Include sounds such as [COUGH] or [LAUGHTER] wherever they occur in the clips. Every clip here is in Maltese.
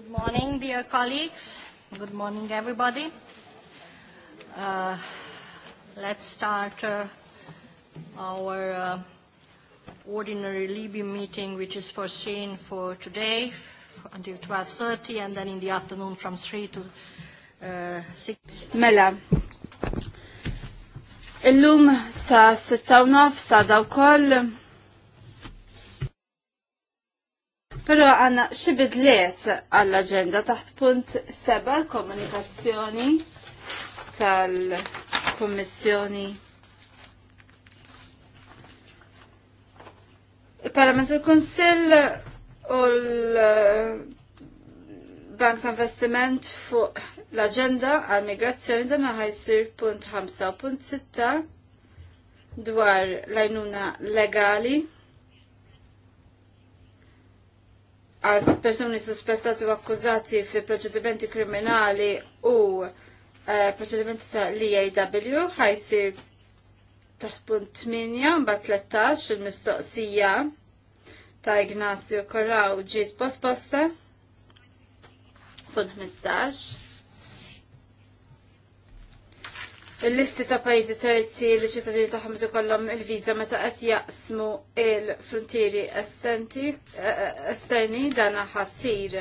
Good morning, dear colleagues. Good morning, everybody. Uh, let's start uh, our uh, ordinary Libyan meeting, which is foreseen for today until 12.30, and then in the afternoon from 3 to uh, 6. Mela, illum sa 6.30 sa daw koll Pero għanna xibidliet għall-agenda taħt punt 7 komunikazzjoni tal-Kommissjoni. Il-Parlament il konsil u l-Bank ta' Investiment fuq l-agenda għal-migrazzjoni dan ħajsir punt 5 punt 6 dwar l-għajnuna legali għal persuni suspettati u akkużati fi proċedimenti kriminali u eh, proċedimenti ta' l iaw e ħajsir taħt punt 8 mbagħad 13 il-mistoqsija ta' Ignazio Korraw ġiet posposta punt 15 il-listi ta' pajjiżi terzi li ċittadini tagħhom ikollhom il-viża meta qed jaqsmu il-frontieri eh, esterni dan ħassir.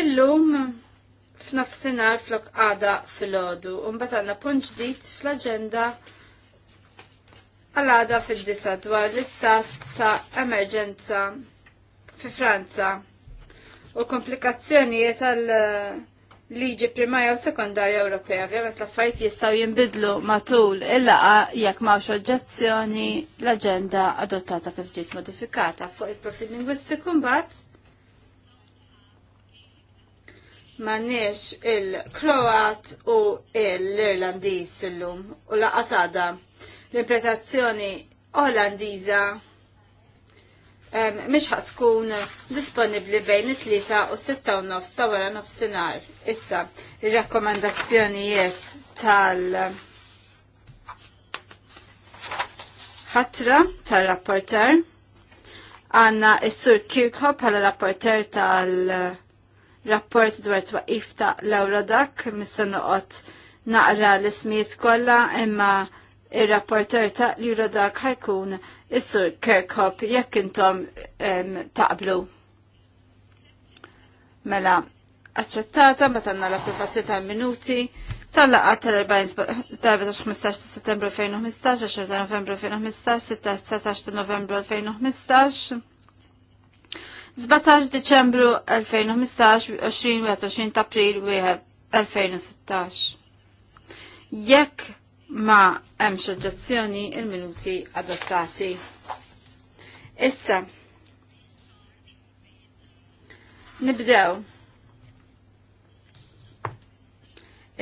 Illum f'nofsinhar flok għada fil-ħodu u mbagħad għandna punt ġdid fl-aġenda għal-għada fid-disa dwar l-istat ta' emerġenza fi Franza u komplikazzjonijiet tal- liġi primarja u sekundarja Ewropea, ovvjament l-affarijiet jistgħu jinbidlu matul il-laqa jekk mawx oġġezzjoni l-aġenda adottata kif ġiet modifikata fuq il-profil lingwistiku mbagħad m'għandniex il-Kroat u l-Irlandiż illum u laqgħa għada l-impretazzjoni Olandiża mhix ħadd tkun disponibbli bejn it-tlieta u sitta u nofs ta' wara nofsinhar. Issa, ir-rakkomandazzjonijiet tal- ħatra tal-rapporter għanna s-sur Kirkho bħala rapporter tal-rapport dwar twaqif ta' Laura Dak, missa noqot naqra l-ismijiet kollha imma ir-rapporter ta' Laura Dak ħajkun Is-sur Kirkhop, jekk intom taqblu. Mela, aċċettata meta għandna l-approvazzjoni ta' minuti tal-laqgħa tal-14 15 ta' settembru 2015, 10 ta' novembru 2015, 16 ta' novembru 2015. 17 Deċembru 2015, 20 ta' April 2016. Jekk ma hemm oġġezzjoni il-minuti adottati. Issa nibdew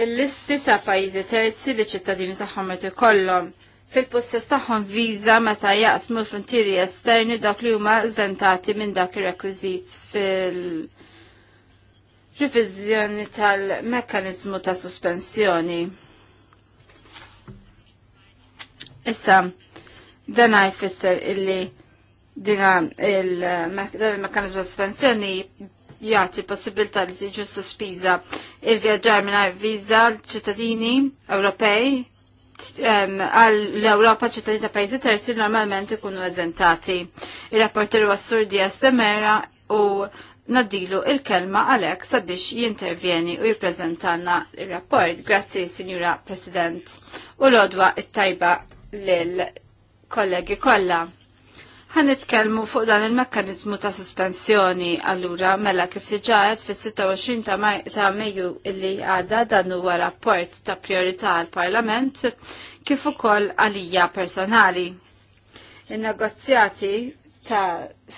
il-listi ta' pajjiżi terzi li ċittadini tagħhom qed ikollhom fil-possess tagħhom viża meta jaqsmu l-frontieri esterni dak li huma żentati minn dak ir-rekwiżit fil- Revizjoni tal-mekkanizmu ta' suspensjoni. Issa, dan jfisser illi dina il-mekanizmu sospensjoni jgħati possibilità li tiġu sospiża il-vjaġġar mingħajr viża l-ċittadini Ewropej għal l-Ewropa ċittadini ta' pajzi terzi normalment ikunu eżentati. Ir-rapporter Wassur di Demera u naddilu il-kelma għalek sabiex jintervjeni u jiprezentanna il-rapport. Grazzi, Signora President. U l-odwa it-tajba l kollegi kollha. Ħan nitkellmu fuq dan il-mekkanizmu ta' suspensjoni allura mela kif tiġaħed fis-26 ta' Mejju illi għadha dan huwa rapport ta' priorità għal parlament kif ukoll għalija personali. In-negozjati ta'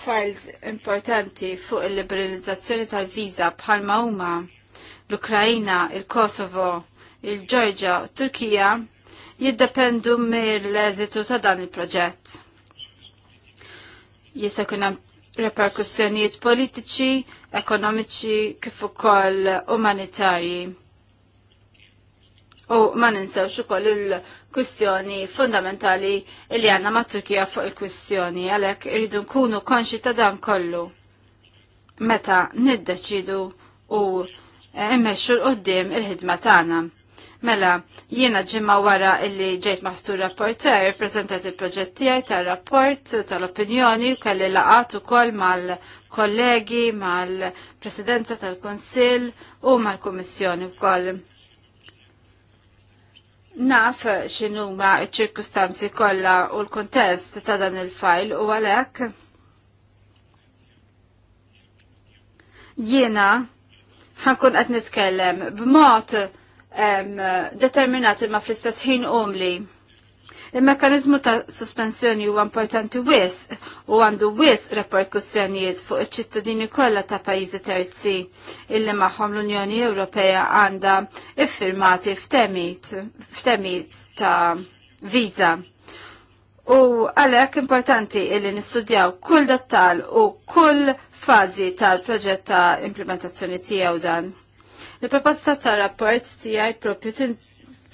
files importanti fuq il-liberalizzazzjoni tal-viża bħalma huma l ukrajina il-Kosovo, il-Ġorġa, Turkija jiddependu mill-eżitu ta' dan il-proġett. Jista' jkun hemm reperkussjonijiet politiċi, ekonomiċi kif ukoll umanitarji. U ma ninsewx ukoll il-kwistjoni fundamentali li għandna ma' Turkija fuq il-kwistjoni għalhekk irridu nkunu konxi ta' dan kollu. Meta niddeċidu u immexxu l-qoddim il-ħidma tagħna. Mela, jiena ġimma wara illi ġejt maħtur rapporter, prezentat il-proġett tiegħi tal-rapport, tal-opinjoni, u kelli laqat ukoll mal-kollegi, mal-presidenza tal kunsill u mal-Kummissjoni wkoll. Naf x'inhuma ċ-ċirkustanzi kollha u l-kuntest ta' dan il-fajl u għalhekk jiena ħankun qed nitkellem b'mod determinati ma fl-istess ħin umli. Il-mekanizmu ta' sospensjoni huwa importanti wis u għandu wis reperkussjonijiet fuq iċ-ċittadini kollha ta' pajjiżi terzi illi magħhom l-Unjoni Ewropea għandha iffirmati f'temijiet ta' viża. U għalhekk importanti illi nistudjaw kull dettal u kull fażi tal-proġett ta' implementazzjoni tiegħu dan. Il-proposta ta' rapport tiegħi propju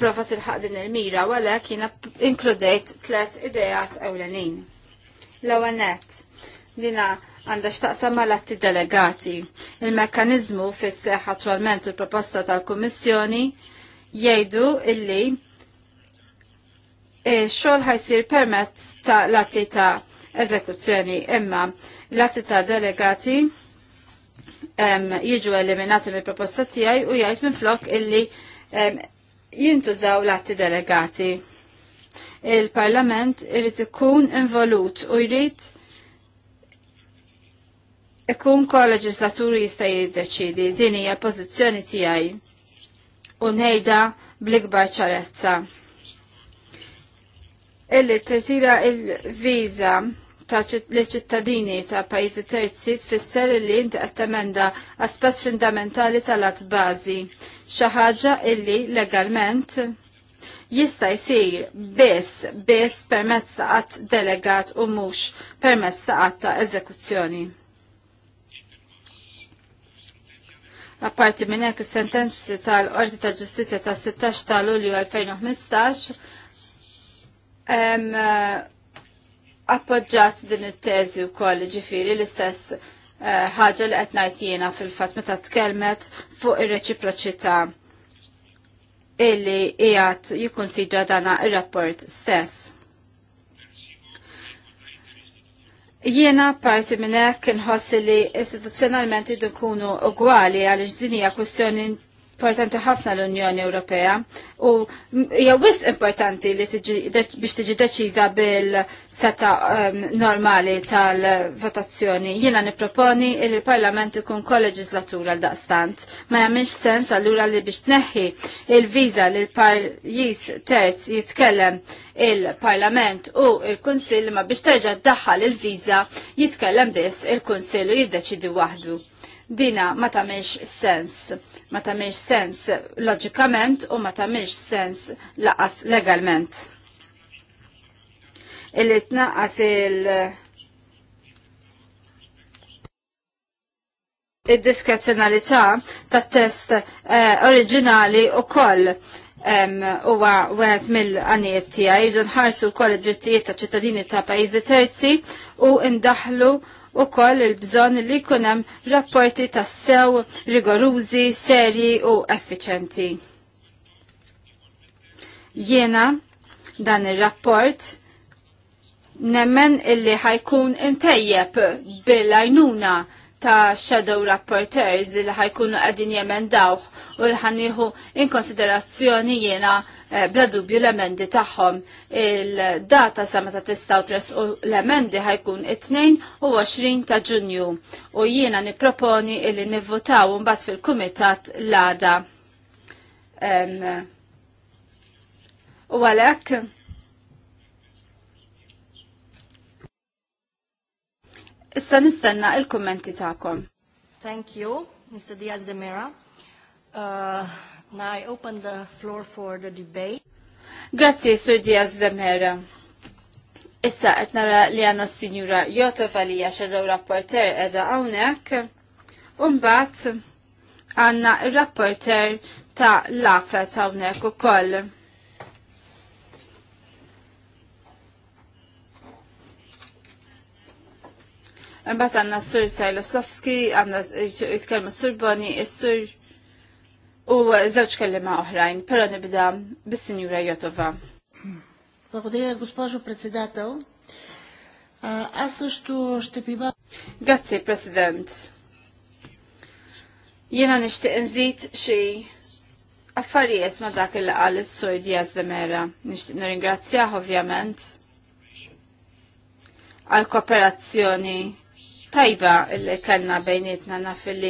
prova tilħaq din il-mira wala kiena inkludejt tlet idejat ewlenin. L-ewwel nett, dina għandha x'taqsam mal-atti delegati. Il-mekkaniżmu fis attualment il proposta tal-Kummissjoni jgħidu illi xogħol ħajsir permezz ta' l-atti ta' eżekuzzjoni imma l-atti ta' delegati jiġu eliminati mill proposta tiegħi u jgħid minn flok illi jintużaw l-atti delegati. Il-Parlament irid ikun involut u jrid ikun kol leġislaturi jista' jiddeċidi din hija l-pożizzjoni tiegħi u ngħidha bl-ikbar ċarezza. Illi tirtira il-viża il viża ta' ċittadini ta' pajjiżi terzi tfisser li inti qed temenda aspett fundamentali tal-att bażi. Xi ħaġa illi legalment jista' jsir biss biss permezz ta' qatt delegat u mhux permezz ta' qatt ta' eżekuzzjoni. Apparti minn hekk is-sentenzi tal-Qorti ta' Ġustizzja tas 16 ta' Lulju 2015 appoġġat din it-teżi wkoll ġifieri l-istess eh, ħaġa li qed ngħid jiena fil-fatt meta tkellmet fuq ir-reċiproċità illi qiegħed jikkunsidra dana ir-rapport stess. Jiena parti minn hekk inħossi li istituzzjonalment idu kunu ugwali għaliex din hija kwistjoni importanti ħafna l-Unjoni Ewropea u hija wis importanti li biex tiġi deċiża bil-seta ehm, normali tal-votazzjoni. Jiena nipproponi li l-Parlament ikun kol-leġislatur għal daqstant Ma jagħmilx sens allura li biex tneħħi il-viża li l-pajjiż terz jitkellem il-Parlament u il-Kunsill ma biex terġa' ddaħħal il-viża jitkellem biss il-Kunsill u jiddeċidi waħdu. Dina ma tamiex sens, ma tamiex sens loġikament u ma tamiex sens laqas legalment. Illi tnaqqas il- id-diskrezzjonalità ta' test eh, oriġinali u koll huwa wieħed mill għaniet tiegħi jridu nħarsu wkoll id-drittijiet ta' ċittadini ta' pajjiżi terzi u ndaħlu u koll il-bżon li kunem rapporti tassew rigorużi, serji u effiċenti. Jena dan il-rapport nemmen illi ħajkun intejjeb bil ajnuna ta' shadow rapporteurs li ħajkunu għadin jemendawħ u li ħanniħu inkonsiderazzjoni jena eh, bla dubju l-emendi tagħhom. Il-data sa testaw tistgħu tresqu l-emendi ħajkun it-22 ta' Ġunju u jiena nipproponi li nivvotaw mbagħad fil-kumitat l-għada. U għalhekk Issa nistenna il-kommenti ta'kom. Thank you, Mr. Diaz de Mera. Uh, now I open the floor for the debate. Grazie, Sir Diaz de Mera. Issa qed nara li għandna s signura Jotova li xedew rapporter edha hawnhekk. u mbagħad għandna r rapporter ta' lafet hawnhekk ukoll. Mbagħad għandna s-sur Sajloslovski, għandna jitkellmu s-sur Boni, s-sur u żewġ kellima oħrajn, però nibda bis-Sinjura Jotova. Благодаря, госпожо председател. għassu xtu xtipiba. прибавя... Грация, Jena nishti nżid xi affarijiet ma' dak il qal is-Sur Diaz de Mera. Nixtieq nringrazzja ovvjament għal kooperazzjoni tajba li kellna bejnietna naf li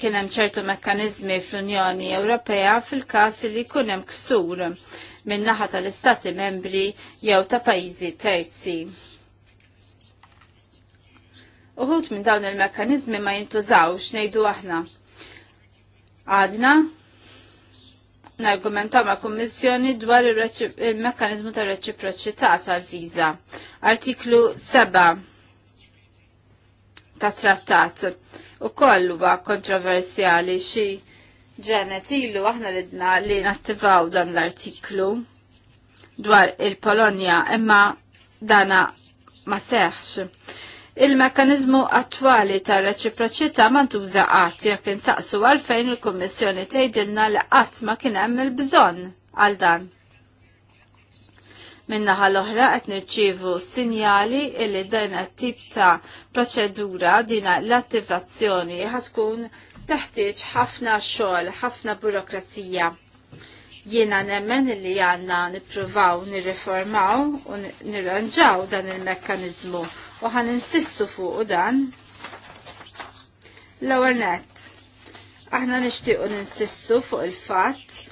kienem ċertu mekkaniżmi fl-Unjoni Ewropea fil-każ li jkun hemm ksur minnaħa naħa tal-Istati membri jew ta' pajjiżi terzi. Uħut minn dawn il-mekkaniżmi ma jintużawx ngħidu aħna. Għadna Nargumentaw ma' kummissjoni dwar il-mekkanizmu tal reċiproċità tal-viza. Artiklu 7 ta' trattat. U kollu ba' kontroversjali xi ġenet ilu aħna ridna li nattivaw dan l-artiklu dwar il-Polonja imma dana ma seħx. Il-mekanizmu attwali tar reċiproċità ma ntuża qatt jekk insaqsu għalfejn il-Kummissjoni tgħidilna li qatt ma kien hemm il-bżonn għal dan. Minnaħa l-oħra qed nirċievu sinjali illi dan tip ta' proċedura dina l-attivazzjoni tkun teħtieġ ħafna xogħol, ħafna burokrazija. Jiena nemmen li għandna nippruvaw nirriformaw u nirranġaw dan il-mekkaniżmu u ħan insistu fuq dan. L-ewwel nett, aħna nixtiequ ninsistu fuq il-fatt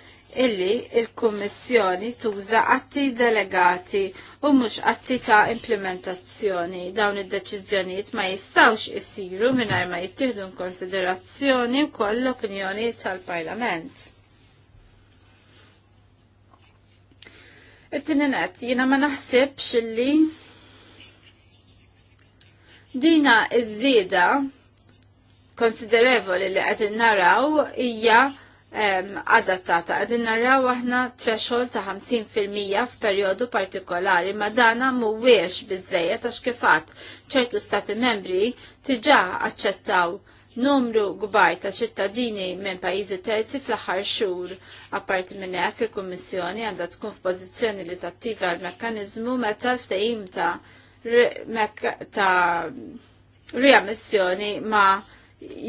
illi il-Kummissjoni tuża atti delegati u mhux atti ta' implementazzjoni. Dawn id-deċiżjonijiet ma jistawx isiru mingħajr ma jittieħdu konsiderazzjoni wkoll l-opinjoni tal-Parlament. It-tininet, jina ma naħsibx illi dina iż-żieda konsiderevoli li qed naraw hija adattata. Għadin narraw aħna threshold ta' 50% f'perjodu partikolari, ma dana mhuwiex biżejjed għax kifat ċertu stati membri tiġà aċċettaw numru kbar ta' ċittadini minn pajjiżi terzi fl-aħħar xhur. Apparti minn hekk il-Kummissjoni għandha tkun f'pożizzjoni li tattiva l-mekkaniżmu meta l-ftehim ta' riammissjoni ma'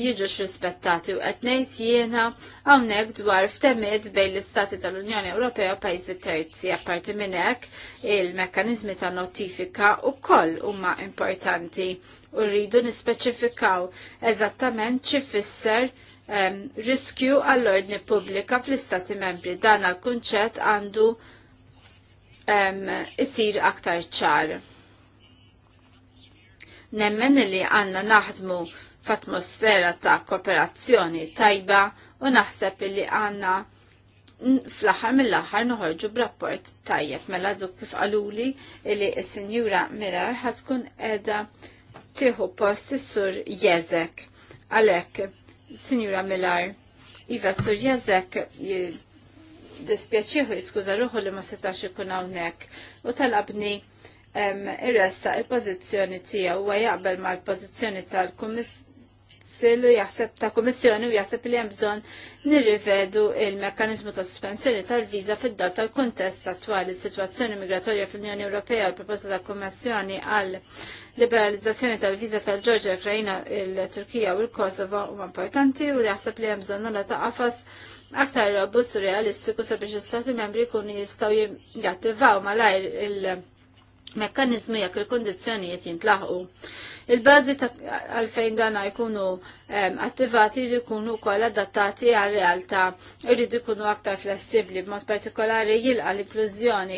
jiġux rispettati u għetnejt jiena għawnek dwar ftemid bejn l-Istati tal-Unjoni Ewropea u pajzi terzi apparti minnek il-mekkanizmi ta' notifika u koll umma importanti u rridu nispeċifikaw eżattament ċifisser um, ehm, riskju għall-ordni pubblika fl-Istati membri dan għal-kunċett għandu um, isir aktar ċar. Nemmen li għanna naħdmu f'atmosfera ta' kooperazzjoni tajba u naħseb li għanna fl-axar mill-axar noħorġu b'rapport tajjeb mela duk kif qaluli li s-sinjura Mirar ħatkun edha tieħu post is-sur Jezek. Għalek, Sinjura Millar, Iva sur Jezek dispjaċieħu jiskuża ruħu li ma setax ikun hawnhekk u talabni irressa il-pożizzjoni tiegħu u jaqbel mal-pożizzjoni tal-Kummissjoni kunsill u jaħseb ta' komissjoni u jaħseb li hemm bżonn nirrivedu il-mekkaniżmu ta' sospensjoni tal-viża fid-dar tal-kuntest attwali situazzjoni migratorja fl-Unjoni Ewropea u l-proposta ta' kummissjoni għal liberalizzazzjoni tal-viża tal-Ġorġja, Ukraina, il-Turkija u l-Kosovo huma importanti u jaħseb li hemm bżonn nagħla ta' qafas aktar robust u realistiku sabiex l-Stati membri jkunu jistgħu jattivaw malajr il mekkaniżmu jekk il-kondizzjonijiet jintlaħqu. Il-bazi għalfejn dana jkunu attivati jridu jkunu wkoll adattati għal realtà jridu jkunu aktar flessibbli b'mod partikolari jilqa l-inklużjoni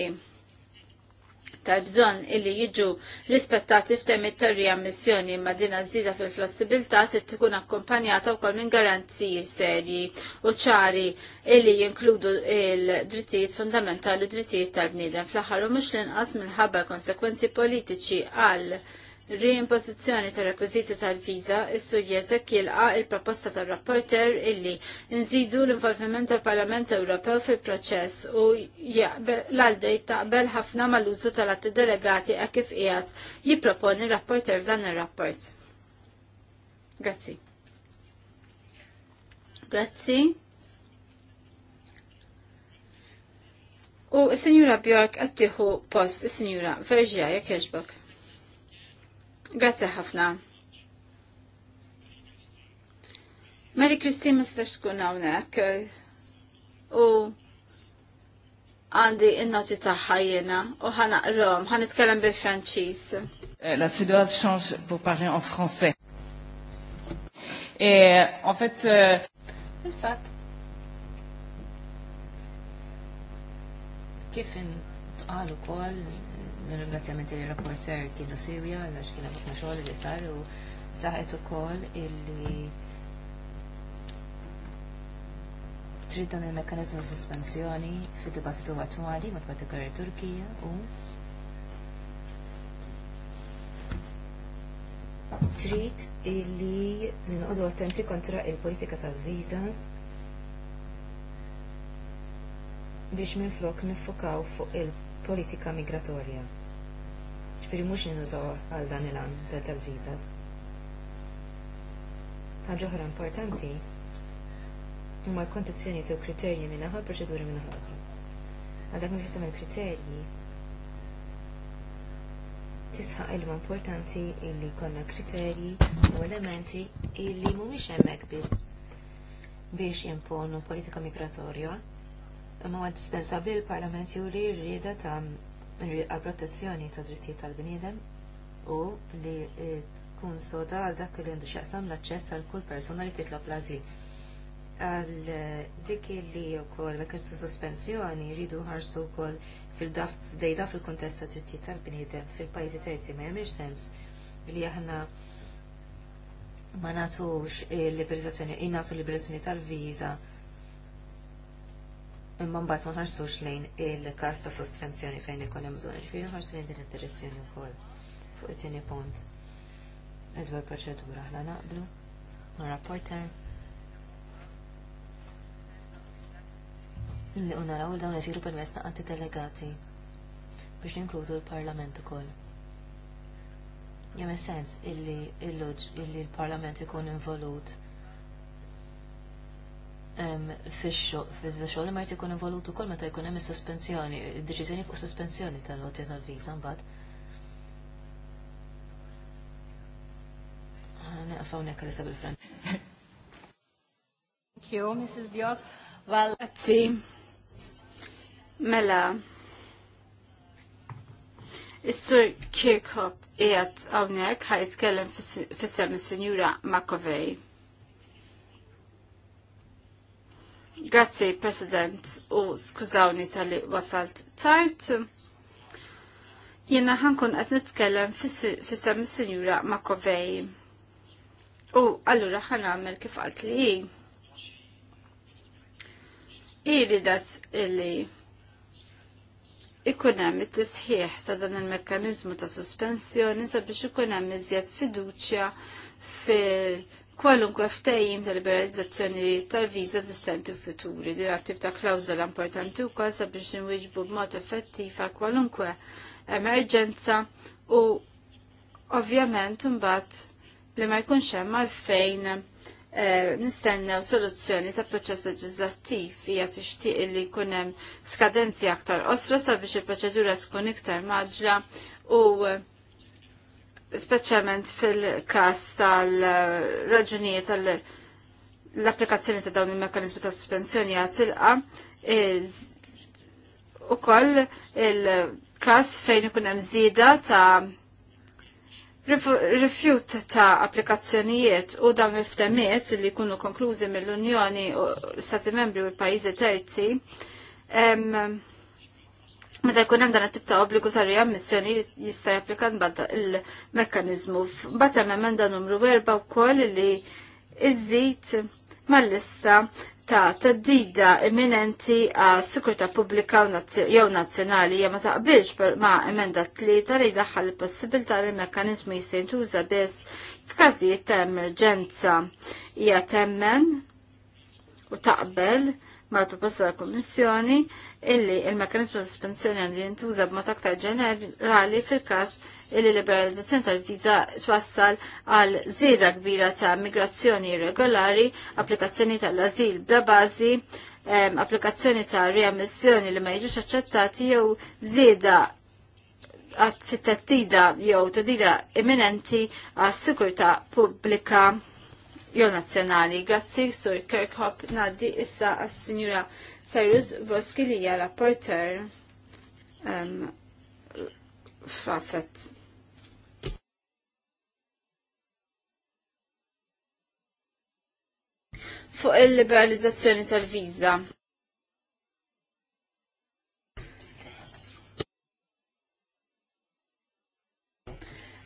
tal-bżon illi jiġu rispettati it ta' missjoni imma din żida fil flossibilta trid tkun akkompanjata wkoll minn garanziji serji u ċari illi jinkludu il-drittijiet fundamentali u drittijiet tal-bniedem fl-aħħar u mhux l-inqas minħabba konsekwenzi politiċi għal Reimpożizzjoni tal rekwiżiti tal-viża, issu jeżek jilqa il-proposta tal-rapporter illi nżidu l-involviment tal-Parlament Ewropew fil-proċess u l-għaldej taqbel ħafna mal-użu tal-atti delegati għak kif qiegħed jipproponi rapporter f'dan ir-rapport. Grazzi. Grazzi. U s-Sinjura Bjork għattiħu post, s-Sinjura, Verġija jek jaġbok. Grazie ħafna. Mary Christine ma stax tkun hawnhekk. U għandi in-noċi tagħha jiena u ħanaqrom, ħanitkellem bil-Franċiż. Eh, la Suédoise change pour parler en français. Et en fait, euh... il fait kif in ukoll Ringrazzjamenti li rapporter kienu Sirja, għax hemm ħafna xogħol li sar u saħet ukoll illi trid dan il-mekkaniżmu sospensjoni fid-dibattitu attwali mat partikolari Turkija u trid illi nqogħdu attenti kontra il-politika tal-visas biex minflok niffokaw fuq il-politika migratorja ġifiri mux ninużaw għal dan il-għan ta' tal vizat Għagħuħra importanti, imma l-kondizjoni u kriterji ħal proċeduri minna ħal. ħa Għadak mux jisem il-kriterji, tisħaq ilma importanti illi konna kriterji u elementi illi mumiex hemmhekk biss biex jimponu politika migratorja imma għad dispensabil parlament juri rrida ta' għal protezzjoni ta' drittijiet tal-bniedem u li tkun soda għal dak li għandu xaqsam l-aċċess għal kull persona li titlob l-azil għal dik li u kol mekkħiġ sospensjoni jridu ħarsu kol fil-daf dejda fil ta' drittijiet tal-bnidem fil-pajzi terzi ma jemix sens li aħna ma natux liberizzazzjoni, innatu liberizzazzjoni tal-viza imma mbagħad ma ħarsux lejn il-każ ta' sospensjoni fejn ikun hemm bżonn, ġifieri nħarsu lejn din id-direzzjoni wkoll fuq it-tieni punt. Edwar proċedura aħna naqblu ma' rapporter. Li u naraw dawn isiru permezz ta' antidelegati biex ninkludu l-Parlament ukoll. Jem sens illi l-Parlament ikun involut fil-xogħol ma jrid ikun involut ukoll meta jkun hemm is-sospensjoni, id-deċiżjoni fuq sospensjoni tal-lotja tal-viża mbagħad. Neqfaw nekka sabil fran. Thank you, Mrs. Bjork. Well, grazzi. Mela, Is-sur Kirkop qiegħed hawnhekk ħajtkellem fis-sem is-Sinjura Makovej. Grazzi, President, u skużawni tal-li wasalt tard. Jena ħankun għad nitkellem fissem il-Sinjura Makovej. U allura ħan għamil kif għalt li hi. Iridat illi ikun hemm it-tisħiħ ta' dan il-mekkaniżmu ta' suspensjoni sabiex ikun hemm iżjed fiduċja fil- kwalunkwe ftejim ta' liberalizzazzjoni tal-viza esistenti u futuri. Din għattib ta' klawzola importanti u kol sabiex nwiġbu b'mod effettiv għal kwalunkwe emerġenza u ovvjament mbagħad li ma jkunx hemm għalfejn eh, nistennew soluzzjoni ta' proċess leġislattiv hija tixtieq li jkun hemm skadenzi aktar osra sabiex il-proċedura tkun iktar maġla u speċjalment fil-kas tal-raġunijiet l applikazzjoni ta' dawn il-mekkanizmi ta' suspensjoni għatilqa u koll il-kas fejn ikun hemm żieda ta' rifjut ta' applikazzjonijiet u dawn il-ftemiet li jkunu konklużi mill-Unjoni u Stati Membri u l-Pajjiżi Terzi Meta jkun hemm dan it-tip ta' obbligu ta' ammissjoni jista' japplika mbagħad il-mekkaniżmu. Mbagħad hemm emenda numru erba' wkoll li iżid mal-lista ta' teddida imminenti għal sikurta pubblika jew nazzjonali hija ma taqbilx ma' emenda tlieta li jdaħħal il-possibilità li l-mekkaniżmu jista' jintuża biss f'każijiet ta' emerġenza hija temmen u taqbel mal proposta ta' Kommissjoni illi il-mekanizmu ta' sospensjoni għandi jintuża b'mod aktar ġenerali fil-każ illi liberalizzazzjoni tal-viża twassal għal żieda kbira ta' migrazzjoni irregolari, applikazzjoni tal-azil bla bażi, applikazzjoni ta' riammissjoni li ma jiġux aċċettati jew żieda fit tattida jew tadida imminenti għas-sikurtà pubblika jew nazzjonali. Grazzi Sur Kirkhop naddi issa għas-Sinjura Cyrus Voski li hija rapporter um, fafet. Fuq il-liberalizzazzjoni tal-viża.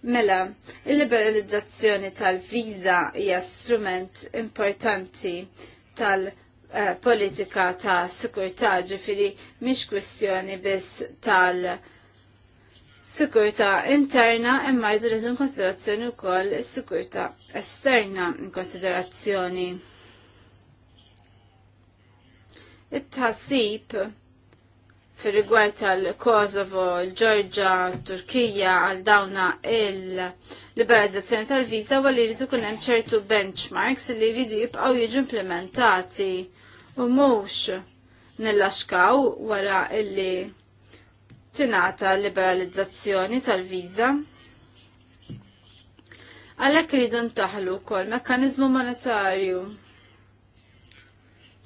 Mela, il-liberalizzazzjoni tal-viza hija strument importanti tal-politika ta' sikurtà ġifiri mhix kwistjoni biss tal- Sikurta interna imma jdu in konsiderazzjoni wkoll is-sikurta esterna in konsiderazzjoni. it tasib fir rigward tal-Kosovo, il-Ġorġa, Turkija għal dawna il-liberalizzazzjoni tal-viza u li jridu kunem hemm ċertu benchmarks li jridu jibqgħu jiġu implementati u mhux nillaxkaw wara illi tingħata liberalizzazzjoni tal-viża. Għalhekk rridu ntaħlu wkoll mekkaniżmu monetarju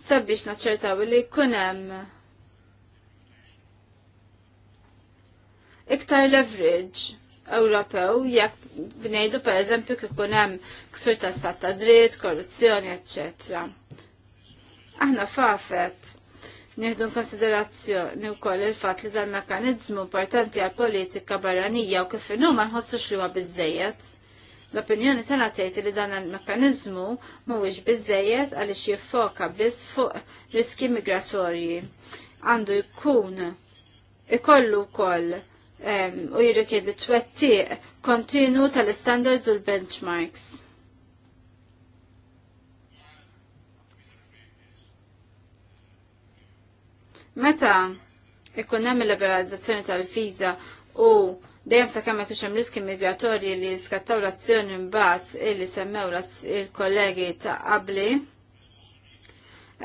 sabiex naċċertaw li jkun hemm iktar leverage Ewropew jekk bnejdu pereżempju kif ikun hemm ksur ta' stat ta' dritt, korruzzjoni, eċċetera. Aħna fafet nieħdu konsiderazzjoni wkoll il-fatt li dan mekkaniżmu importanti għal politika barranija u kif inhu ma nħossux li huwa biżejjed. L-opinjoni tagħna tgħid li dan il-mekkaniżmu mhuwiex biżejjed għaliex jiffoka biss fuq riski migratorji. Għandu jkun ikollu wkoll u jirrikjedi twettiq kontinu tal-standards u l-benchmarks. Meta ikun hemm il-liberalizzazzjoni tal-viża u dejjem sa kemm hemm riski migratorji li skattaw l-azzjoni mbagħad illi semmew il-kollegi ta' qabli,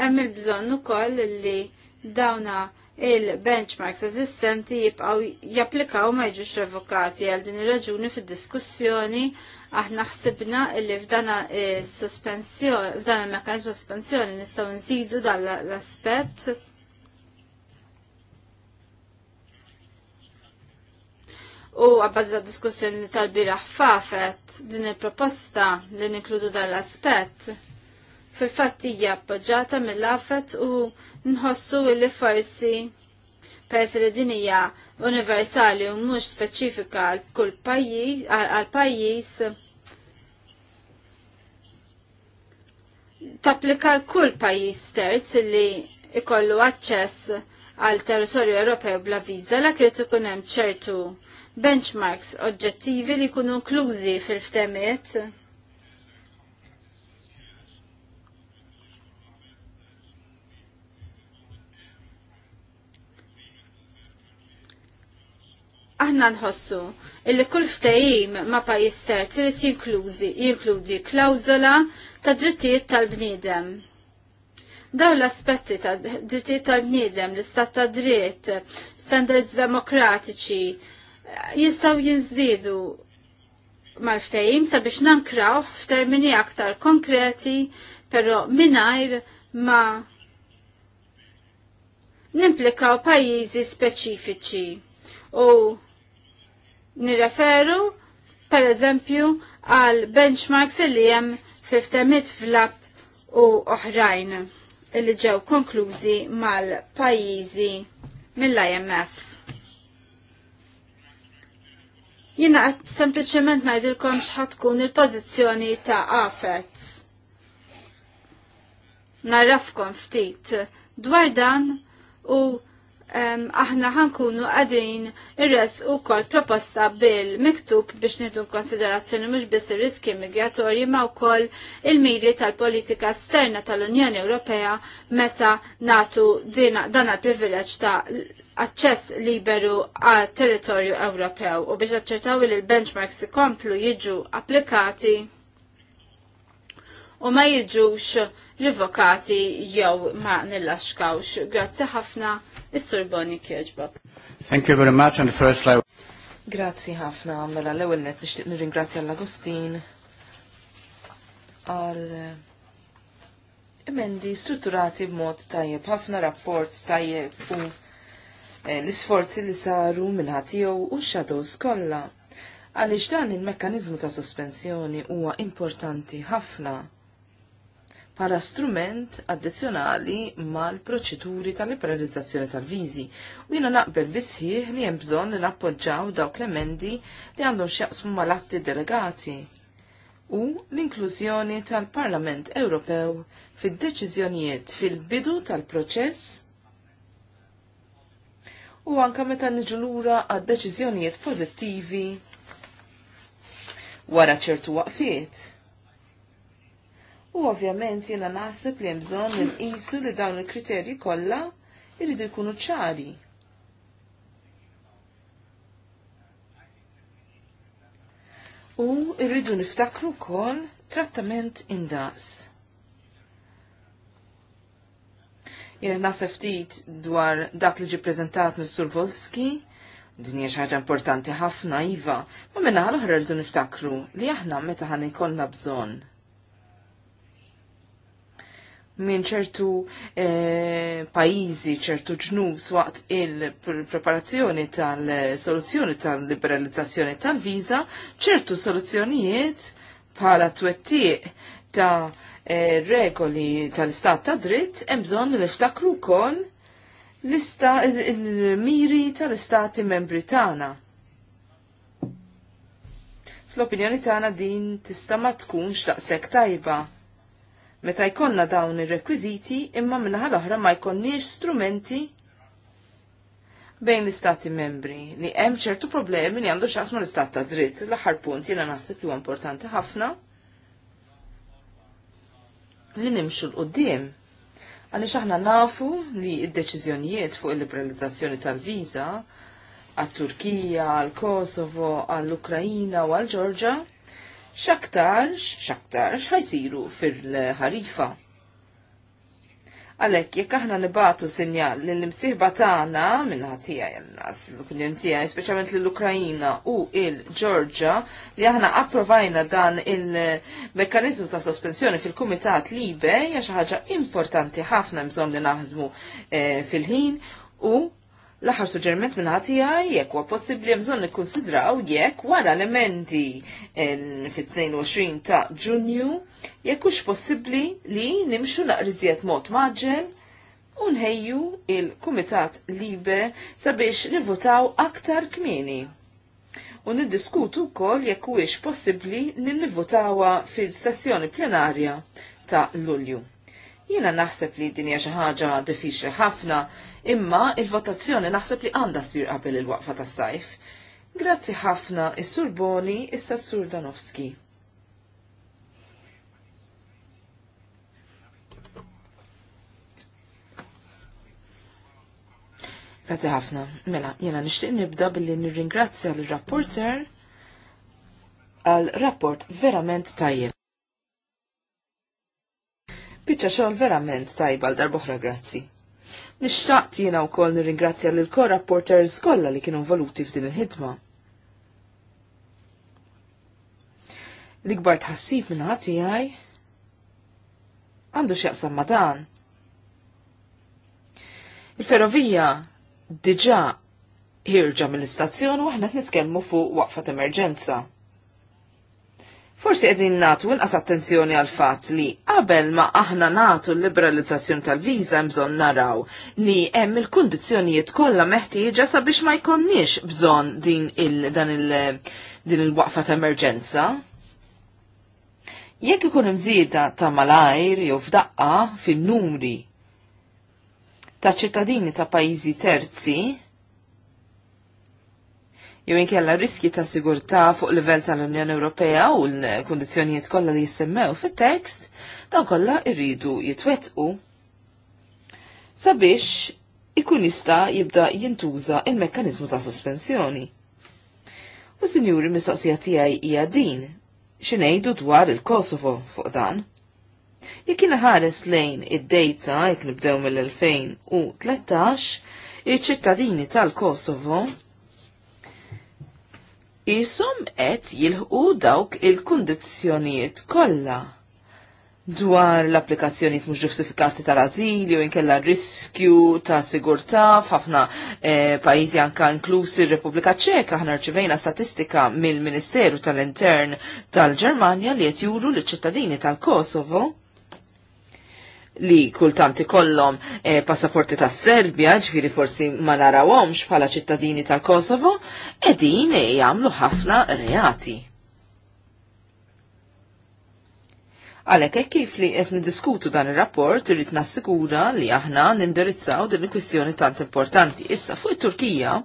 hemm il-bżonn ukoll li dawna il-benchmarks eżistenti jibqaw japplikaw ma jġux revokati għal din ir-raġuni fid-diskussjoni aħna ħsibna li f'dan il-mekkanizmu sospensjoni nistgħu nżidu dan l-aspett U għabbażi ta' diskussjoni tal-biraħ fafet din il-proposta li ninkludu dal-aspett fil fattija appoġġata mill-afet u nħossu li forsi pers li din hija universali u mhux speċifika għal kull pajjiż għal pajjiż tapplika l-kull pajjiż terz li ikollu aċċess għal territorju Ewropew bla viża la kritu kunem hemm ċertu benchmarks oġġettivi li jkunu inklużi fil-ftemiet aħna nħossu illi kull ftehim ma' pajjiż jistet irid jinkluzi jinkludi klawżola ta' drittijiet tal-bniedem. Daw l-aspetti ta' drittijiet tal-bniedem, l-istat ta' dritt, standards demokratiċi jistgħu jinżdiedu mal-ftehim sabiex nankraw f'termini aktar konkreti, però mingħajr ma' nimplikaw pajjiżi speċifiċi u nirreferu per eżempju għal benchmarks li jem fiftemit flap u oħrajn li ġew konklużi mal-pajizi mill-IMF. Jina għat sempliciment najdilkom xħatkun il-pozizjoni ta' għafet. Narrafkom ftit dwar dan u aħna ħankunu għadin irres u kol proposta bil-miktub biex nidu konsiderazzjoni mux biss il-riski migratorji ma' u kol il-miri tal-politika esterna tal-Unjoni Ewropea meta natu dina, dan privileġ ta' aċċess liberu għal territorju Ewropew u biex aċċertaw li l-benchmarks ikomplu jiġu applikati u ma jiġux rivokati jew ma nillaxkawx. Grazzi ħafna is-Sur Boni Kjoġbab. Thank you very much the first I Grazzi ħafna, mela l-ewwel net nixtieq nirringrazzja l-Agustin għal emendi strutturati b'mod tajjeb, ħafna rapport tajjeb u eh, l-isforzi li saru minnħatijow u x-shadows kollha għaliex dan il-mekkaniżmu ta' sospensjoni huwa importanti ħafna bħala strument addizzjonali mal-proċeduri tal-liberalizzazzjoni tal-viżi. U jiena naqbel bisħiħ li hemm bżonn li nappoġġaw dawk l-emendi li għandhom x'jaqsmu mal-atti delegati u l-inklużjoni tal-Parlament Ewropew fid-deċiżjonijiet fil-bidu tal-proċess u anka meta niġu lura għad deċiżjonijiet pożittivi wara ċertu waqfiet U ovvjament jiena naħseb li hemm bżonn nqisu li dawn il-kriterji kollha jridu jkunu ċari. U rridu niftakru wkoll trattament indaqs. Jiena naħseb ftit dwar dak li ġi preżentat mis-Sur Volski, Din hija ħaġa importanti ħafna iva, ma minna l-oħra rridu niftakru li aħna meta ħan ikollna bżonn minn ċertu eh, pajizi, ċertu ġnus waqt il-preparazzjoni tal-soluzzjoni tal-liberalizzazzjoni tal-viza, ċertu soluzzjonijiet bħala twettiq ta' eh, regoli tal-istat ta' dritt, emżon l-iftakru kol l-miri tal-istati membri tana. Fl-opinjoni tana din tista' ma tkunx daqshekk tajba meta jkonna dawn ir-rekwiżiti imma minnaħa l-oħra ma jkonniex strumenti bejn l-istati membri li hemm ċertu problemi li għandu xasma l-istat ta' dritt. L-aħħar punt jiena naħseb li huwa importanti ħafna li nimxu l-qoddim. Għaliex aħna nafu li id-deċiżjonijiet fuq il-liberalizzazzjoni tal-viża għat-Turkija, għal-Kosovo, għall-Ukrajina u għal-Ġorġa xaktarx, xaktarx xajsiru fil-ħarifa. Għalek, jekk aħna nibatu sinjal li l-imsiħba tagħna minna tiegħi nas l-opinjoni tiegħi speċjalment lill-Ukrajina u il-Ġorġa li aħna approvajna dan il-mekkaniżmu ta' sospensjoni fil-Kumitat Libe hija xi ħaġa importanti ħafna mżon li naħdmu eh, fil-ħin u L-aħħar suġġerment minn ħati għaj, jekk huwa possibbli bżonn nikkonsidraw jekk wara l-emendi fit-22 ta' Ġunju, jekk hux possibbli li nimxu naqriżiet mod maġġel u nħejju il-Kumitat Libe sabiex nivvotaw aktar kmieni. U niddiskutu wkoll jekk huwiex possibbli li nivvotawha fil-sessjoni plenarja ta' Lulju. Jiena naħseb li din hija xi ħaġa diffiċli ħafna imma il-votazzjoni naħseb li għandha ssir qabel il-waqfa tas-sajf. Grazzi ħafna is-Sur Boni issa s-Sur Danowski. Grazzi ħafna. Mela, jena nixtieq nibda billi nirringrazzja l-rapporter għal rapport verament tajjeb. Biċċa xogħol verament tajba għal darbohra grazzi. Nixtaqt jiena wkoll nirringrazzja l co-rapporters kollha li kienu involuti f'din il-ħidma. L-ikbar tħassib minna għati għaj għandu xieqsam madan. dan. Il-ferrovija diġa' ħirġa mill-istazzjon u aħna nitkellmu fuq waqfat emerġenza. Forsi edin natu inqas attenzjoni għal fatt li qabel ma aħna natu l-liberalizzazzjoni tal-viża mżon naraw li hemm il-kundizzjonijiet kollha meħtieġa sabiex ma jkollniex bżonn din il dan il din il-waqfa ta' emerġenza. Jekk ikun żieda ta' malajr jew f'daqqa fin-numri ta' ċittadini ta' pajjiżi terzi, jew inkella riski ta' sigurtà fuq livell tal-Unjoni Ewropea u l-kundizzjonijiet kollha li jissemmew fit-tekst, daw kollha irridu jitwettqu sabiex ikun jista' jibda jintuża il-mekkaniżmu ta' sospensjoni. U sinjuri mistoqsija tiegħi hija din x'ingħidu dwar il-Kosovo fuq dan. Jekk ħares lejn id-dejta jek nibdew mill-2013, iċ-ċittadini tal-Kosovo ishom qed jilħqu dawk il-kundizzjonijiet kollha dwar l-applikazzjonijiet mhux ġustifikati tal u jew inkella riskju ta' sigurtà f'ħafna eh, pajjiżi anka inklusi r-Repubblika Ċeka aħna rċivejna statistika mill-Ministeru tal-Intern tal-Ġermanja li qed juru l ċittadini tal-Kosovo li kultant ikollhom eh, passaporti tas Serbja, ġifiri forsi ma narawhomx bħala ċittadini tal-Kosovo, edin jagħmlu ħafna reati. Għalhekk hekk kif li qed niddiskutu dan ir-rapport irrid nassigura li aħna nindirizzaw din il-kwistjoni tant importanti. Issa fuq it-Turkija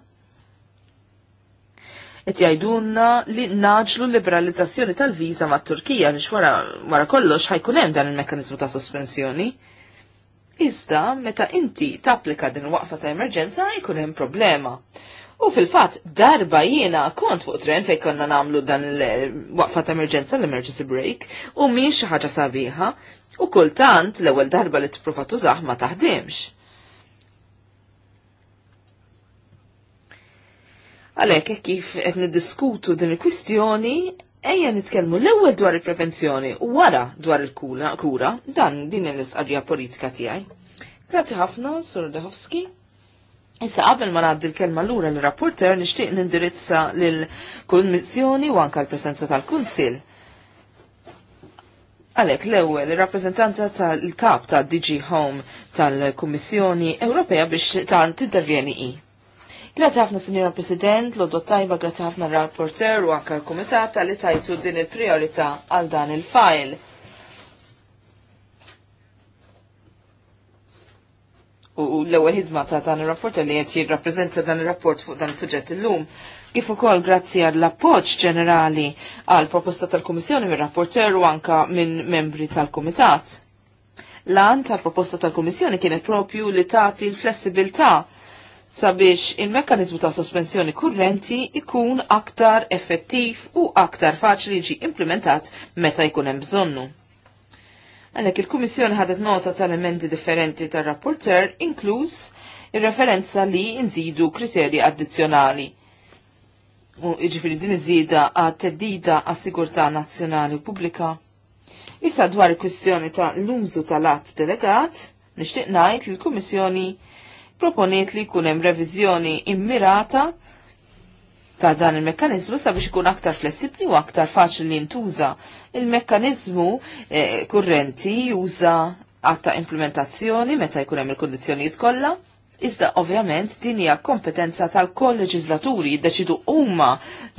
qed jgħidulna li naġlu liberalizzazzjoni tal-viża mat-Turkija biex wara wara kollox ħajkun hemm dan il-mekkaniżmu ta' sospensjoni. Iżda meta inti tapplika din waqfa ta' emerġenza jkun hemm problema. U fil-fatt darba jiena kont fuq tren fejn konna nagħmlu dan il-waqfa ta' emerġenza l-emergency break u min xi ħaġa sabiħa u kultant l-ewwel darba li tipprova tużaħ ma taħdimx. Għalhekk kif qed niddiskutu din il-kwistjoni, Ejja nitkellmu l-ewwel dwar il-prevenzjoni u wara dwar il-kura, dan din l-isqarja politika tiegħi. Grazzi ħafna, Sur Dehovski. Issa qabel ma ngħaddi l-kelma lura l-rapporter nixtieq nindirizza lill-Kummissjoni u anke l-presenza tal-Kunsill. Għalek l-ewwel ir-rappreżentanta tal-kap tad DG Home tal-Kummissjoni Ewropea biex ta' tintervjeni i. Grazie ħafna Sinjora President, l tajba grazie ħafna rapporter u anka l-Kumitat li tajtu din il-priorità għal dan il-file. U l-ewwel ħidma ta' dan ir-rapport li qed jirrappreżenta dan ir-rapport fuq dan is-suġġett illum kif ukoll grazzi għall appoġġ ġenerali għal proposta tal-Kummissjoni mir rapporter u anka minn membri tal-Kumitat. L-għan tal-proposta tal-Kummissjoni kienet propju li tagħti l-flessibilità ta sabiex il-mekkanizmu ta' sospensjoni kurrenti ikun aktar effettiv u aktar faċli ġi implementat meta jkun hemm bżonnu. Għalhekk il-Kummissjoni ħadet nota tal-elementi differenti tar-rapporter inkluż il referenza li nżidu kriterji addizzjonali. U iġifiri din iżida għad teddida għas sigurtà nazzjonali u pubblika. Issa dwar il-kwistjoni ta' l-użu tal-att delegat, nixtieq ngħid li l-Kummissjoni proponiet li jkun hemm reviżjoni immirata ta' dan il-mekkanizmu sabiex ikun aktar flessibli u aktar faċli li ntuża. Il-mekkanizmu eh, kurrenti juża għatta implementazzjoni meta jkun hemm il-kondizzjonijiet kollha, iżda ovvjament din hija kompetenza tal-kolleġislaturi jiddeċidu huma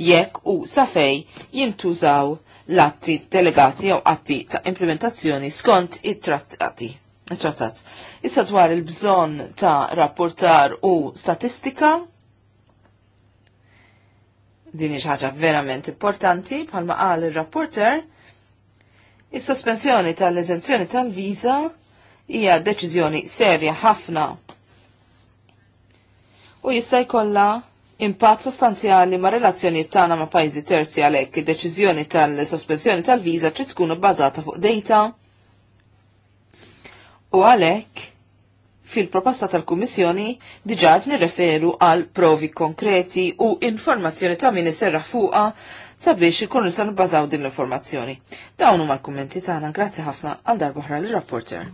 jekk u safej jintużaw l-atti delegati jew atti ta' implementazzjoni skont it-trattati trattat. Issa dwar il-bżon ta' rapportar u statistika, din ħaġa verament importanti, bħalma qal il-rapporter, is-sospensjoni tal-eżenzjoni tal-viza hija deċiżjoni serja ħafna u jista' jkollha impatt sostanzjali ma' relazzjonijiet tagħna ma' pajjiżi terzi għalhekk id-deċiżjoni tal-sospensjoni tal-viża trid tkun bbażata fuq data U għalek, fil-proposta tal-Kummissjoni diġat nirreferu għal provi konkreti u informazzjoni ta' min serra fuqa sabiex ikun nistan nibbażaw din l-informazzjoni. Dawn huma l-kummenti tagħna grazzi ħafna għal darbohra l rapporter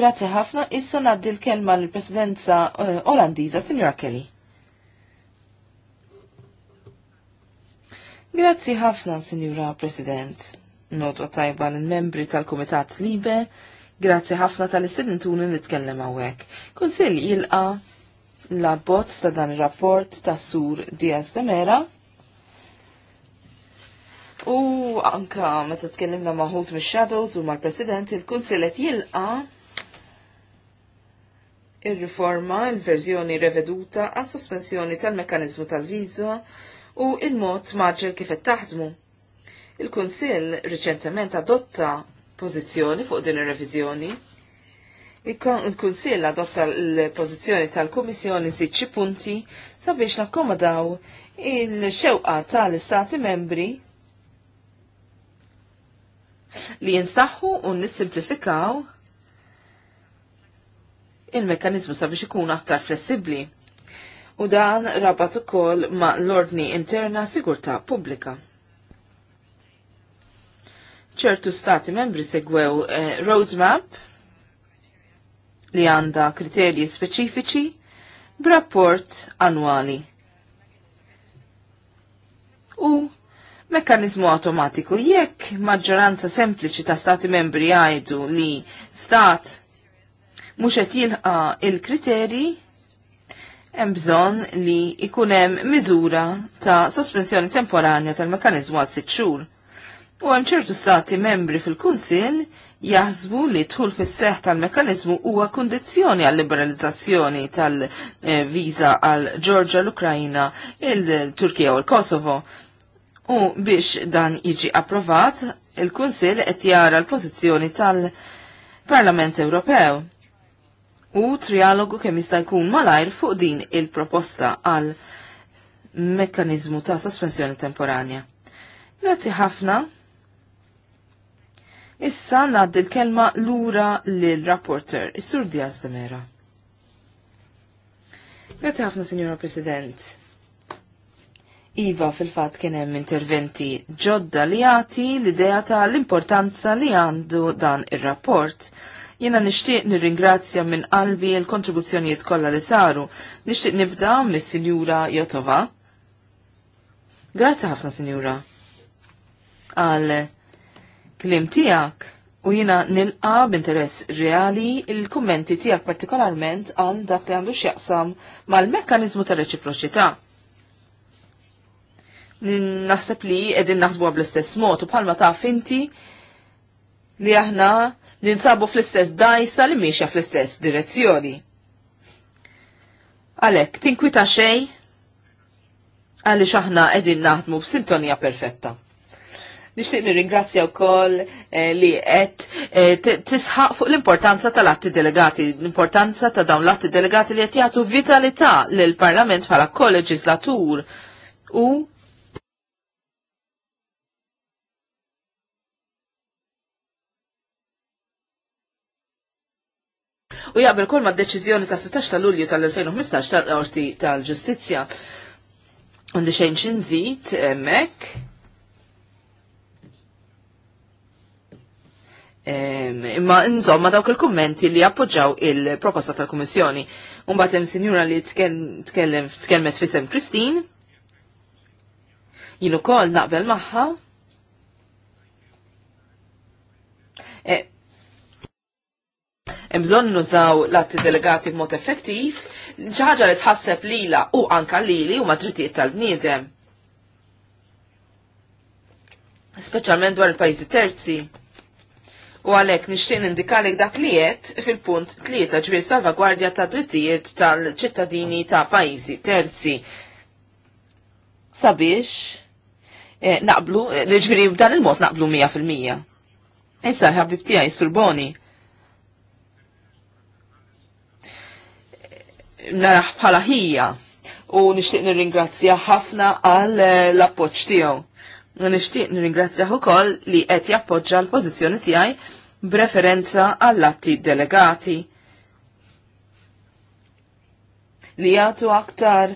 Grazzi ħafna, issa ngħaddi l-kelma l-Presidenza uh, Olandiża, Signora Kelly. Grazzi ħafna, Signora President nodwa tajba l-membri tal-Kumitat Libe, grazzi ħafna tal-istudentuni nitkellem għawek. Konsil jilqa la bozz ta' dan il-rapport ta' Sur Diaz de Mera. U anka meta tkellimna ma' Holt Shadows u mal-President, il-Kunsil qed jilqa il-riforma, il-verżjoni reveduta għas sospensjoni tal-mekanizmu tal-viza u il-mod maġġel kif taħdmu. Il-Kunsill riċentement adotta pożizzjoni fuq din ir-reviżjoni. Il-Kunsill adotta l-pożizzjoni tal-Kummissjoni siċċi punti sabiex nakkomodaw il-xewqa tal-Istati membri li jinsaħħu u nissimplifikaw il mekanizmu sabiex ikun aktar flessibbli. U dan rabat ukoll ma' l-ordni interna sigurta pubblika ċertu stati membri segwew eh, roadmap li għanda kriterji speċifiċi b'rapport annwali. U mekkanizmu automatiku jekk maġġoranza sempliċi ta' stati membri għajdu li stat mhux qed jilqa il-kriterji hemm bżonn li ikun hemm miżura ta' sospensjoni temporanja tal-mekkaniżmu għal sitt xhur. U hemm ċertu stati membri fil-Kunsill jaħsbu li tħul fis-seħ tal-mekanizmu huwa kundizzjoni għall liberalizzazzjoni tal-viża għal Ġorġa, l-Ukrajna, il-Turkija u l-Kosovo. U biex dan jiġi approvat, il-Kunsill qed jara l-pożizzjoni tal-Parlament Ewropew. U trialogu kemm jista' jkun malajr fuq din il-proposta għal mekkanizmu ta' sospensjoni temporanja. Grazzi ħafna Issa naddi l-kelma lura l-rapporter, Is-Sur Diaz de Mera. Grazie ħafna, Signora President. Iva fil-fat kien hemm interventi ġodda li jagħti l-idea ta' l-importanza li għandu dan ir-rapport. Jena nixtieq nirringrazzja minn qalbi l-kontribuzzjonijiet kollha li saru. Nixtieq nibda mis-Sinjura Jotova. Grazzi ħafna, Sinjura. Għalle klim tijak u jina nilqa b'interess reali il-kummenti tijak partikolarment għal dak li għandu xjaqsam mal-mekkanizmu ta' reċiproċità. Naħseb li edin naħsbu bl-istess mod u bħalma ta' finti li aħna ninsabu fl-istess dajsa li miexja fl-istess direzzjoni. Għalek, tinkwita xej? Għalli xaħna edin naħdmu b'sintonija perfetta. Nixtieq nirringrazzja wkoll eh, li għed eh, tisħaq fuq l-importanza tal-atti delegati, l-importanza ta' dawn l-atti delegati li qed jagħtu vitalità lil parlament bħala kolleġislatur. u u jaqbel kol ma' deċiżjoni ta' 16 ta' Lulju tal-2015 tal-Qorti tal-Ġustizzja. Undi xejn xinżit hemmhekk Imma insomma dawk il-kummenti li appoġġaw il-proposta tal-Kummissjoni. Umbagħad hemm sinjura li tkellem tkellmet fisem Kristin. Jien ukoll naqbel magħha. E, hemm bżonn nużaw l-atti delegati b'mod effettiv, ħaġa li tħasseb lila u anka lili u drittijiet tal-bniedem. Speċjalment dwar il-pajjiżi terzi. U għalek nishtin indikalik dak li jett fil-punt tlieta ġbir salvagwardja ta' drittijiet tal-ċittadini ta' pajjiżi terzi. Sabiex eh, naqblu, eh, ġbiri b'dan il-mod naqblu 100%. Issa l-ħabib tiegħi Surboni. Naraħ bħala ħija u nixtieq nirringrazzja ħafna għal eh, l-appoġġ tiegħu. Nishtiq nirringrazzjah ukoll li qed jappoġġa l-pożizzjoni tiegħi b'referenza għall-atti delegati li jagħtu aktar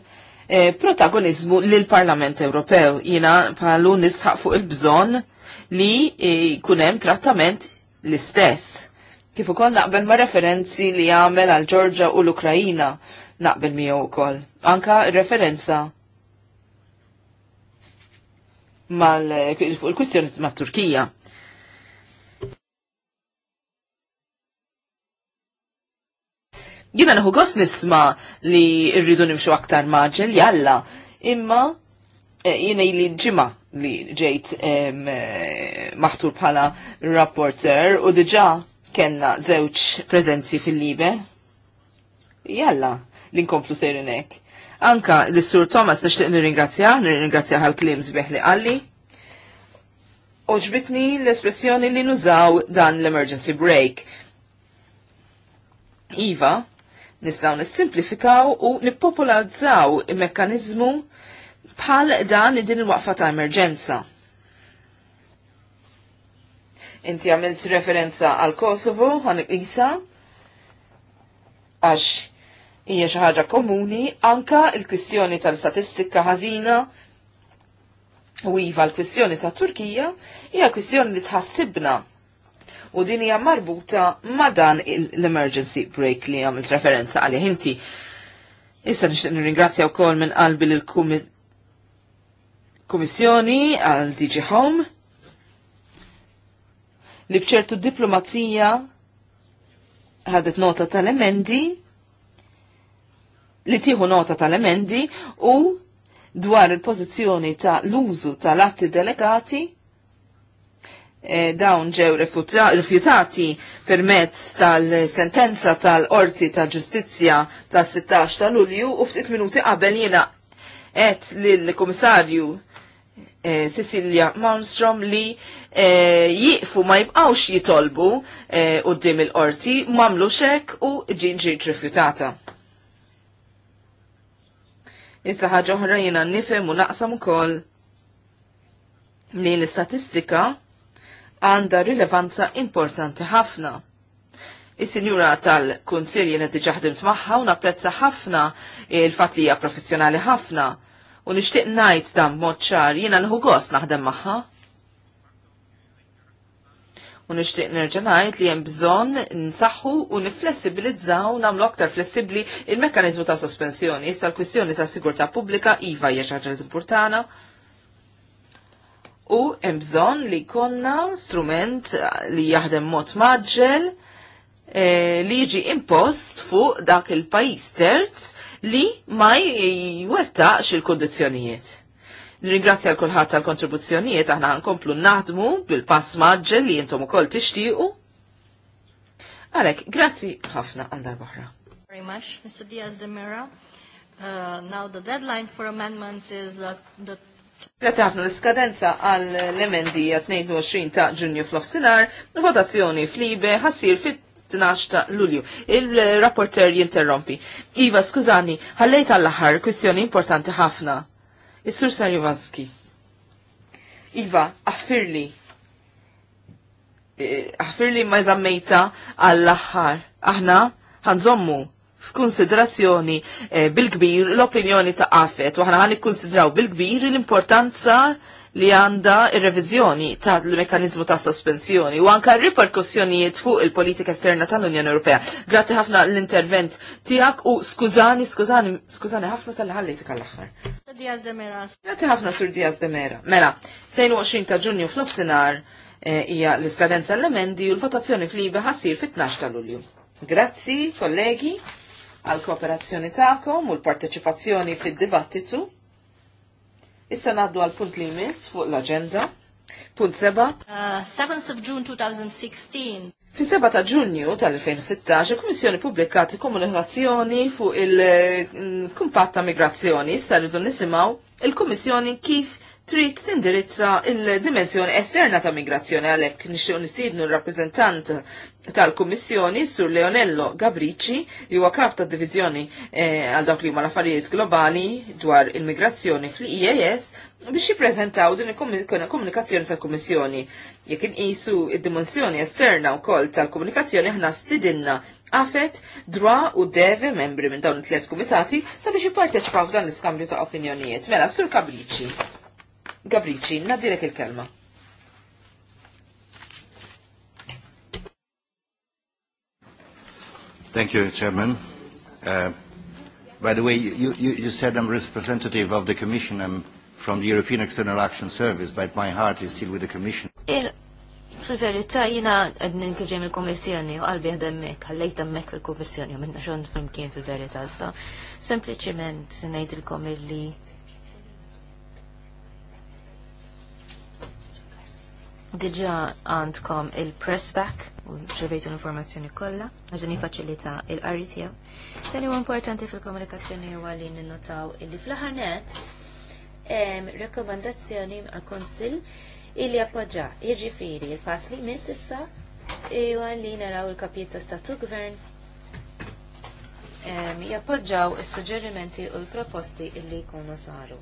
eh, protagonizmu l parlament Ewropew. Jina palu nisħaq fuq il-bżon li eh, kunem trattament l-istess. Kif ukoll naqbel ma' referenzi li jagħmel għal Ġorġa u l-Ukrajina naqbel miegħu ukoll. Anka referenza mal-kwistjoni eh, mat-Turkija. Jina naħu gost nisma li rridu nimxu aktar maġel, jalla. Imma eh, jina li ġima li ġejt eh, maħtur bħala rapporter u diġa kena zewċ prezenzi fil-libe. Jalla, l-inkomplu sejrinek. Anka l-Sur Thomas nishtiq nir-ringrazzja, nir-ringrazzja għal-klim zbieħ li għalli. Uġbitni l-espressjoni li nużaw dan l-emergency break. Iva, Nistaw nissimplifikaw u nippopolarizzaw il-mekkanizmu bħal dan din il-waqfa ta' emerġenza. Inti għamilt referenza għal Kosovo, għan Isa, għax hija xi ħaġa komuni anka l-kwistjoni tal-statistika ħażina u iva l-kwistjoni ta' Turkija hija kwistjoni li tħassibna u din hija marbuta ma' dan l-emergency break li għamilt referenza għalih inti. Issa nixtieq nirringrazzja wkoll minn qalbi lil kummissjoni għal DG Home li bċertu diplomazija ħadet nota tal-emendi li tieħu nota tal-emendi u dwar il-pożizzjoni ta' l-użu tal-atti delegati Eh, dawn ġew rifjutati permezz tal-sentenza tal-Orti ta' Ġustizzja ta' 16 ta' Lulju u ftit minuti qabel jiena qed lill-Kummissarju eh, Cecilia Malmstrom li eh, jiqfu ma jibqawx jitolbu qudiem il-qorti mamlu xek u ġin ġiet rifjutata. Issa ħaġa oħra jiena nifhem u naqsam ukoll li l-istatistika għanda rilevanza importanti ħafna. Is-sinjura tal kunsilji li diġa ħdimt magħha u napprezza ħafna il-fatt li hija professjonali ħafna u nixtieq ngħid dan b'mod ċar jiena nħu gost naħdem magħha. U nixtieq nerġa' ngħid li hemm bżonn nsaħħu u nifflessibilizzaw nagħmlu aktar flessibbli il-mekkaniżmu ta' sospensjoni. Issa l-kwistjoni ta' sigurtà pubblika iva hija xi ħaġa importanti u hemm bżonn li jkollna strument eh, li jaħdem mod maġġel E, li jiġi impost fuq dak il-pajis terz li ma jwettaqx il-kondizjonijiet. Ringrazzja l-kulħadd tal-kontribuzzjonijiet aħna nkomplu naħdmu bil-pass maġġel li jintom ukoll tixtiequ. Għalhekk, grazzi ħafna għal darbohra. Very much, Mr. Diaz de Mera. Uh, now the deadline for amendments is uh, the Grazie ħafna l-iskadenza għal l-emendija 22 ta' ġunju fl-ofsinar, votazzjoni fl-ibe ħassir fit 12 ta' Lulju. Il-rapporter jinterrompi. Iva, skużani, ħallejt għall-aħħar kwestjoni importanti ħafna. Is-Sur Sarjuvanski. Iva, aħfirli. Eh, aħfirli ma jżammejta għall-aħħar. Aħna ħanżommu f'konsiderazzjoni eh, bil-kbir l-opinjoni ta' għafet u ħana ħan ikkonsidraw bil-kbir l-importanza li għanda il reviżjoni ta' l-mekanizmu ta' sospensjoni u anka riperkussjonijiet fuq il-politika esterna tal-Unjoni Ewropea. Grazzi ħafna l-intervent tijak u skużani, skużani, skużani ħafna tal-ħallejtik għall-axħar. Diaz de Mera. Grazzi ħafna sur Diaz de Mera. Mela, 22 ta' ġunju fl-ofsinar eh, hija l-iskadenza l-emendi u l-votazzjoni fl-libi ħassir fit-12 ta' lulju. Grazzi, kollegi għal kooperazzjoni ta'kom u l-parteċipazzjoni fid-dibattitu. Issa naddu għal punt li jmiss fuq l-agenda. Punt seba. Uh, 7th of June 2016. Fi 7 ta' ġunju tal-2016, il-Kummissjoni pubblikat komunikazzjoni fuq il-kumpat ta' migrazzjoni, issa rridu nisimaw il-Kummissjoni kif trid tindirizza il-dimensjoni esterna ta' migrazzjoni għalhekk nixtieq nistiednu l-rappreżentant tal-Kummissjoni sur Leonello Gabrici li huwa kap ta' divizjoni eh, għal dawk li huma l-affarijiet globali dwar il-migrazzjoni fl-IAS biex jippreżentaw din il-komunikazzjoni tal-Kummissjoni. Jekk inqisu id-dimensjoni esterna wkoll tal-komunikazzjoni aħna stidinna għafet dwa u deve membri minn dawn it-tliet kumitati sabiex jipparteċipaw f'dan l-iskambju ta' opinjonijiet. Mela, sur Gabrici. Gabrici, nadilek il-kelma. Thank you, Chairman. Uh, by the way, you, you, you said I'm representative of the Commission. and um, from the European External Action Service, but my heart is still with the Commission. Il Fil-verità jina għednin kif il komissjoni u għalbi għedem mek, għallejt emmek fil-kommissjoni, minna xon fim kien fil-verità, so sempliciment ngħid il illi diġa għandkom il-pressback u xervejtu l-informazzjoni kollha, għaxin faċilita il-qari tiegħu. Dan huwa importanti fil-komunikazzjoni huwa n ninnotaw illi fl ħarnet net rekomandazzjoni għal-Konsil illi appoġġa jiġifieri il-pass li minn issa huwa li naraw il-kapijiet ta' statu gvern jappoġġaw is-suġġerimenti u l-proposti illi jkunu saru.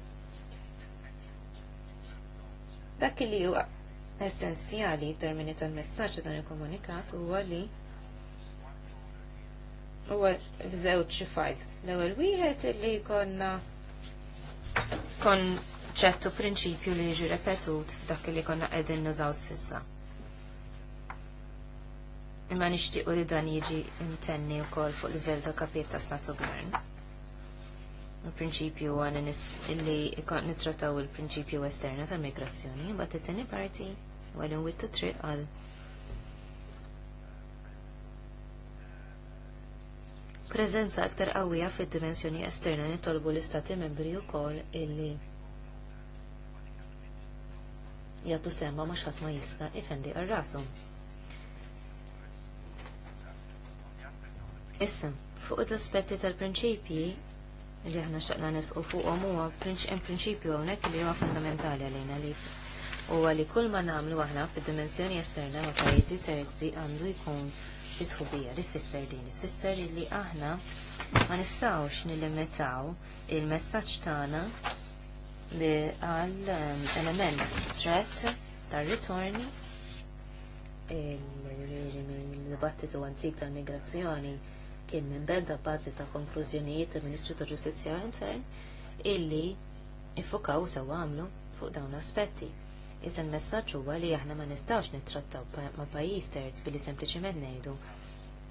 Dak li essenzjali t-termini tal-messaġġ dan il-komunikat huwa li huwa f'żewġ xi files. L-ewwel wieħed li konna konċettu prinċipju li jiġi repetut f'dak li konna qegħdin nużaw s'issa. Imma nixtiequ li dan jiġi imtenni wkoll fuq livell ta' kapijiet ta' snatu gvern il-prinċipju nis illi nitrataw il-prinċipju esterna tal-migrazzjoni, bat it-tini parti għal wittu triq għal prezenza aktar qawwija fid-dimensjoni esterna nitolbu l-istati membri wkoll illi jagħtu semma ma xat ma jista' ifendi għar-rasu. Issa, fuq l-aspetti tal-prinċipji li aħna xtaqna nisqu fuqhom huwa hemm prinċipju hawnhekk li huwa fundamentali għalina li huwa li kull ma nagħmlu aħna fid-dimensjoni esterna ma' pajjiżi terzi għandu jkun bisħubija li tfisser din, tfisser li aħna ma nistgħux nillimitaw il-messaġġ tagħna li għal element stret tar-ritorni il-dibattitu antik tal-migrazzjoni kien minn benda bażi ta' konklużjonijiet tal-Ministru ta' Ġustizzja Intern illi iffukaw sewa għamlu fuq dawn l-aspetti. Iżda l-messaġġ huwa li aħna ma nistax nittrattaw ma' pajjiż terz billi sempliċiment ngħidu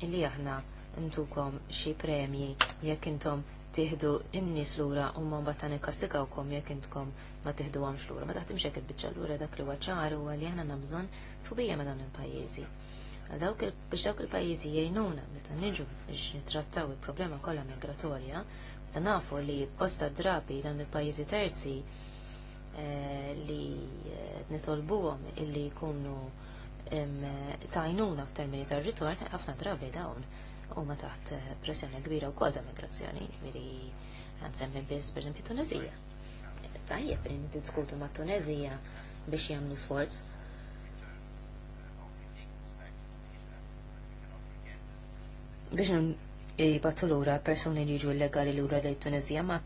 illi aħna ntukom xi premji jekk intom tieħdu in-nies lura u ma mbagħad nikkastikawkom jekk intkom ma tieħduhomx lura. Ma taħtimx hekk il-biċċa lura dak li huwa ċar huwa li aħna nabżon subija ma' dawn il-pajjiżi għal dawk biex dawk il-pajjiżi jgħinuna meta niġu biex nittrattaw il-problema kollha migratorja, meta nafu li posta drabi dan il-pajjiżi terzi eh, li eh, nitolbuhom illi jkunu tajnuna f'termini tar-ritorn ħafna drabi dawn huma taħt eh, pressjoni kbira wkoll ta' migrazzjoni, ġifieri għansemmi biss pereżempju Tunezija. Tajjeb li diskutu ma' Tunezija biex jagħmlu sforz biex l lura persuni li ġu illegali lura lejn Tunizija ma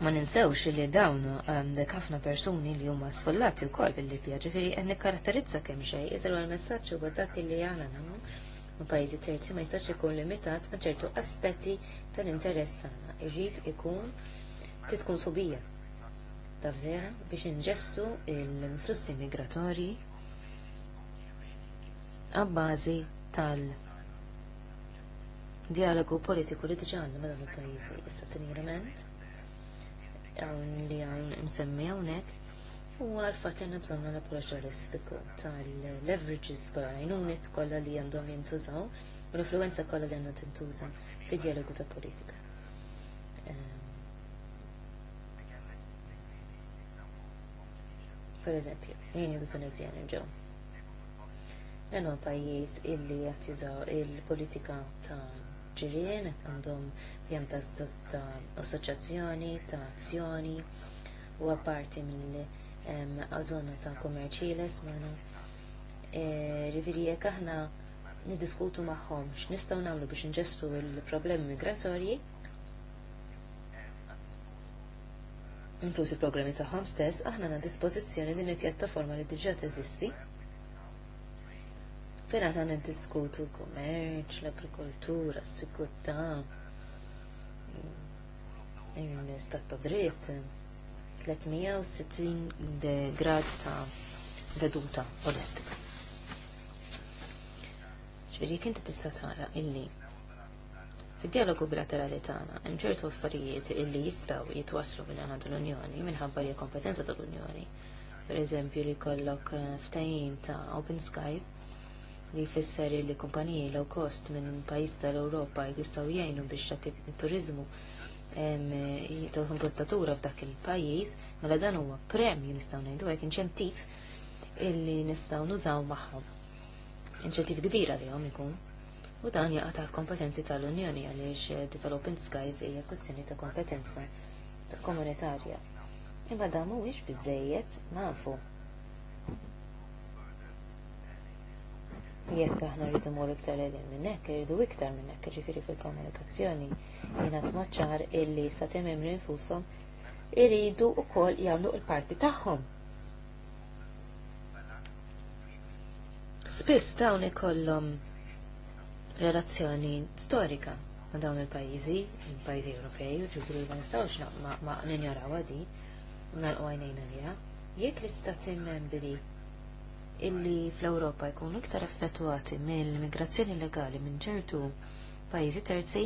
ma ninsewx li dawn ehm, dek ħafna persuni li huma sfollati wkoll li pjaġi ġifieri qed nikkaratterizza kemm xejn, iżel l-messaġġ huwa dak li għana nagħmlu u pajjiżi terzi ma jistax ikun limitat ma' ċertu aspetti tal-interess tagħna. Irrid ikun titkun subija ta' biex inġestu l-flussi migratorji għabbażi tal- dialogu politiku li diġa ma madan il-pajizi. Issa t-nirament, li għan msemmi għonek, u għalfat jenna bżonna l-approċ realistiku tal-leverages kolla, jnunit kolla li għandhom jintużaw, u l-influenza kolla li għandhom tintuża fi dialogu ta' politika. Ehm, per eżempju, jien jidu Tunizjan ġew. Dan huwa pajjiż illi qed il-politika ta' ġirien għandhom jem ta' assoċjazzjoni, ta' azzjoni u għaparti mill-għazona ta' komerċiles mana. E, riviri jek aħna nidiskutu maħħom x'nistgħu nagħmlu biex nġestu il-problemi migratorji inklużi problemi tagħhom stess, aħna na dispożizzjoni din il-pjattaforma li diġà teżisti Fejn għadna niddiskutu l-kummerċ, l-agrikoltura, s-sigurtà, l-istat ta' dritt, 360 grad ta' veduta olistika. Ġveri, ta' tista' tara illi Fid-dialogu bilaterali tagħna hemm ċertu affarijiet illi jistgħu jitwaslu minn għana l-Unjoni minħabba li kompetenza tal-Unjoni. Per eżempju li kollok eh, ftajin ta' Open Skies li jfisser li kumpaniji low cost minn pajjiż tal-Ewropa jistgħu jgħinu biex dak it-turizmu jitgħu bottatura f'dak il-pajjiż, mela dan huwa premju nistgħu ngħidu hekk inċentiv illi nistgħu nużaw magħhom. Inċentiv kbir għalihom ikun. U dan jaqa' taħt kompetenzi tal-Unjoni għaliex eh, di tal-Open Skies hija kwestjoni ta' kompetenza komunitarja. Imma dan mhuwiex biżejjed nafu jekk aħna rridu mmorru iktar l minn hekk, irridu iktar minn hekk, ġifieri fil-komunikazzjoni jiena tmaċċar illi sa temem infushom iridu wkoll jagħmlu l-parti tagħhom. Spiss dawn ikollhom relazzjoni storika ma' dawn il-pajjiżi, il-pajjiżi Ewropej, ġifieri ma nistgħux ma' ninjarawha u nagħlqu għajnejna liha. Jekk l-istati membri illi fl-Ewropa jkunu iktar effettwati mill-immigrazzjoni legali minn ċertu pajjiżi terzi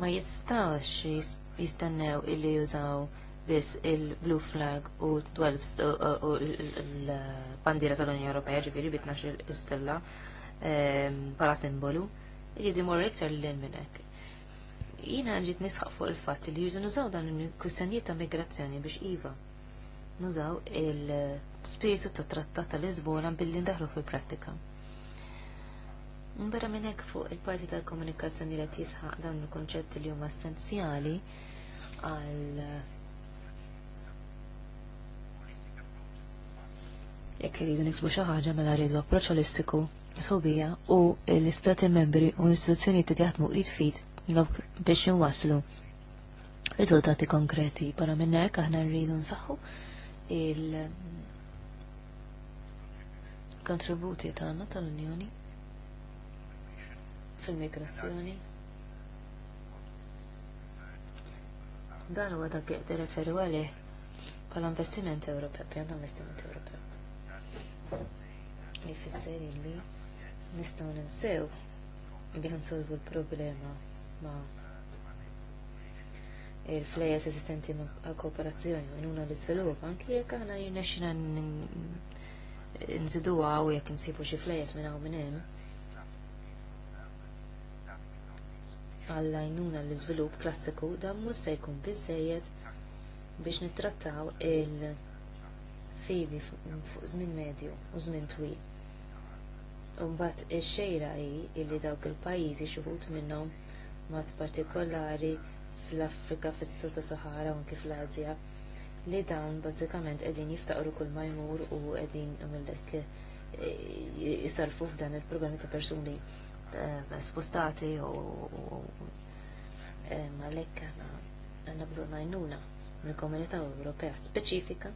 ma jistax jistennew illi jużaw biss il-blue flag u l-bandira tal-Unjoni Ewropea ġifieri bi 12 istella bħala ehm, simbolu jridu morru iktar lil minn hekk. Jiena ġiet nisħaq fuq il-fatt li jużu nużaw dan il-kustanijiet ta' migrazzjoni biex iva nużaw il-spiritu ta' trattat ta' Lisbona billi ndaħlu fil-prattika. Mbara minn fuq il-parti tal-komunikazzjoni li tisħaq dawn il-konċetti li huma essenzjali għal jekk iridu niksbu xi ħaġa mela rridu approċċ holistiku sobija u l-istati membri u l-istituzzjonijiet jaħdmu id fit biex jinwaslu. riżultati konkreti. Para minn hekk aħna rridu nsaħħu il- kontributi tagħna tal-Unjoni fil-migrazzjoni. Dan huwa dak qed irreferu għalih bħala investiment Ewropew, pjan ta' investiment Ewropew. Li fisser li nistgħu ninsew li ħansolvu l-problema ma' il-flejas esistenti ma' kooperazzjoni minn nuna l-izvilup, anki jek għana n nżidu għaw jek nsibu xie flejas minn għaw minn hemm. jinnuna l-izvilup klassiku da mus jkun bizzejed biex nittrattaw il-sfidi fuq żmien medju u żmien twil. Umbat il-xejra hi illi dawk il-pajjiżi xuħut minnhom mod partikolari fl-Afrika, fis-Sur ta' Sahara u kif fl-Asja li dawn bażikament qegħdin jiftaqru kull ma jmur u qegħdin imillek jisarfu f'dan il-programmi ta' persuni eh, spostati u għalhekk għandna bżonn għajnuna mill-Komunità Ewropea speċifika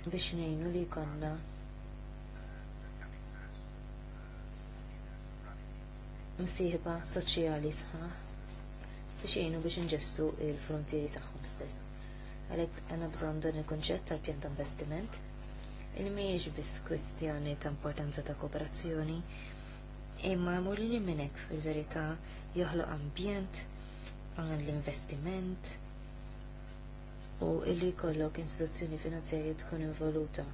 biex ngħinu li jkollna msiħba soċjali sħaħ biex jgħinu biex inġestu l frontieri tagħhom stess. Għalhekk għandna bżonn dan il-kunċett tal-pjan ta' investiment il mhijiex biss kwestjoni ta' importanza ta' kooperazzjoni imma mulli minn hekk fil-verità joħloq ambjent għan l-investiment u illi jkollok istituzzjoni finanzjarji tkun involuta.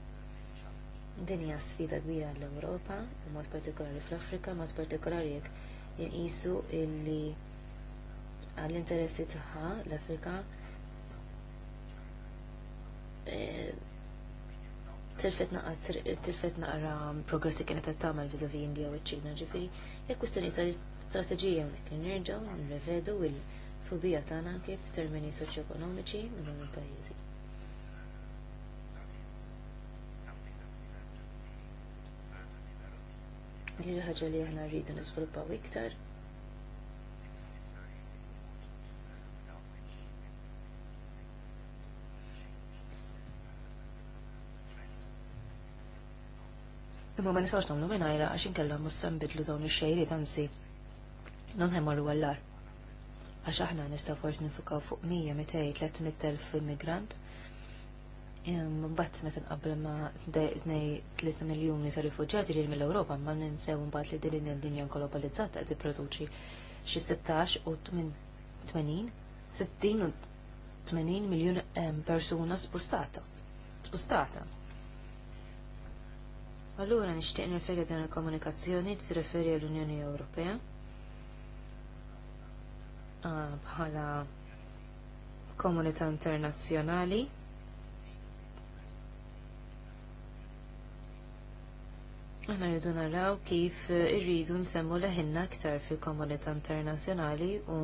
Din hija sfida kbira għall-Ewropa, u mod partikolari fl-Afrika, mod partikolari jekk jinqisu illi għall-interessi tagħha l-Afrika eh, tilfet naqra progressi kienet qed tagħmel viżavi Indija u ċ-Ċina ġifieri hekk kwistjoni tal-istrateġija hawnhekk nirġgħu nirrevedu l subija tagħna kif f'termini soċjoekonomiċi minn dawn il-pajjiżi. Diri ħaġa li aħna rridu niżviluppaw iktar. Imma ma nistgħux nagħmlu mingħajra għax inkellhom mussem bidlu dawn ix-xejriet anzi non ħemmorru għallar. Għax aħna nistgħu forsi nifukaw fuq 100, 200, 300 elf immigrant Mbatt meta nqabbel ma' 3 miljuni ta' rifugġati ġejjin mill europa ma ninsew mbagħad li din id-dinja globalizzata qed tipproduċi xi 16 u 80 60 u 80 miljun persuna spostata. Spostata. Allura nixtieq nirfega din il-komunikazzjoni tirreferi għall-Unjoni Ewropea ah, bħala komunità internazzjonali Aħna rridu naraw kif irridu nsemmu leħinna aktar fil-komunità internazzjonali u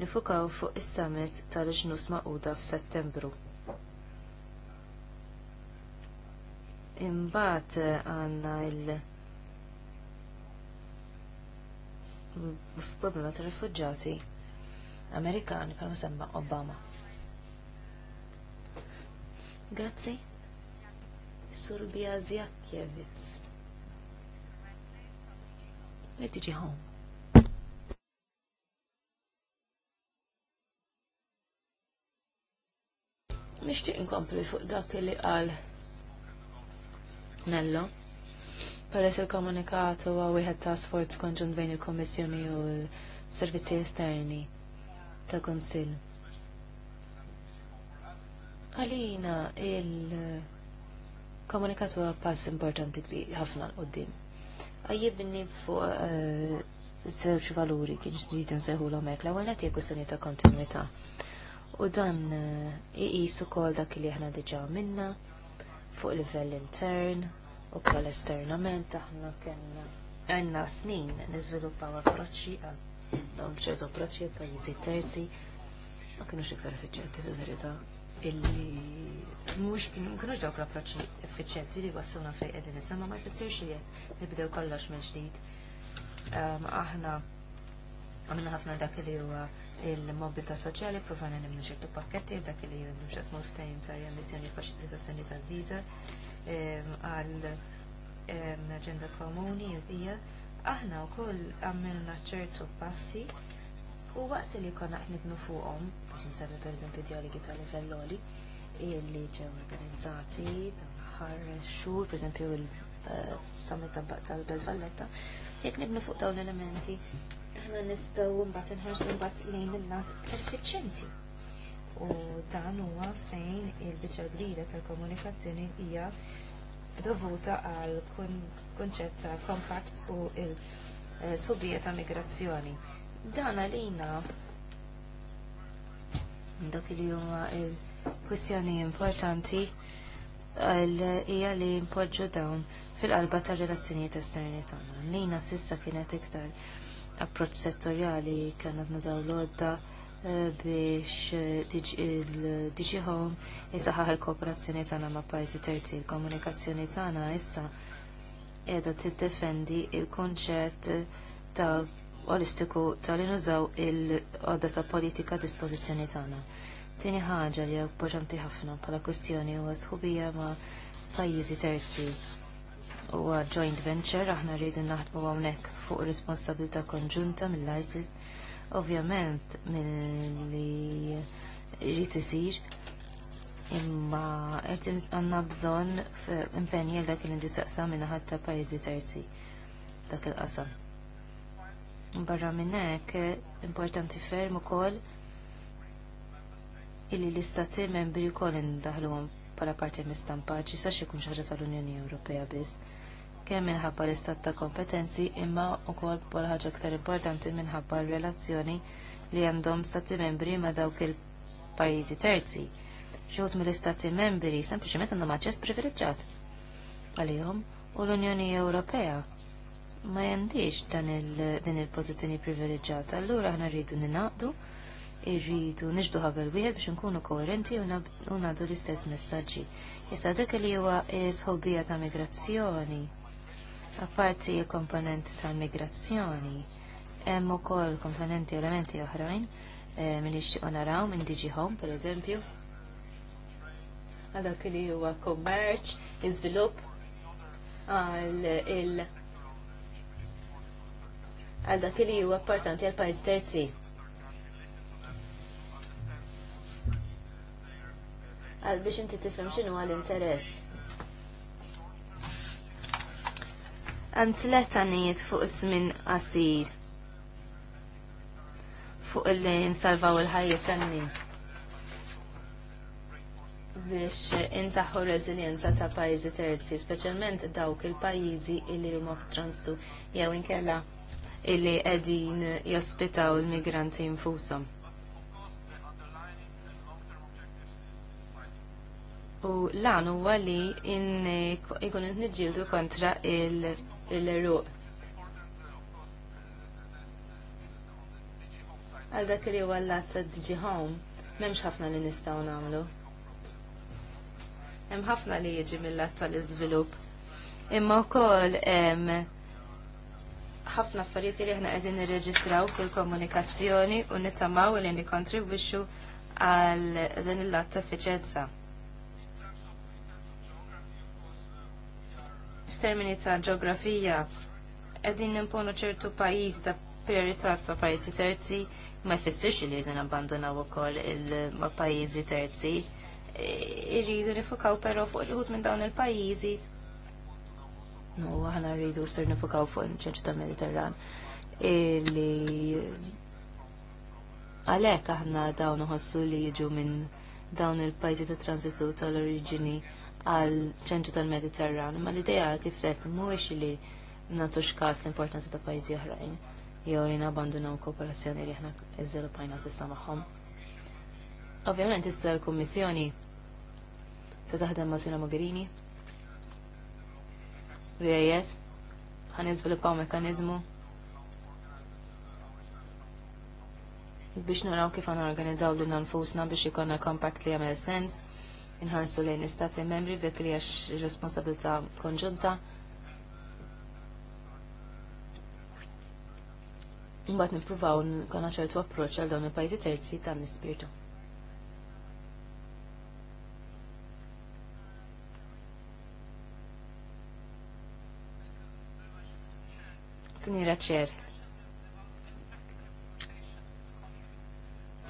nifukaw fuq is-summit tal-ġnus maquda f'Settembru. Imbagħad għandna il- f'problema ta' rifugġati Amerikani bħalma semma Obama. Grazzi. Sur Biaziakjevitz li tiġi home. Nishtiq nkompli fuq dak li qal Nello. Peress il-komunikat huwa wieħed ta' sforz konġunt bejn il-Kommissjoni u l-Servizzi Esterni ta' Konsil. Għalina il-komunikat huwa pass importanti kbir ħafna l-qoddim għajibni fuq żewġ eh, valuri kien ġdijt nseħu l-omek l għalnet jek kussjoni ta' kontinuità. U dan jisu eh, kol dak li aħna diġà minna fuq livell intern u kol esternament aħna kellna għandna snin niżviluppaw approċċi għal dawn ċertu approċċi għal pajjiżi terzi ma kienu iktar effiċjenti fil-verità illi mux kienux dawk l-approċċi effiċenti li wassuna fej qegħdin issa ma jfissirx li qed nibdew kollox minn ġdid. Ehm, aħna għamina ħafna dak li huwa il ta' soċjali profana nimmu ċertu pakketti dak li għandhom xasmu ftajim sar missjoni faċilitazzjoni tal-viża ehm, għal ehm, ġenda komuni u bija aħna wkoll għamilna ċertu passi u waqt li konna qed nibnu fuqhom biex nsemmi pereżempju dijalogi tal livelloli illi ġew organizzati eh, ta' l-aħħar xhur, esempio il-summit tal-Belt Valletta, jekk nibnu fuq dawn l-elementi, aħna nistgħu mbagħad inħarsu mbagħad lejn il nat effiċjenti. U dan huwa fejn il-biċċa kbira tal-komunikazzjoni hija dovuta għal kunċett ta' compact u il-subija eh, ta' migrazzjoni. Dan għalina dak li huma il- kwistjoni importanti hija li mpoġġu dawn fil-qalba tar relazzjonijiet esterni tagħna. Lina sissa kienet iktar approċċ settorjali kienet nużaw l-għodda eh, biex il-Digi eh, Home jisaħħaħ il-kooperazzjoni tagħna ma' pajjiżi terzi. Il-komunikazzjoni tagħna issa qiegħda tiddefendi il-konċett ta' olistiku tal-inużaw il-għodda ta' politika dispożizzjoni tagħna Tieni ħaġa li importanti ħafna bħala kustjoni u sħubija ma' pajjiżi terzi huwa joint venture aħna rridu naħdmu hawnhekk fuq responsabilità konġunta mill-ISIS ovvjament milli jrid isir imma qed għandna bżonn impenji għal dak li ndisaqsam minna ħatta pajjiżi terzi dak il-qasam. Barra minn hekk importanti ferm ukoll illi l-istati membri wkoll indaħluhom bħala parti mistampaċi sax ikun xaġa tal-Unjoni Ewropea biss. Kemm minħabba l-istat ta' kompetenzi imma wkoll bħala ħaġa aktar importanti minħabba r-relazzjoni li għandhom stati membri ma' dawk il-pajjiżi terzi. Xewt mill-istati membri sempliċement għandhom aċċess privileġġjat għalihom u l-Unjoni Ewropea ma jandix din il-pożizzjoni privileġġjata, allura aħna rridu ninaqdu irridu nixdu ħabel wieħed biex nkunu koerenti u nagħdu l-istess messaġġi. Issa dak li huwa sħobija ta' migrazzjoni. Apparti l komponent ta' migrazzjoni, hemm ukoll komponenti elementi oħrajn eh, minn ixtiequ naraw minn Digi Home pereżempju. Dak li huwa kommerċ, iżvilupp għal il għal dak li huwa partanti għal pajjiż terzi għal biex inti tifhem x'inhu għall-interess. Hemm tliet għanijiet fuq żmien qasir fuq illi nsalvaw il-ħajja tan-nies biex insaħħu r-reżiljenza ta' pajjiżi terzi, speċjalment dawk il-pajjiżi illi huma f'transtu jew inkella illi qegħdin jospitaw il-migranti infushom. u lan huwa li ikun niġġieldu kontra il-ruq. Għal dak li huwa l ta' Digi Home, m'hemmx ħafna li nistgħu nagħmlu. Hemm ħafna li jiġi mill-lat tal-iżvilupp. Imma wkoll hemm ħafna affarijiet li aħna qegħdin nirreġistraw fil-komunikazzjoni u nittamaw li nikkontribwixxu għal din il-lat ta' effiċenza. termini ta' ġeografija qegħdin nimponu ċertu pajiz ta' priorità ta' pajjiżi terzi ma jfissirx li jridu nabbandonaw ukoll il-pajjiżi terzi. Irridu nifukaw però fuq ġuħut minn dawn il-pajjiżi No, ħana rridu sir nifukaw fuq ċertu ta' Mediterran li għalhekk aħna dawn uħossu li jiġu minn dawn il-pajjiżi ta' transitu tal-oriġini għal ċentru tal-Mediterran, ma l-ideja kif qed mhuwiex li nagħtux każ l-importanza ta' pajjiżi oħrajn jew li nabbandunaw kooperazzjoni li aħna pajna s'issa magħhom. Ovvjament issa l-Kummissjoni se taħdem ma' Sina Mogherini. VAS ħan iżviluppaw mekanizmu biex naraw kif għan organizaw l nanfusna biex ikonna kompakt li għamel sens inħarsu lejn istati membri vek li għax responsabilità konġunta. Mbagħad nippruvaw nkun ċertu approċċ għal dawn il-pajjiżi terzi tan nispirtu. Sinira ċer.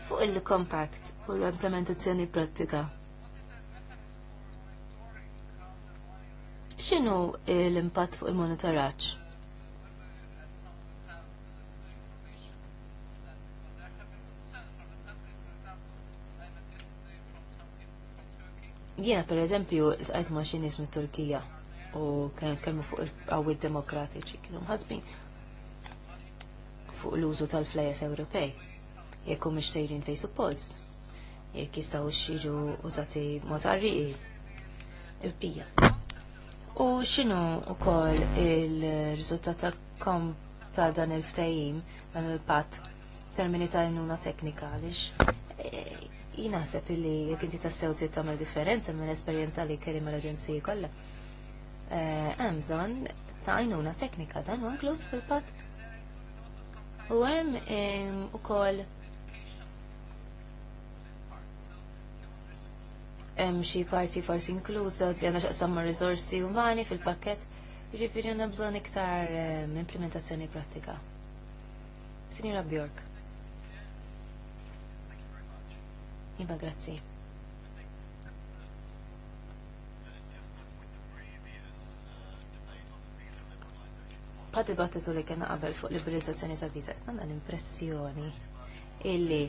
Fuq il-compact fuq l-implementazzjoni prattika. X'inhu l-impatt fuq il-monitoraġġ? Jiena per eżempju l-tqajt ma' xi nies mit-Turkija u kienet kelmu fuq il-qawwiet demokratiċi kienu mħazbin fuq l-użu tal-flejes Ewropej jekk mhux sejrin fejn suppost jekk jistgħu xieġu użati mod il-pija. U xinu u koll il-rizultat kom ta' dan il-ftajim, dan il-pat, termini ta' jnuna teknika għalix. Eh, Jinaħseb li jek inti ta' sew tagħmel differenza minn esperjenza li kelli mal-aġenziji kollha. Eh, hemm bżonn ta' jnuna teknika dan u inkluż fil-pat. U hemm eh, ukoll hemm xi parti forsi inkluża li għandha x'aqsam ma' umani fil pakket jiġifieri għandna bżonn iktar ehm, implementazzjoni pratika. Sinjura Bjork. Iba grazzi. Pa dibattitu li kena qabel fuq liberalizzazzjoni tal-viza, għandna l-impressjoni illi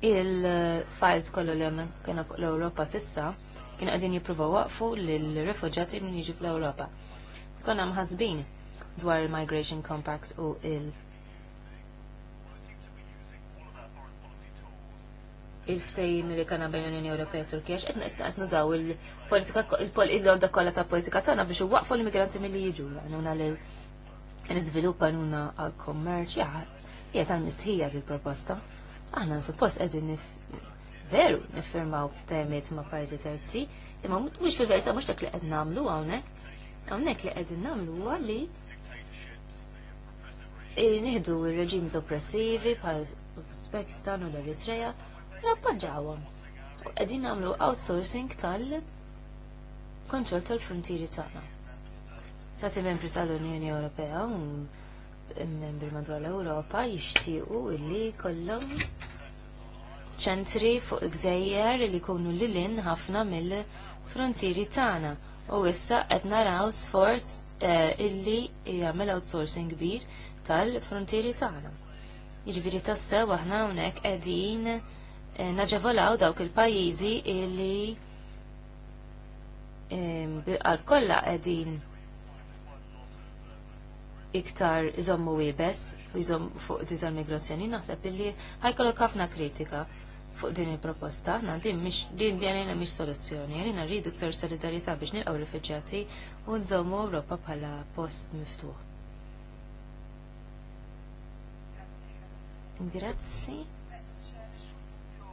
il-files kollu li għamna kena fuq l-Europa sissa kien għadin jipruvaw waqfu l-refugġati minn jiġu fl-Europa. Konna mħazbin dwar il-Migration Compact u il- il-ftejim li kana bejn l-Unjoni Ewropea Turkija x'qed qed nużaw il-politika il-għodda kollha ta' politika tagħna biex waqfu l-immigranti milli jiġu għanduna lil niżviluppa għal-kommerċ jaħ hija tal-mistħija fil-proposta. Aħna suppost qegħdin veru niffirmaw f'temiet ma' pajjiżi terzi, imma mhux fil-verità mhux dak li qed nagħmlu hawnhekk. Hawnhekk li qegħdin nagħmlu huwa li nieħdu ir-reġims oppressivi bħal Uzbekistan u l-Eritrea nappoġġawhom. U qegħdin nagħmlu outsourcing tal- kontroll tal-frontieri tagħna. Sa' membri tal-Unjoni Ewropea membri madwar l-Ewropa jixtiequ illi kollhom ċentri fuq gżejjer li jkunu lilin ħafna mill-frontieri tagħna. U issa qed naraw sforz eh, illi jagħmel outsourcing kbir tal-frontieri tagħna. Jiġifieri tassew aħna hawnhekk qegħdin eh, naġevolaw dawk il-pajjiżi illi eh, għal kollha qegħdin iktar iżommu wiebes u jżomm fuq din tal-migrazzjoni, naħseb illi ħajkollok ħafna kritika fuq din il-proposta, aħna din mhix din għalina mhix soluzzjoni, għalina rridu iktar solidarità biex nilqaw rifuġjati u nżommu Europa bħala post miftuħ. Grazzi.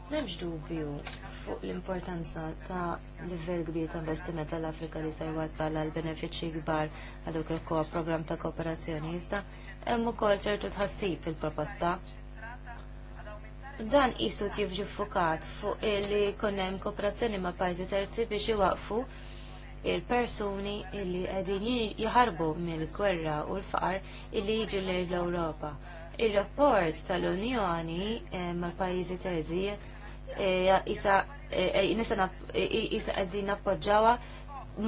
Nemx dubju fuq l-importanza ta' livell kbir ta' investiment tal-Afrika li se jwassal għal benefiċċji kbar għal il program ta' kooperazzjoni iżda hemm ukoll ċertu tħassib fil-proposta. Dan qisu tiġi fukat fuq li jkun hemm kooperazzjoni ma' pajjiżi terzi biex iwaqfu il-persuni li qegħdin jħarbu mill-gwerra u l-faqar illi jiġu lejn l-Ewropa. Ir-rapport tal-Unjoni eh, mal-pajjiżi terzi jisa eh, eh, eh, għeddin appoġġawa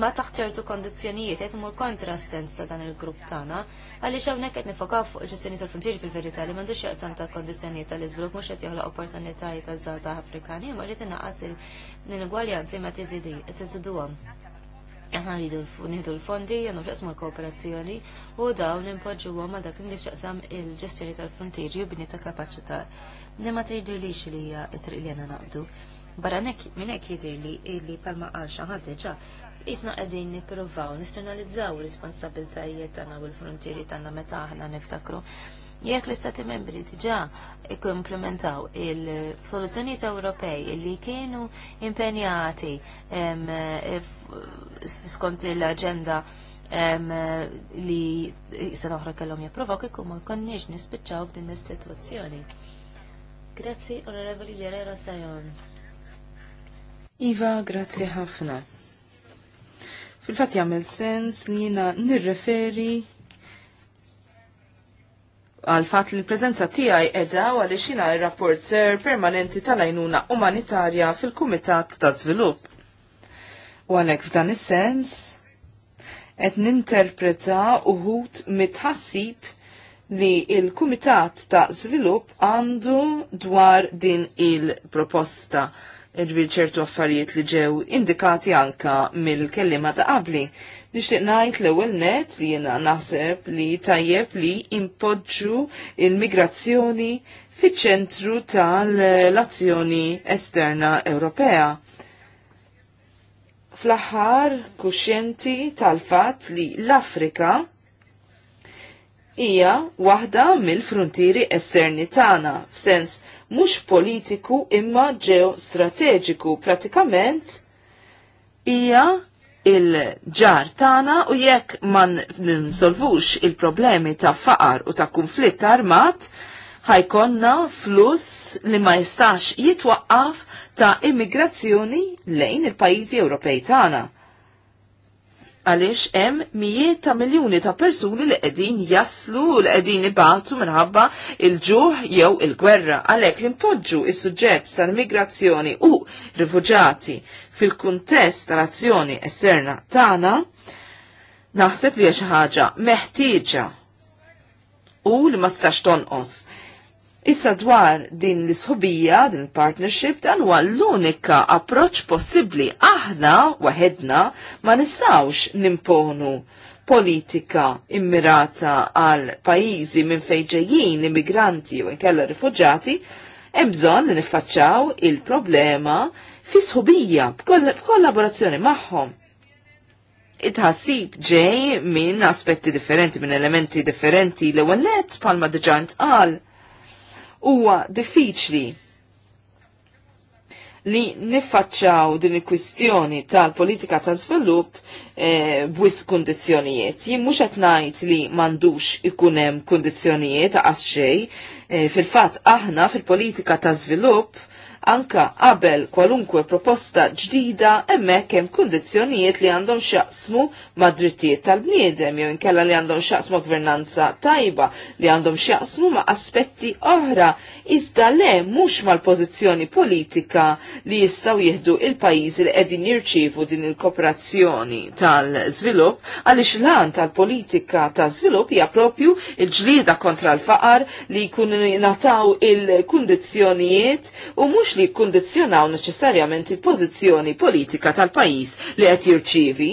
ma taħt ċertu kondizjonijiet qed l kontra s-sens ta' dan il-grupp tagħna għaliex hawnhekk qed nifokaw fuq ġestjoni tal-frontieri fil-verità li m'għandux jaqsam ta' kondizzjonijiet tal-iżvilupp mhux qed joħloq opportunitajiet taż-żgħażagħ Afrikani imma qed inaqqas l-ingwaljanzi ma tiżiduhom. Aħna nidu nieħdu l-fondi, jannu xaqsmu l-kooperazzjoni u dawn nimpoġġu għom dak li xaqsam il-ġestjoni tal-frontieri u bini ta' kapaċità. Nimma tgħidu li li hija it li għandna naqbdu. Barra minn hekk jidhirli li palma għal xi ħadd diġà jisna għedin niprovaw, nisternalizzaw responsabilitajiet għana u l-frontieri tagħna meta għana niftakru Jekk l-Istati membri diġà ikkumplementaw il-soluzzjonijiet Ewropej li kienu impenjati eh, skont l-aġenda li sena oħra kellhom japprovaw kieku ma konniex nispiċċaw b'din l-istituzzjoni. Grazzi, Onorevoli Guerrero Sajon. Iva, grazzi ħafna. Fil-fatt jagħmel sens li jina nirreferi għal fat li l-prezenza tiegħi edha u għaliex jiena rapporter permanenti tal ajnuna umanitarja fil-Kumitat ta' Zvilup. U għalhekk f'dan is-sens qed ninterpreta uħut mitħassib li il-Kumitat ta' Zvilup għandu dwar din il-proposta ġbir ċertu affarijiet li ġew indikati anka mill-kellima ta' qabli. Nixtieq ngħid l-ewwel net li jiena naħseb li tajjeb li impoġġu il-migrazzjoni fiċ-ċentru tal-azzjoni esterna Ewropea fl-aħħar kuxjenti tal-fatt li l-Afrika hija waħda mill-frontieri esterni tagħna f'sens mhux politiku imma ġeostrateġiku. Pratikament hija il-ġar tagħna u jekk ma nsolvux il-problemi ta' faqar u ta' kunflitt armat, ħajkonna flus li ma jistax jitwaqqaf ta' immigrazzjoni lejn il-pajjiżi Ewropej tagħna għaliex hemm mijiet ta' miljuni ta' persuni li qegħdin jaslu u li qegħdin ibatu minħabba il-ġuħ jew il-gwerra. Għalhekk li npoġġu is-suġġett tal-migrazzjoni u rifuġati fil-kuntest tal-azzjoni esterna tagħna naħseb li xi ħaġa meħtieġa u li ma tistax tonqos Issa dwar din l-isħubija, din partnership, dan huwa l-unika approċ possibbli aħna waħedna ma nistawx nimponu politika immirata għal pajizi minn fejġejjin immigranti u nkella rifugġati, hemm bżonn li niffaċċaw il-problema fi sħubija b'kollaborazzjoni magħhom it-ħassib ġej minn aspetti differenti, minn elementi differenti l ewwel net palma diġant għal huwa diffiċli li niffaċċaw din il-kwistjoni tal-politika ta' żvilupp eh, b'wis kundizzjonijiet. Jien mhux qed ngħid li m'għandux ikun hemm kundizzjonijiet għax xejn, eh, fil-fatt aħna fil-politika ta' żvilupp anka qabel kwalunkwe proposta ġdida hemmhekk hemm kundizzjonijiet li għandhom xaqsmu ma' drittijiet tal-bniedem jew inkella li għandhom xaqsmu gvernanza tajba li għandhom xaqsmu ma' aspetti oħra iżda le mhux mal-pożizzjoni politika li jistgħu jieħdu il-pajjiżi li qegħdin jirċievu din il-kooperazzjoni tal-żvilupp għaliex l-għan tal-politika ta' żvilupp hija propju il-ġlieda kontra l-faqar li jkun nataw il-kundizzjonijiet u mhux mhux li jikkundizzjonaw neċessarjament il-pożizzjoni politika tal-pajjiż li qed jirċievi.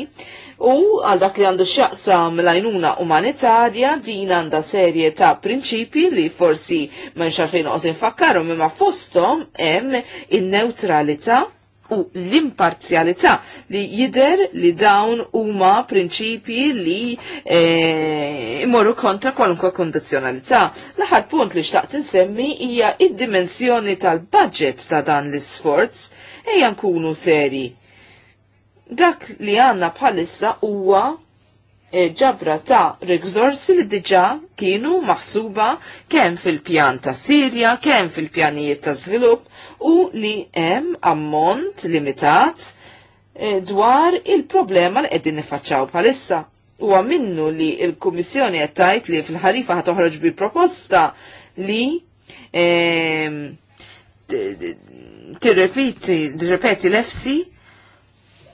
U għal dak li għandu xaqsam l-għajnuna umanitarja din għanda serje ta' prinċipi li forsi ma nxarfin għot infakkaru imma fostom hemm in neutralita u l-imparzjalità li jider li dawn huma prinċipji li e, kontra kwalunkwe kondizjonalità. L-aħħar punt li xtaqt insemmi hija id-dimensjoni tal-budget ta' dan l-isforz ejja nkunu seri. Dak li għanna bħalissa huwa ġabra ta' rigżorsi li diġa kienu maħsuba kemm fil-pjan ta' Sirja, kemm fil-pjanijiet ta' zvilup u li hemm ammont limitat dwar il-problema li qegħdin nifaċċaw bħalissa. Huwa minnu li l-Kummissjoni qed tgħid li fil-ħarifa ħad toħroġ bi proposta li tirrepeti l-efsi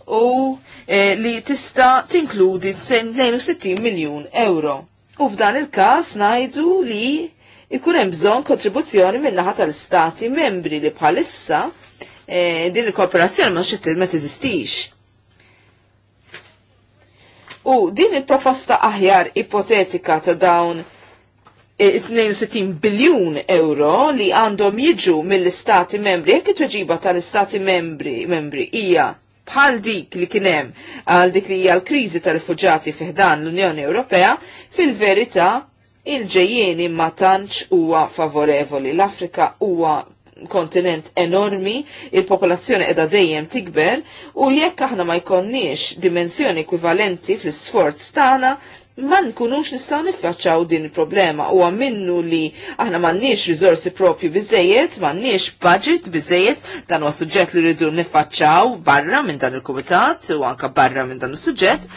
u e, li tista tinkludi 62 miljun euro. U f'dan il-kas najdu li ikun hemm bżonn kontribuzzjoni min-naħa tal-istati membri li bħalissa e, din il-kooperazzjoni ma xittil ma tiżistix. U din il-proposta aħjar ipotetika ta' dawn 62 e, biljun euro li għandhom jiġu mill-istati membri, jekk it-tweġiba tal-istati membri, membri ija bħal dik li kienem għal dik li hija l-kriżi ta' rifugġati fiħdan l-Unjoni Ewropea, fil-verità il-ġejjeni ma tantx huwa favorevoli. L-Afrika huwa kontinent enormi, il-popolazzjoni edha dejjem tikber u jekk aħna ma jkonniex dimensjoni ekwivalenti fl-isforz tagħna ma nkunux nistaw nifraċċaw din il-problema u minnu li aħna mannix rizorsi propju bizzejiet, mannix budget bizzejiet, dan huwa suġġett li rridu nifraċċaw barra minn dan il-komitat u anka barra minn dan il-suġġett,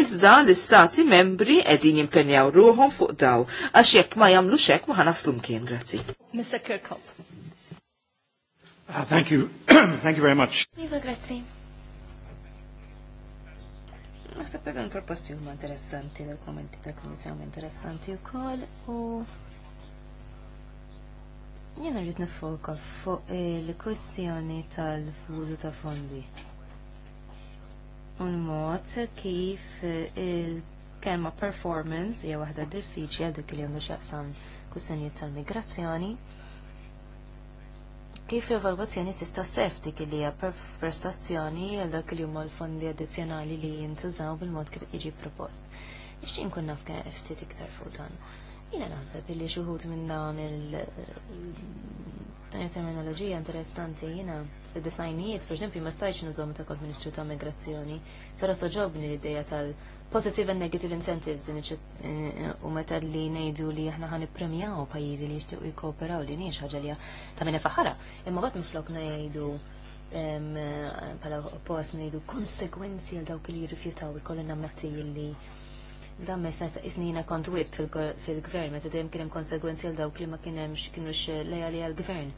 iżda l-istati membri edin jimpenjaw ruħom fuq daw, għax jekk ma jamlu xek ma ħanaslu mkien, grazzi. Mr. Kirkhope. Uh, thank you. [CLEARS THROAT] thank you very much. Iva, grazie. Naħseb li dan proposti huma interessanti, dal kommenti tal kummissjoni interessanti wkoll u jiena rrid nifoka fuq il-kwestjoni tal-użu ta' fondi. U mod kif il-kelma performance hija waħda diffiċli għal dik li għandu x'jaqsam kwistjonijiet tal-migrazzjoni kif l-evalwazzjoni tista' sef dik li hija prestazzjoni għal dak li huma l-fondi addizzjonali li jintużaw bil-mod kif jiġi propost. Ixti kun naf ftit iktar fuq dan. Jiena naħseb illi xi wħud minn dawn il terminoloġija interessanti jiena fid-disajnijiet, per ma stajtx nużom ta' kont Ministru ta' Migrazzjoni, però toġobni l-idea tal- positive and negative incentives eh, u meta li ngħidu li aħna ħan ippremjaw pajjiżi li jixtiequ jikkooperaw li nix ħaġa li ta' minn faħara. Imma qatt minflok ngħidu bħala oppost ngħidu konsekwenzi għal dawk li jirrifjutaw ikollu nammetti li dan ma jisna isnina kont wib fil-gvern, meta dejjem kien hemm konsegwenzi għal dawk li ma kien hemmx kienux lejali għall gvern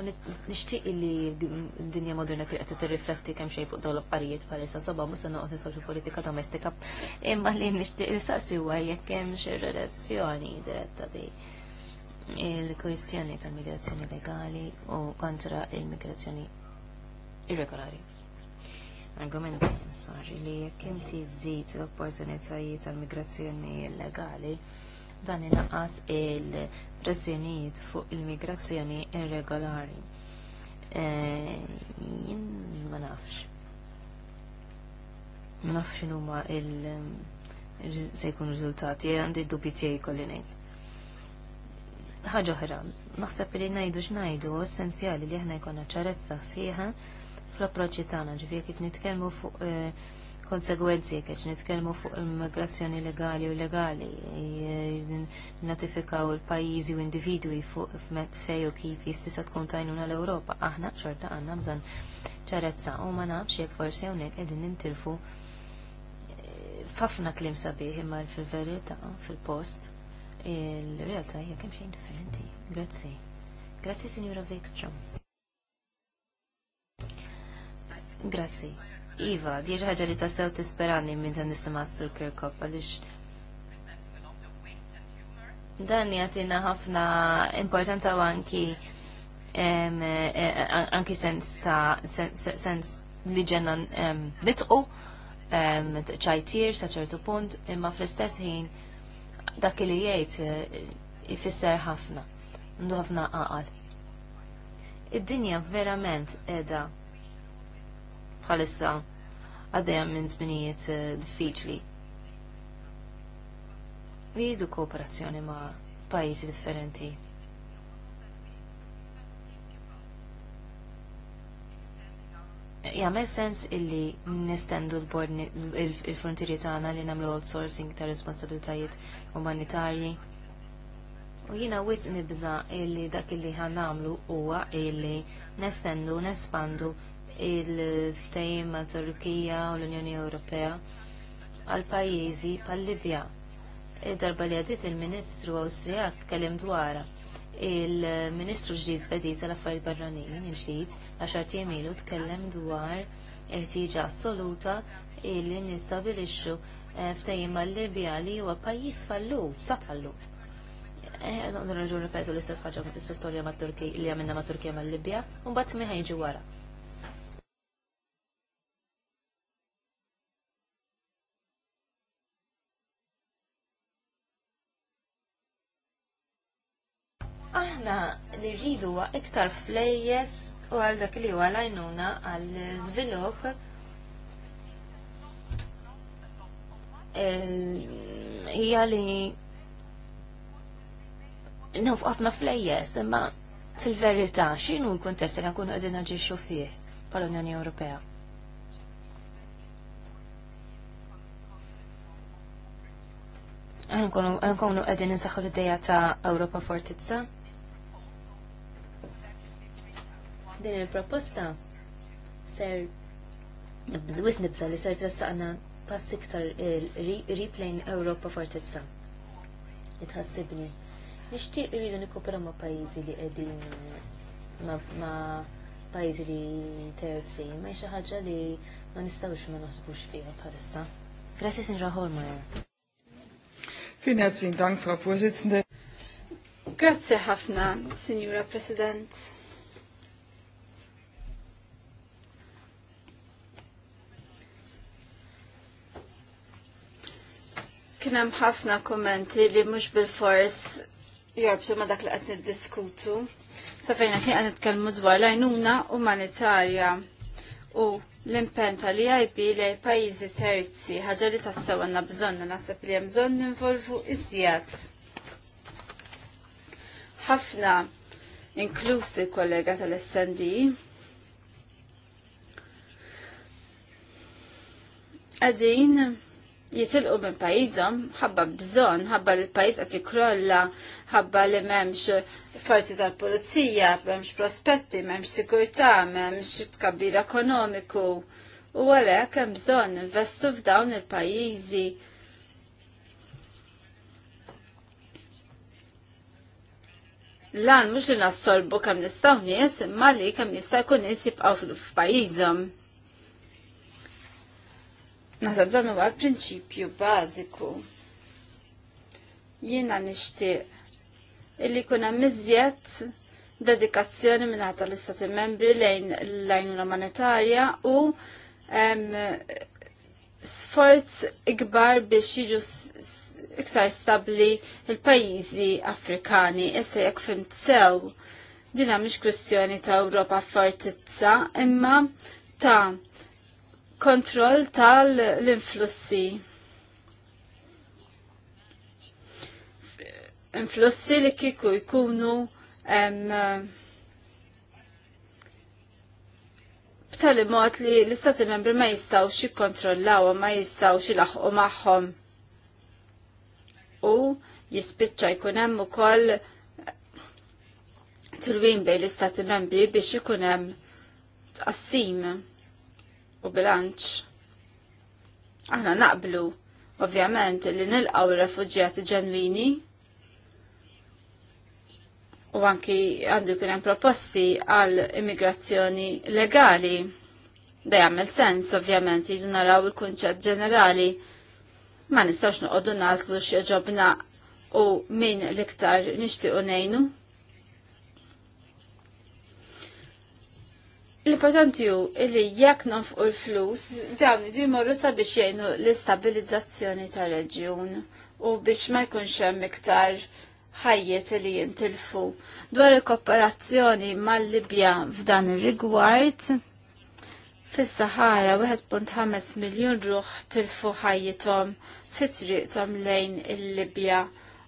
U nixtieq li dinja moderna kien qed tirrifletti kemm xejn fuq dawn parijiet affarijiet bħalissa sabba mhux se noqgħod politika domestika. Imma li nixtieq nistaqsi huwa jekk hemm xi relazzjoni diretta bi il-kwistjoni tal-migrazzjoni legali u kontra il-migrazzjoni irregolari Argument sari li jekk inti żid l-opportunitajiet tal-migrazzjoni illegali dan inaqqas il pressjonijiet fuq il-migrazzjoni irregolari. Eh, jien ma nafx. Ma nafx numa il- se jkun riżultati, għandi dubji tiegħi kolli ngħid. Ħaġa oħra, naħseb li ngħidu x'ngħidu essenzjali li aħna jkollna ċarezza sħiħa fl-approċċi tagħna ġifier kif nitkellmu fuq eh, konsegwenzi kiex nitkellmu fuq immigrazzjoni legali u legali, notifikaw il-pajjiżi u individwi fuq f'met fej u kif jistisa tkun tajnuna l-Ewropa. Aħna xorta għandna bżonn ċarezza u ma nafx jekk forsi hawnhekk qegħdin nintilfu eh, f'ħafna kliem sabiħ imma fil-verità fil-post il-realtà hija kemm xejn differenti. Grazzi. Grazzi Signora Vekstrom. Grazzi. Iva, di ħaġa li tassew tisperani minn dan nisimgħa sur Kirkop għaliex dan jagħtina ħafna importanza u anki e, e, anki sens ta' sens li ġenna nitqu ċajtir sa' ċertu punt imma fl-istess ħin dak li jgħid e, ifisser ħafna, għandu ħafna għaqal. Id-dinja verament edha bħalissa għaddejja minn żminijiet eh, diffiċli. Jidu kooperazzjoni ma' pajjiżi differenti. Jgħamil sens illi nestendu l-bord il frontiri tagħna li nagħmlu outsourcing ta' responsabiltajiet umanitarji. U jina wisq nibza illi dak illi ħan namlu huwa illi nestendu, nespandu il-ftajim ma' Turkija u l-Unjoni Ewropea għal pajjiżi pal libja Id-darba li għadit il-Ministru Awstrijak kellem dwara il-Ministru ġdid Svediż tal-Affarijiet Barranin il-ġdid għaxar ilu tkellem dwar il ħtieġa assoluta illi nistabilixxu eh, ftajim mal libja li huwa pajjiż fallu, sa fallu. Eh, għandu raġun ripetu l-istess ħagġa l-istess storja ma' Turkija li għamilna ma' Turkija mal libja u mbagħad miħa jiġi wara. Aħna li rridu iktar flejjes u għal dak li huwa għajnuna għal żvilupp hija li nuf ħafna flejjes imma fil-verità x'inhu l-kuntest li nkunu qegħdin naġixxu fih bħall-Unjoni Ewropea. Għankonu għedin nsaxħu l-ideja ta' Europa Fortizza. Din il-proposta ser bżwis nibsa li ser trassaqna pass iktar replane Europa Fortezza. Itħassibni. Nishtiq iridu nikopera ma' pajizi li qegħdin ma' pajizi li terzi, ma' xi ħaġa li ma nistgħux ma nasbux fiha bħalissa. Grazie, Sinra Holmeyer. Vielen herzlichen Dank, Frau Vorsitzende. Grazie ħafna, Signora President. Kienem ħafna kommenti li mux bil-fors jorbtu ma dak li għatni niddiskutu. Safajna kien għat nitkelmu dwar lajnuna umanitarja u l-impenta li għajbi li pajizi terzi ħagġa li tassaw għanna bżonna nasab li għamżon ninvolvu izjad. ħafna inklusi kollega tal-SND għadin jitilqu minn pajjiżhom ħabba bżonn, ħabba li l pajiz għati krolla, ħabba li m'hemmx forzi tal-pulizija, m'hemmx prospetti, m'hemmx sikurta, m'hemmx tkabbir ekonomiku. U għalhekk hemm bżonn investu f'dawn il-pajjiżi Lan mhux li nasolbu kemm nistgħu nies, imma li kemm jista' jkun nies jibqaw f'pajjiżhom. Naħseb dan huwa prinċipju bażiku. Jiena nixtieq illi jkun hemm iżjed dedikazzjoni mingħata l-Istati Membri lejn l-għajnuna monetarja u sforz ikbar biex jiġu iktar stabli il-pajjiżi Afrikani. Issa jekk fim sew dina mhix kwestjoni ta' Ewropa fortizza imma ta' kontroll tal-influssi. Influssi li kiku jkunu b'tali mod li l-istati membri ma xi kontrollaw ma xi laħqu magħhom. U jispiċċa jkun hemm ukoll tilwin bejn l-istati membri biex ikun hemm tqassim u bilanċ. Aħna naqblu, ovvjament, li nilqaw ir-refuġjati ġenwini u anki għandu kien hemm proposti għal immigrazzjoni legali. Da jagħmel sens, ovvjament, jidu naraw il-kunċett ġenerali. Ma nistgħux noqogħdu naslu xieġobna u min l-iktar nixtiequ ngħinu. L-importanti ju illi jekk nonfqu l-flus, dawn li jmorru sabiex jgħinu l-istabilizzazzjoni tal-reġjun u biex ma jkunx hemm iktar ħajjet li jintilfu. Dwar il-kooperazzjoni mal-Libja f'dan ir-rigward, fis-Sahara 1.5 miljun ruħ tilfu ħajjithom fit-triqthom lejn il-Libja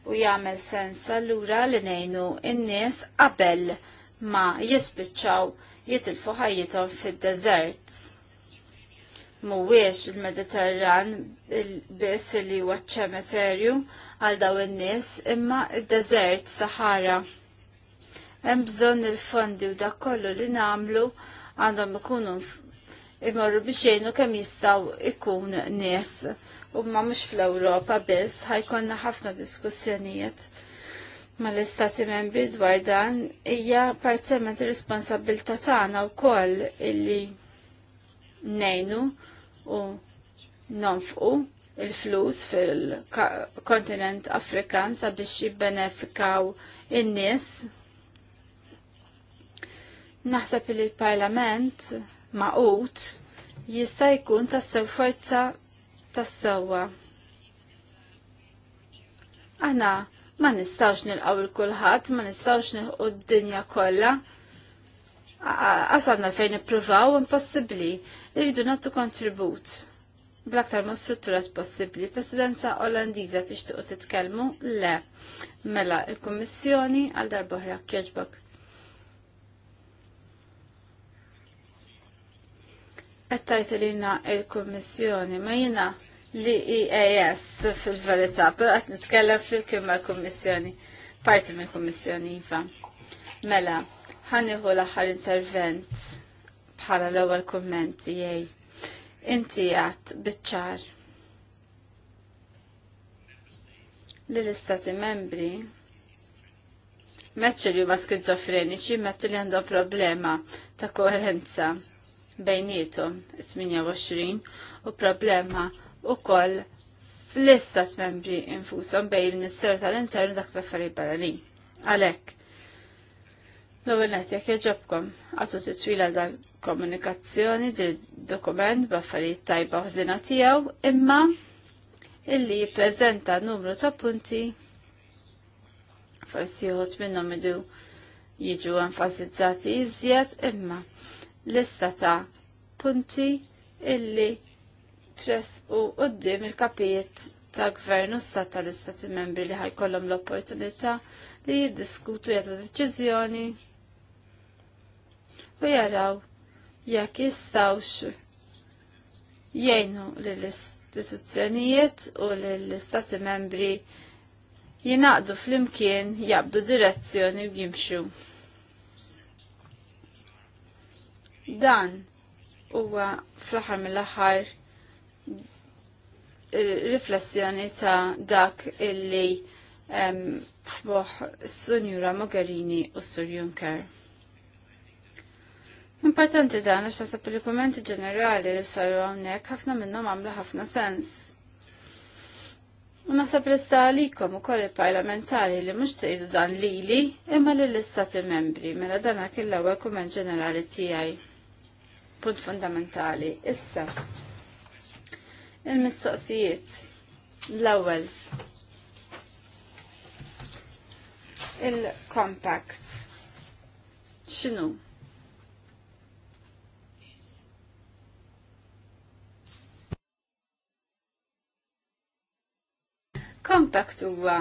u jagħmel sens allura li ngħinu n-nies qabel ma jispiċċaw jitilfu ħajjithom fil deżert Mhuwiex il-Mediterran biss li huwa ċ-ċemeterju għal daw in-nies imma il deżert Sahara. Hemm bżonn il-fondi u dak kollu li nagħmlu għandhom ikunu imorru biex jgħinu kemm jistgħu ikun nies. U ma mhux fl-Ewropa biss ħajkonna ħafna diskussjonijiet mal-Istati membri dwar dan hija parzialment ir-responsabilità tagħna wkoll illi nejnu u nonfqu il-flus fil-kontinent Afrikan sabiex jibbenefikaw in-nies. Naħseb li l-Parlament maqut jista' jkun tassew forza tassewwa. Aħna ma nistawx nilqaw il-kulħadd, ma nistawx nilqaw d-dinja kollha. Għasadna fejn nippruvaw impossibbli rridu nagħtu kontribut bl-aktar ma strutturat possibbli. Presidenza Olandiża tixtiequ titkellmu le mela il-Kummissjoni għal darba oħra kieġbok. Qed tajt il-Kummissjoni ma jiena li EAS fil-verità, pero għat nitkellem fil kimma mal-Kommissjoni, parti mill-Kommissjoni Iva. Mela, ħaniħu l-aħħar intervent bħala l-ewwel kumment jgħid. Inti għat bitċar li l-istati membri meċċi li huma skizofreniċi metti li għandhom problema ta' koerenza bejnietom 28 u problema u koll fl-istat membri infusom bej il-Ministeru tal-Intern dak l-affarijiet barranin. Għalhekk. L-ewwel jek jekk għatu t titwila dal komunikazzjoni di dokument b'affarijiet tajba ħżina tiegħu imma illi jippreżenta numru ta' punti forsi juħut minnhom idu jiġu enfasizzati iżjed imma lista ta' punti illi stress u qoddim il-kapijiet ta' gvernu stat tal-istati membri li ħajkollhom l-opportunità li jiddiskutu jgħatu deċizjoni u jaraw jekk jistawx jgħinu lill-istituzzjonijiet u lill-istati membri jinaqdu fl-imkien jabdu direzzjoni u jimxu. Dan huwa fl-aħħar mill-aħħar riflessjoni ta' dak illi fboħ Sunjura Mogherini u Sur Juncker. Importanti dan għax tasab il-kommenti ġenerali li saru għamnek ħafna minnhom għamlu ħafna sens. U naħseb l-ista għalikom u koll il-parlamentari li mux tejdu dan lili imma li l-istati membri mela dan il ewwel kumment ġenerali tijaj. Punt fundamentali. Issa, Il-mistoqsijiet. L-ewwel. Il-compact. X'inhu? Compact huwa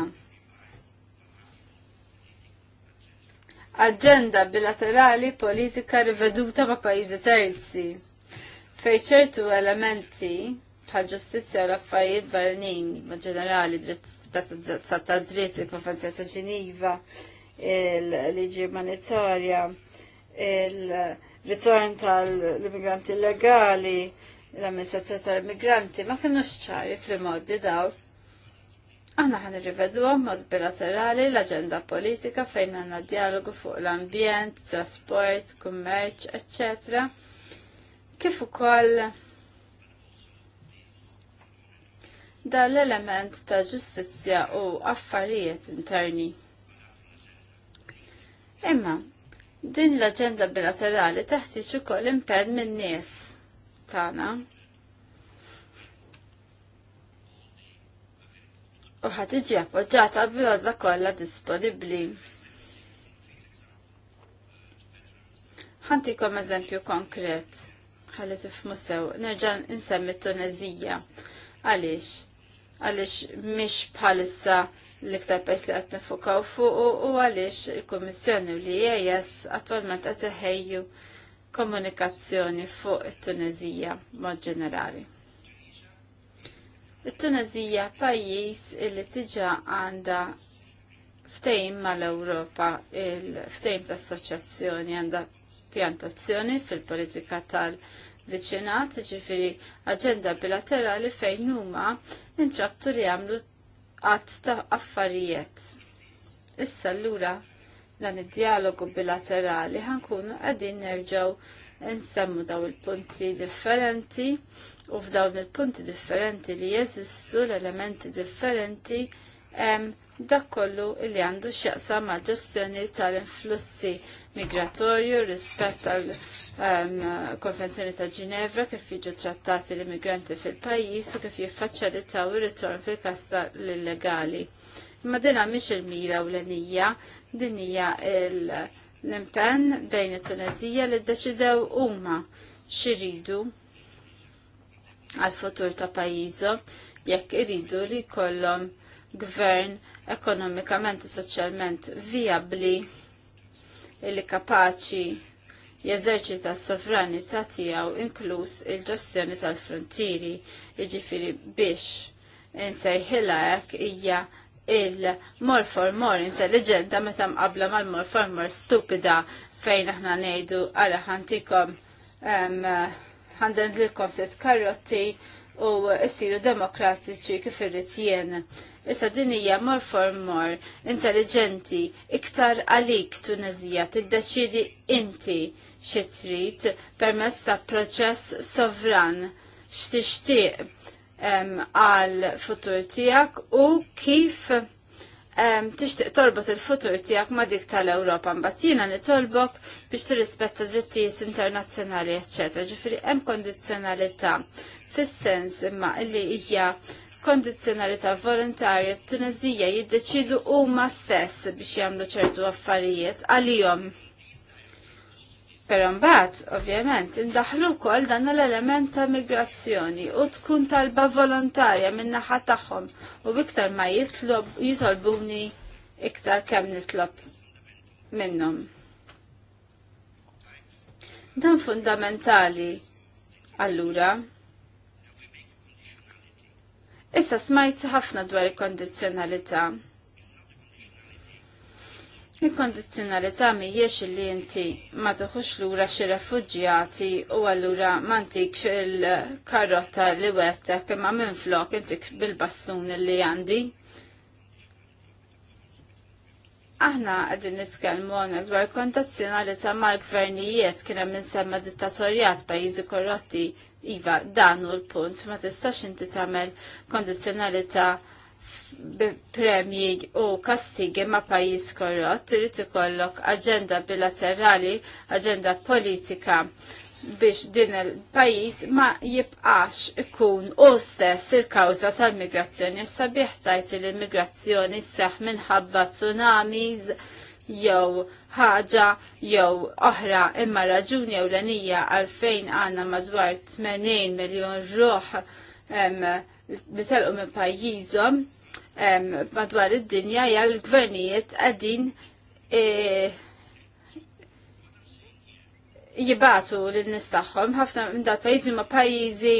Aġenda bilaterali politika riveduta ma' pajjiżi terzi fej ċertu elementi bħal ġustizzja u l-affarijiet barranin ma' ġenerali ta' dritt il-Konvenzjoni ta' Ġiniva, il-liġi umanitarja, il-ritorn tal-immigranti illegali, l-amministrazzjoni tal-immigranti, ma kienu ċari fl-modi daw. Aħna ħan irrivedu mod bilaterali l-agenda politika fejn għanna dialogu fuq l-ambjent, trasport, kummerċ, eccetera. Kif ukoll dan l-element ta' ġustizzja u affarijiet interni. Imma, din l-aġenda bilaterali taħtieġ ukoll impenn min-nies tagħna. u ħat iġi appoġġata bil-għodda kollha disponibbli. Ħantikom eżempju konkret ħalli tifmu sew, nerġa' insemmi Tunezija. Għaliex? għaliex mhix bħalissa l-iktar pajjiż li qed fukaw fuq u għaliex il-Kummissjoni li jajas e attwalment qed komunikazzjoni fuq it-Tunezija mod ġenerali. It-Tunezija pajjiż li tiġa għandha ftejm mal-Ewropa il-ftejm ta' assoċjazzjoni għandha pjantazzjoni fil-politika tal-Tunezija viċinat, ġifiri agenda bilaterali fejn huma intrabtu li għamlu għat ta' affarijiet. Issa l-lura dan id-dialogu bilaterali ħankunu qegħdin nerġaw nsemmu daw il-punti differenti u f'dawn il-punti differenti li jeżistu l-elementi differenti dak kollu li għandu x'jaqsam mal ġestjoni tal-influssi migratorju, rispett għal ehm, konvenzjoni ta' Ginevra kif jiġu trattati l-immigranti fil-pajis u kif jiffaċċalitaw ir-ritorn fil-kasta l-illegali. Imma din mhix il-mira u l-enija, din hija l-impenn bejn it-Tunezija li ddeċidew huma xiridu għal-futur ta' pajjiżhom jekk iridu li jkollhom gvern ekonomikament u soċjalment viabli illi kapaċi jeżerċita s-sovranità tiegħu inkluż il-ġestjoni tal-frontieri, jiġifieri biex insejħilha hekk hija il-more for more intelligenta meta mqabbla mal-more for more stupida fejn aħna ngħidu ara ħantikom ħandendilkom set karotti u siru demokratiċi kif irrid jien. Issa din hija more for more, intelligenti, iktar għalik Tunezija, tiddeċidi inti xi trid permezz ta' proċess sovran x'tixtieq għal futur tiegħek u kif tixtieq tolbot il-futur tiegħek ma' dik tal-Ewropa mbagħad jiena nitolbok biex tirrispetta drittijiet internazzjonali, eċċetera. Ġifieri hemm kondizzjonalità fis-sens imma li hija kondizjonalità volontarja t-Tunizija jiddeċidu huma stess biex jagħmlu ċertu affarijiet għalihom. Però mbagħad, ovvjament, indaħlu wkoll dan l-element ta' migrazzjoni u tkun talba volontarja min-naħa tagħhom u iktar ma jitlob jitolbuni iktar kemm nitlob minnhom. Dan fundamentali allura Issa smajt ħafna dwar il-kondizjonalità. Il-kondizjonalità mhijiex li inti ma toħux lura xi refuġjati u allura m'għandik il-karotta li wettek imma minflok intik bil-bastun li għandi. Aħna għedin nitkellmu għonna dwar kontazzjonalità mal-gvernijiet kien hemm insemma dittatorjat pajjiżi korrotti iva dan hu l-punt ma tistax inti tagħmel kondizzjonalità premji u kastigi ma' pajjiż korrott, irid ikollok aġenda bilaterali, aġenda politika biex din il-pajis ma jibqax ikun u stess il-kawza tal-migrazzjoni. Sabiħ tajt li l-migrazzjoni seħ minħabba tsunamis jew ħaġa jew oħra imma raġuni jew l-anija għalfejn għanna madwar 80 miljon ruħ li telqu minn pajjiżhom madwar id-dinja jgħal l-gvernijiet qegħdin eh, jibatu l-nis tagħhom ħafna minn dal-pajjiżi ma' pajjiżi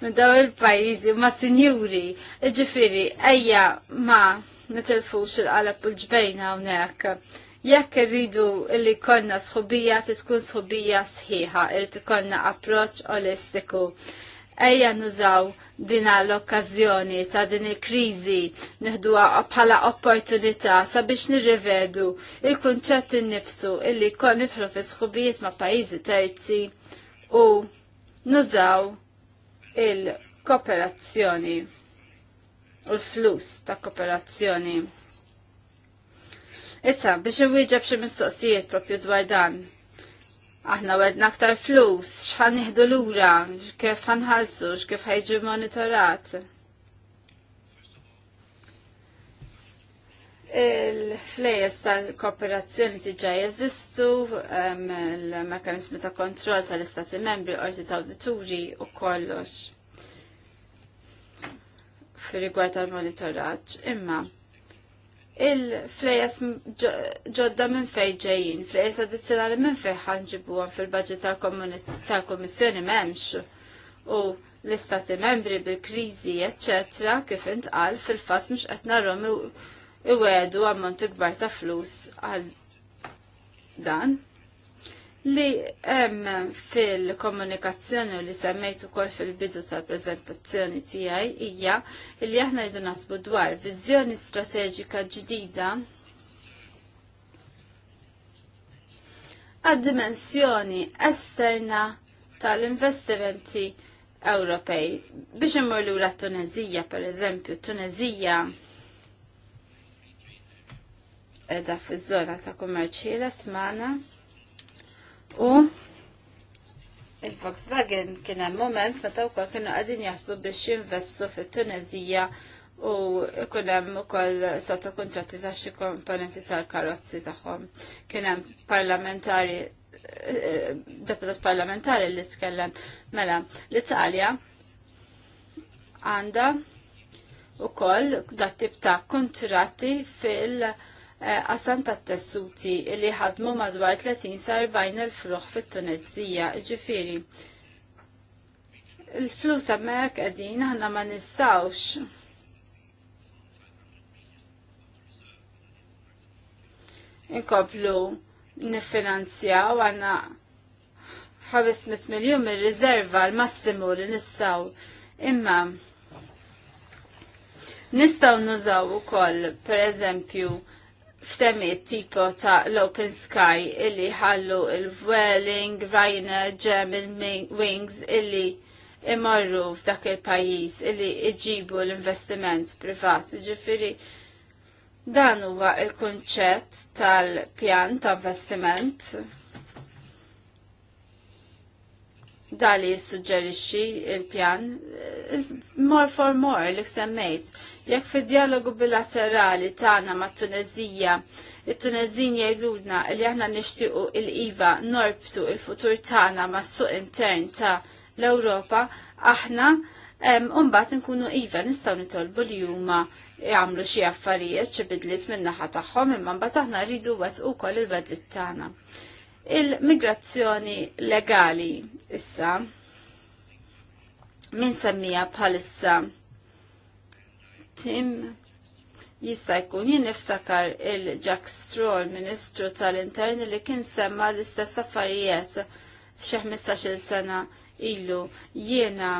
minn daw il-pajjiżi ma' sinjuri. ġifiri, ejja ma nitilfux il-qalab u l-ġbejna hawnhekk. Jekk irridu li konna sħubija tkun sħubija sħiħa, irid ikollna approċċ olistiku ejja nużaw din l-okkazjoni ta' din il-krizi neħduha bħala opportunità sabiex nirrivedu il-kunċett innifsu illi kon nitħlu fi sħubijiet ma' pajjiżi terzi u nużaw il-kooperazzjoni u l-flus ta' kooperazzjoni. Issa, biex nwieġeb xi mistoqsijiet propju dwar dan aħna wedna aktar flus, xħan l lura, kif ħanħalsu, kif ħajġu monitorat. Il-flejes tal-kooperazzjoni tiġa jeżistu, il-mekanizmi ta' kontroll tal-istati membri, orti ta' awdituri u kollox. Fi rigward tal-monitoraġġ, imma il-flejas ġodda minn fej ġejjin, flejas addizzjonali minn fej ħanġibu fil-budget tal-Komissjoni memx u l-istati membri bil-krizi, eccetera, kif intqal fil-fat mux qed u għedu ammonti kbar ta' flus għal dan li hemm fil-komunikazzjoni u li semmejt ukoll fil-bidu tal-preżentazzjoni tiegħi hija li aħna rridu naħsbu dwar viżjoni strateġika ġdida għad-dimensjoni esterna tal-investimenti Ewropej. Biex immur lura Tunezija, per eżempju, Tunezija edha fiż-żona ta' kummerċi l-esmana. U il-Volkswagen kien hemm moment meta wkoll kienu qegħdin jaħsbu biex jinvestu fit-Tunezija u kien hemm ukoll sotto kuntratti ta' xi komponenti tal-karozzi tagħhom. Kien hemm parlamentari eh, deputat parlamentari li tkellem mela l-Italja għandha ukoll dat tip ta' kuntratti fil- qasam tat tessuti li ħadmu madwar 30 sa 40 il-fruħ fit tunizija ġifiri. Il-flus għamek qegħdin aħna ma nistawx. Inkoplu nifinanzjaw għanna 500 miljon il riserva l-massimu li nistaw. Imma nistaw nużaw u koll, per eżempju, ftemiet tipo ta' l-Open Sky illi ħallu il-Vueling, Ryanair, German Wings illi imorru f'dak il-pajis illi iġibu l-investiment privat. Ġifiri, dan huwa il-kunċett tal-pjan ta' investiment dali suġġerixxi il-pjan more for more li semmejt Jekk fid-dialogu bilaterali tagħna mat Tunezija, it-Tunezin jgħidulna li aħna nixtiequ il-iva norbtu il-futur tagħna mas-suq intern ta' l-Ewropa, aħna mbagħad nkunu iva nistgħu nitolbu li huma jagħmlu xi affarijiet xi bidliet min-naħa tagħhom imma mbagħad aħna rridu wett ukoll il-bedliet tagħna. Il-migrazzjoni legali issa min semmija bħalissa tim jista' jkun jien niftakar il-Jack Stroll, Ministru tal-Interni li kien semma l-istess affarijiet f'xi 15-il sena ilu jiena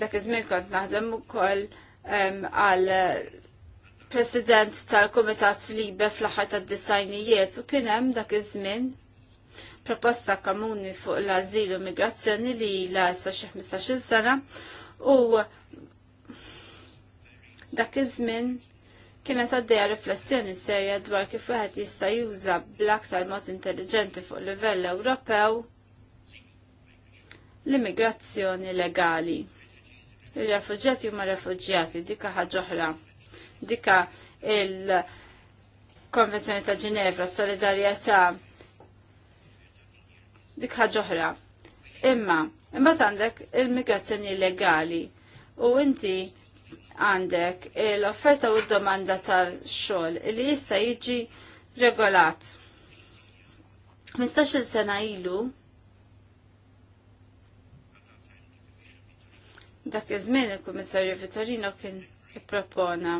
dak iż-żmien kont naħdem ukoll għal President tal-Kumitat Libe fl-aħħar tad-disajnijiet u kien hemm dak iż-żmien proposta komuni fuq l-azil u migrazzjoni li la issa xi 15-il sena u Dak iż-żmien kienet għaddeja riflessjoni serja dwar kif wieħed jista' juża bl-aktar mod intelligenti fuq livell Ewropew l-immigrazzjoni legali. Ir-refuġjati huma refuġjati, dika ħaġa oħra. Dika il-Konvenzjoni ta' Ġinevra, solidarjetà dik ħaġa oħra. Imma, imbagħad għandek il-migrazzjoni legali u inti għandek l-offerta u d-domanda tal-xol li jista jiġi regolat. 15 sena ilu dak iż-żmien il-Kummissarju Vittorino kien ippropona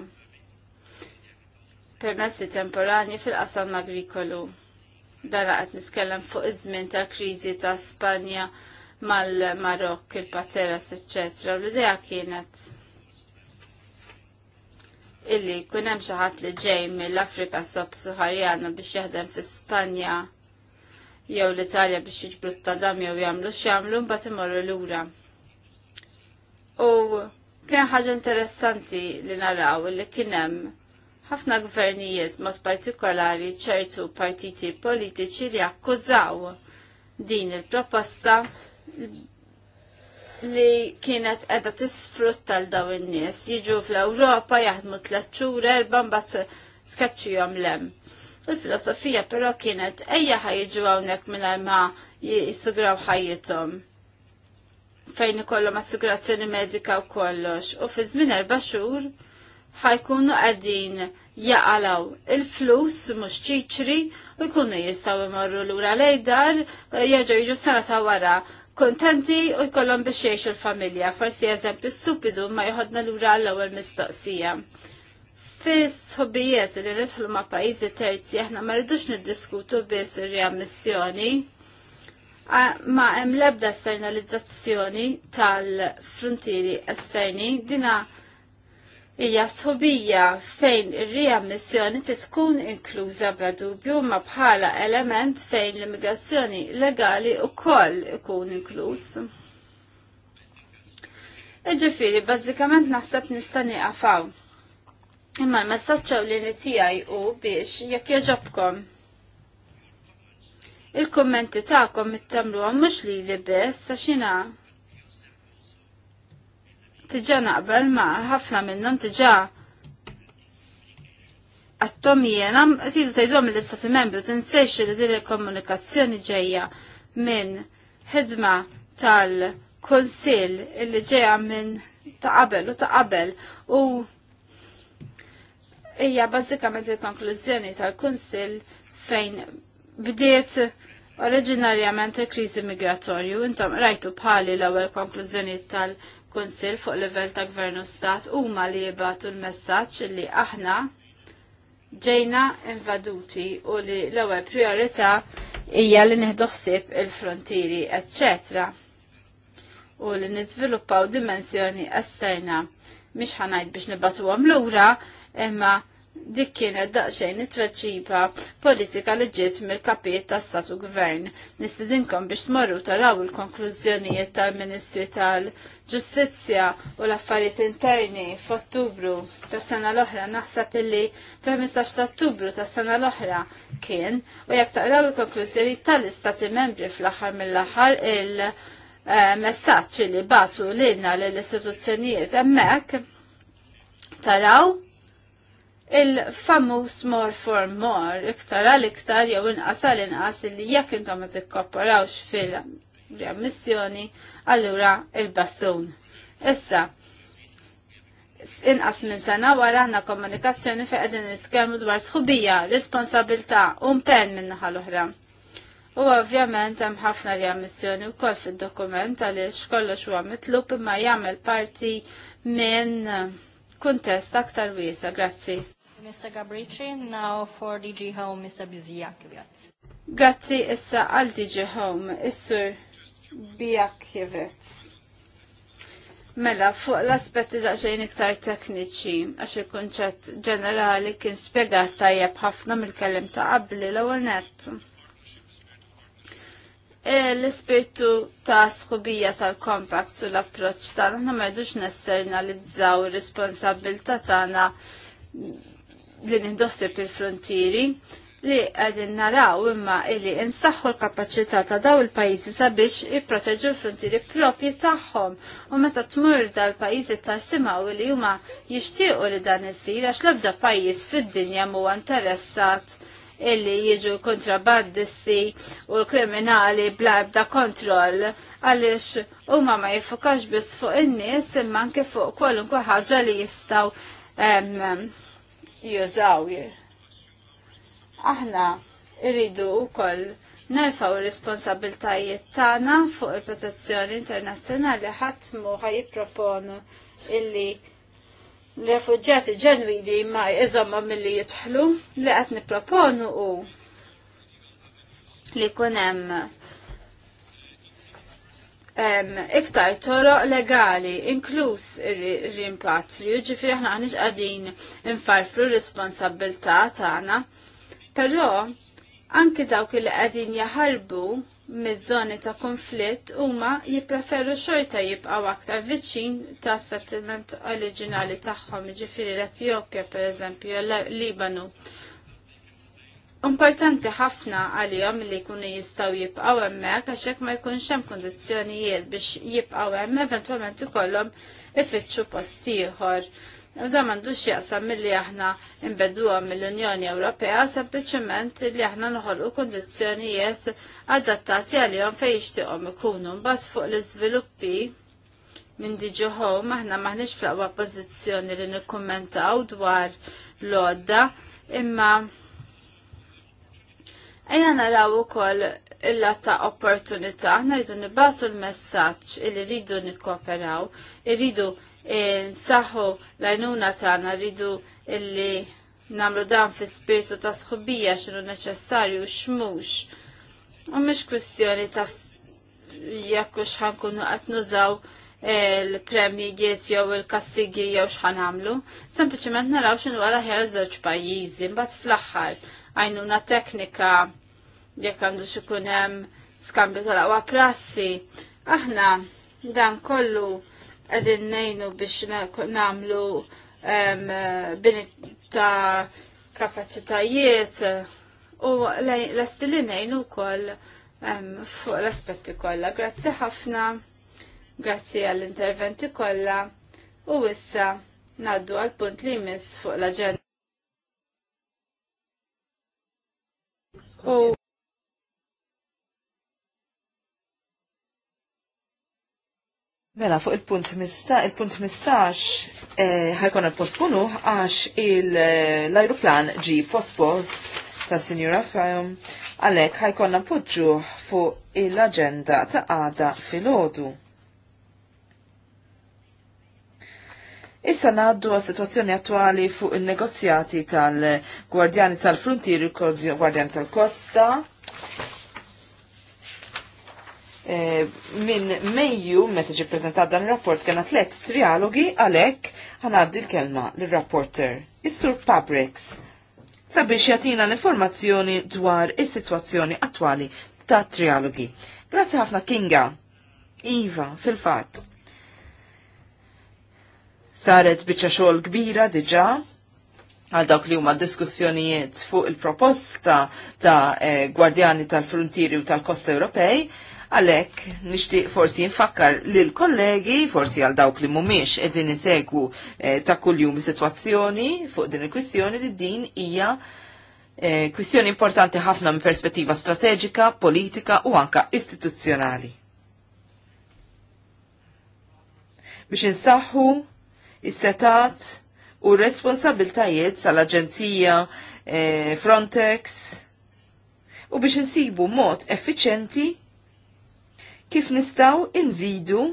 permessi temporani fil-qasam agrikolu. Dan qed niskellem fuq iż-żmien tal-kriżi ta' Spanja mal-Marokk, il-Pateras, eċċetra. U l-idea kienet illi kun hemm xi ħadd li ġej mill-Afrika sub Suharjana biex jaħdem fi Spanja jew l-Italja biex jiġbru t-tadam jew jagħmlu jagħmlu mbagħad imorru lura. U kien ħaġa interessanti li naraw li kien hemm ħafna gvernijiet mod partikolari ċertu partiti politiċi li akkużaw din il-proposta li kienet edha tisfrutta l daw in-nies. Jiġu fl-Ewropa jaħdmu tlaċċur, erba' mbagħad skaċċihom lem. Il-filosofija però kienet ejja ħajġu hawnhekk mingħajr ma jisugraw ħajjithom fejn ikollhom assigurazzjoni medika u kollox u fi żmien erba' xhur ħajkunu qegħdin jaqalaw il-flus mhux ċiċri u jkunu jistgħu imorru lura lejdar eh, jerġgħu jiġu sena ta' wara kontenti u jkollhom biex jgħixu l-familja. Forsi eżempju stupidu ma jħodna lura għall-ewwel mistoqsija. Fis ħobbijiet li nidħlu ma' pajjiżi terzi aħna ma rridux niddiskutu biss ir-riammissjoni ma hemm l-ebda esternalizzazzjoni tal-frontieri esterni dina hija sħobija fejn ir-riammissjoni tkun inkluża bla dubju ma bħala element fejn l-immigrazzjoni legali wkoll ikun inkluż. Iġifiri, bażikament naħseb nista' nieqafaw. Imma l messagġaw li tiegħi u biex jekk jaġobkom. Il-kummenti tagħkom mux mhux lili biss għax tiġa naqbel ma ħafna minnhom tiġa għattom jiena, tidu għam l-istati membru, tinsiex li din il-komunikazzjoni ġeja minn ħidma tal-konsil illi ġeja minn ta' qabel u ta' qabel u hija bażikament il-konklużjoni tal-Kunsill fejn bdiet oriġinarjament il-kriżi migratorju. Intom rajtu bħali l-ewwel konklużjoni tal-Kunsill kunsil fuq livell ta' gvernu stat huma li jibatu l-messaġġ li aħna ġejna invaduti u li l-ewwel priorità hija li neħduħsib ħsieb il-frontieri, etc. U li niżviluppaw dimensjoni esterna. Mish ħanajt biex nibatuhom lura, imma dik kienet daqsxejn it-tweġiba politika li ġiet mill-kapijiet ta' statu gvern. Nistedinkom biex tmorru taraw il-konklużjonijiet tal-Ministri tal-Ġustizzja u l-Affarijiet Interni f'Ottubru tas sena l-oħra naħseb illi 15 ta' Ottubru tas sena l-oħra kien u jekk taqraw il-konklużjoni tal-Istati membri fl-aħħar mill-aħħar il-messaġġ eh, li batu lilna lill-istituzzjonijiet hemmhekk taraw il famous more for more, iktar għal-iktar jew inqas għal-inqas li jekk intom ma tikkorporawx fil-riammissjoni, allura il-bastun. Issa, inqas minn sena wara għandna komunikazzjoni fejn qegħdin nitkellmu dwar sħubija, responsabilità u pen minn naħa l-oħra. U ovvjament hemm ħafna riammissjoni wkoll fid-dokument għaliex kollox huwa mitlub imma jagħmel parti minn kuntest aktar wiesa, grazzi. Mr. Gabrici, now for DG Home, Mr. Buziak, grazie. Grazzi issa għal DG Home, issur Bijakjevets. Mela, fuq l-aspetti daqsxejn iktar tekniċi, għax il-kunċett ġenerali kien spjegat tajjeb ħafna mill kellim ta' qabli l-ewwel nett. E, l-ispirtu ta' sħubija tal-kompakt u l-approċċ tagħna ma m'għedux nesternalizzaw ir-responsabilità tagħna li nindossi il-frontieri li għadin naraw imma illi insaħħu l-kapacità ta' daw il-pajizi sabiex jipproteġu l-frontieri propji tagħhom u meta tmur dal-pajizi tal li huma jixtiequ li dan isir għax l-ebda pajjiż fid-dinja huwa interessat illi jiġu kontrabbandisti u l-kriminali bla ebda kontroll għaliex huma ma jifukax biss fuq in-nies imma anke fuq kwalunkwe ħaġa li jistgħu jużaw. Aħna irridu wkoll nerfaw responsabiltajiet tagħna fuq il-protezzjoni internazzjonali ħadd muħa jipproponu illi l-refugġati ġenwini ma jizomma mill-li jitħlu li qed nipproponu u li kunem hemm iktar toroq legali, inkluż rimpatriju, ġifiri aħna għanix għadin infarfru responsabilta tagħna. Però anki dawk li qegħdin jaħarbu miż-żoni ta' konflitt huma jippreferu xorta jibqgħu aktar viċin ta' settlement oriġinali tagħhom, ġifiri l-Etjopja pereżempju, l-Libanu importanti ħafna għalihom li jkunu jistgħu jibqgħu hemmhekk għax hekk ma jkunx hemm kundizzjonijiet biex jibqgħu hemm eventwalment ikollhom ifittxu post ieħor. U da m'għandux jaqsam milli aħna nbeduhom mill-Unjoni Ewropea sempliċement li aħna noħolqu kundizzjonijiet adattati għalihom fejn jixtiequhom ikunu mbagħad fuq l-iżviluppi minn diġu home aħna maħniex fl-aqwa pożizzjoni li nikkummentaw dwar l-għodda imma Ejna naraw ukoll illa ta' opportunità, aħna rridu nibatu l-messaġġ li rridu nikkooperaw, irridu nsaħu l-għajnuna tagħna, rridu illi nagħmlu dan fi spiritu ta' sħubija xinu neċessarju xmux. U mhux kwistjoni ta' jekk xħan kunu qed nużaw il-premji jew il-kastigi jew x'ħan għamlu. Sempliċement naraw xinu għal aħjar żewġ pajjiżi, mbagħad fl-aħħar għajnuna teknika jekk għandu xikun hemm skambju tal-aqwa prassi. Aħna dan kollu qegħdin nejnu biex nagħmlu bini ta' kapaċitajiet u l-estili ngħinu wkoll fuq l-aspetti kollha. Grazzi ħafna, grazzi għall-interventi kollha u issa ngħaddu għal punt li jmiss fuq l-aġenda. Oh. Mela, fuq il-punt 15, il-punt 15 eh, ħajkon għal postponu għax eh, l-ajruplan ġi postpost ta' Sinjura Fajum, għalek ħajkon appoġġu fuq il agenda ta' għada fil-ħodu. Issa naddu għas situazzjoni attuali fuq il-negozjati tal-Gwardjani tal-Frontieri, Gwardjani tal-Kosta. E, Minn Mejju, meta ġi prezentat dan il-rapport, kena tlet trialogi għalek għanaddi l-kelma l-rapporter, il-Sur Pabrix, sabiex jatina l-informazzjoni dwar is-situazzjoni attwali ta' trialogi. Grazzi ħafna Kinga. Iva, fil-fat, Saret biċċa xogħol kbira diġà għal dawk li huma diskussjonijiet fuq il-proposta ta' eh, Gwardjani tal-Frontieri u tal-Kosta Ewropej, għalek nishtiq forsi nfakkar lil kollegi, forsi għal dawk li mumiex edin isegwu eh, ta' kuljum situazzjoni fuq din il-kwistjoni li din hija eh, kwistjoni importanti ħafna minn perspettiva strateġika, politika u anka istituzzjonali. Biex insaħħu is-setat u responsabiltajiet sal-Aġenzija e, Frontex u biex insibu mod effiċenti kif nistaw inżidu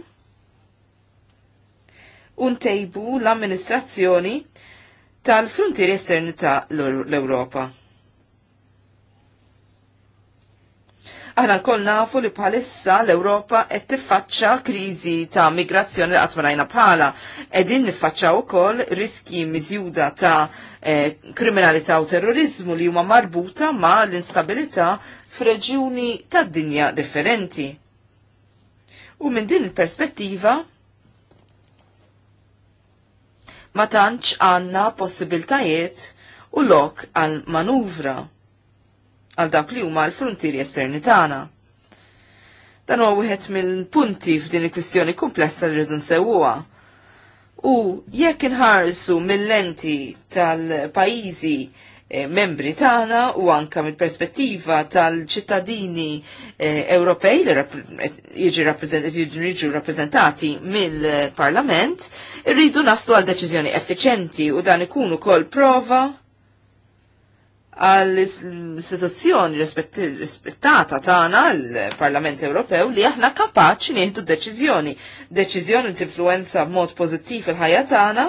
untejbu l-amministrazzjoni tal-frontieri esterni ta' l-Europa. Aħna l-koll nafu li bħalissa l-Ewropa qed tiffaċċa kriżi ta' migrazzjoni li qatt marajna bħala. Qegħdin niffaċċaw ukoll riski miżjuda ta' eh, kriminalità u terrorizmu li huma marbuta ma' l-instabilità f'reġjuni tad-dinja differenti. U minn din il-perspettiva ma tantx għandna possibiltajiet u lok għal manuvra għal dak li huma l-frontieri esterni tagħna. Dan huwa wieħed mill-punti f'din il-kwistjoni komplessa li rridu nsewwuha. U jekk inħarsu mill-lenti tal-pajjiżi eh, membri tagħna u anka mill-perspettiva tal-ċittadini eh, Ewropej li jiġu rappreżentati mill-Parlament, irridu naslu għal deċiżjoni effiċenti u dan ikunu kol prova għall-istituzzjoni rispettata tagħna l-Parlament Ewropew li aħna kapaċi nieħdu deċiżjoni. Deċiżjoni tinfluenza b'mod pożittiv il-ħajja tagħna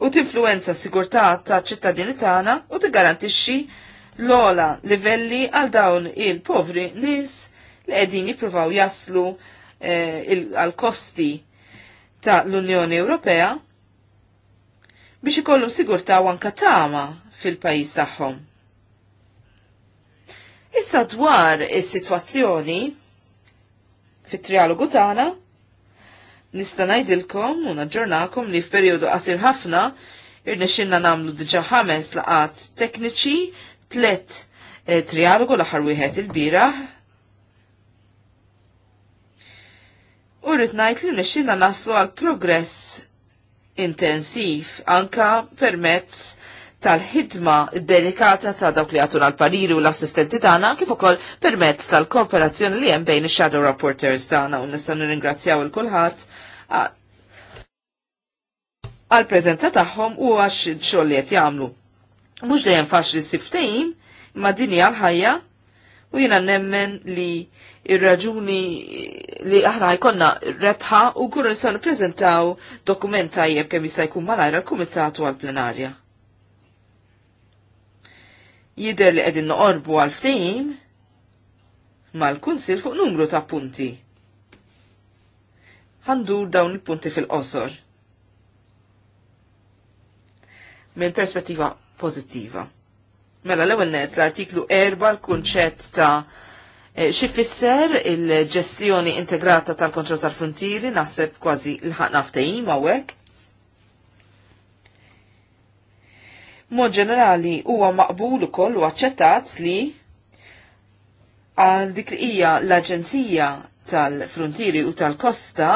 u tinfluenza s-sigurtà ta' ċittadini tagħna u tiggarantixxi l-ola livelli għal dawn il-povri nis li qegħdin jippruvaw jaslu eh, għal kosti ta' l-Unjoni Ewropea biex ikollhom sigurta u tama fil-pajjiż tagħhom. Issa dwar is-sitwazzjoni fit-trialogu tagħna nista' ngħidilkom u naġġornakom li f'perjodu qasir ħafna irnexxinna nagħmlu diġà ħames laqat tekniċi tlet eh, trialogu l-aħħar wieħed il-bieraħ u najt li nixxilna naslu għal progress intensiv anka permezz tal-ħidma delikata ta' dawk li għatun l pariri u l-assistenti tagħna kif ukoll permezz tal-kooperazzjoni li hemm bejn ix-shadow rapporters tagħna u nistgħu nirringrazzjaw il kulħadd għal preżenza tagħhom u għax xogħol li qed jagħmlu. Mhux dejjem faċli li ftehim, imma din hija l-ħajja U jina nemmen li irraġuni raġuni li aħna jkonna rebħa u kur nistan prezentaw dokumenta jieb kemm jista' jkun malajra l komitatu għal-plenarja. Jider li qegħdin noqorbu għal ftim mal-kunsil fuq numru ta' punti. Ħandur dawn il-punti fil-qosor. Mill perspettiva pożittiva. Mela l-ewwel net l-artiklu 4 l-kunċett ta' eh, xi il-ġestjoni integrata tal-kontroll tal-frontieri naħseb kważi l-ħaqna ftehim hawnhekk. Mod ġenerali huwa maqbul ukoll u aċċettat li għal dik li hija l-Aġenzija tal-Frontieri u tal-Kosta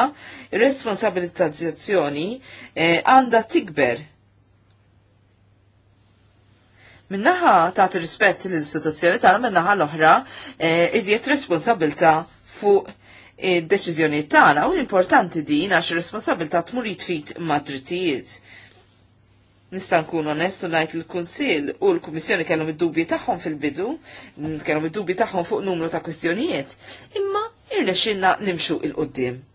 responsabilizzazzjoni eh, għandha tikber Minnaħa ta' rispett l-istituzzjoni tal minnaħa l-oħra eh, iżjed responsabilta fuq id deċizjoni tagħna u l-importanti din għax responsabilta tmur jitfit mad-drittijiet. Nista' nkun onestu ngħid il-Kunsill u l-Kummissjoni kellhom id-dubji tagħhom fil-bidu, kellhom id-dubji tagħhom fuq numru ta' kwistjonijiet, imma irnexxinna nimxu il-qudiem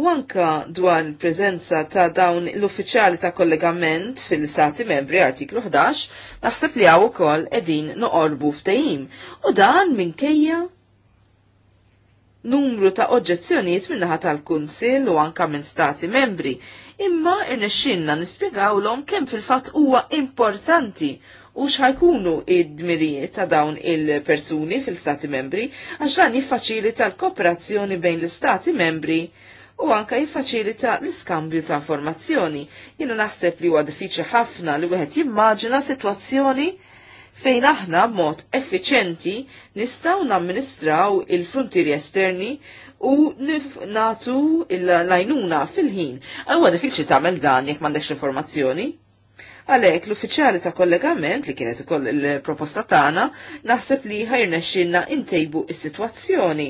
u anka dwar il-prezenza ta' dawn l-uffiċjali ta' kollegament fil-Stati membri artiklu 11, naħseb li għaw ukoll edin noqorbu ftehim. U dan minkejja numru ta' oġġezzjonijiet minnaħa tal-Kunsill u anka minn Stati membri, imma irnexxinna nispjegawlhom kemm fil-fatt huwa importanti u xħajkunu id-dmirijiet ta' dawn il-persuni fil-Stati membri għax dan jiffaċilita l-kooperazzjoni bejn l-Stati membri u anka jiffaċilita l-iskambju ta' informazzjoni. Jiena naħseb li huwa diffiċli ħafna li wieħed jimmaġina sitwazzjoni fejn aħna mod effiċenti nistgħu namministraw il-frontieri esterni u nifnatu l-lajnuna fil-ħin. Huwa diffiċli tagħmel dan jekk m'għandekx informazzjoni. Għalek, l-uffiċjali ta' kollegament li kienet ukoll il-proposta tagħna naħseb li ħajrnexxinna intejbu is-sitwazzjoni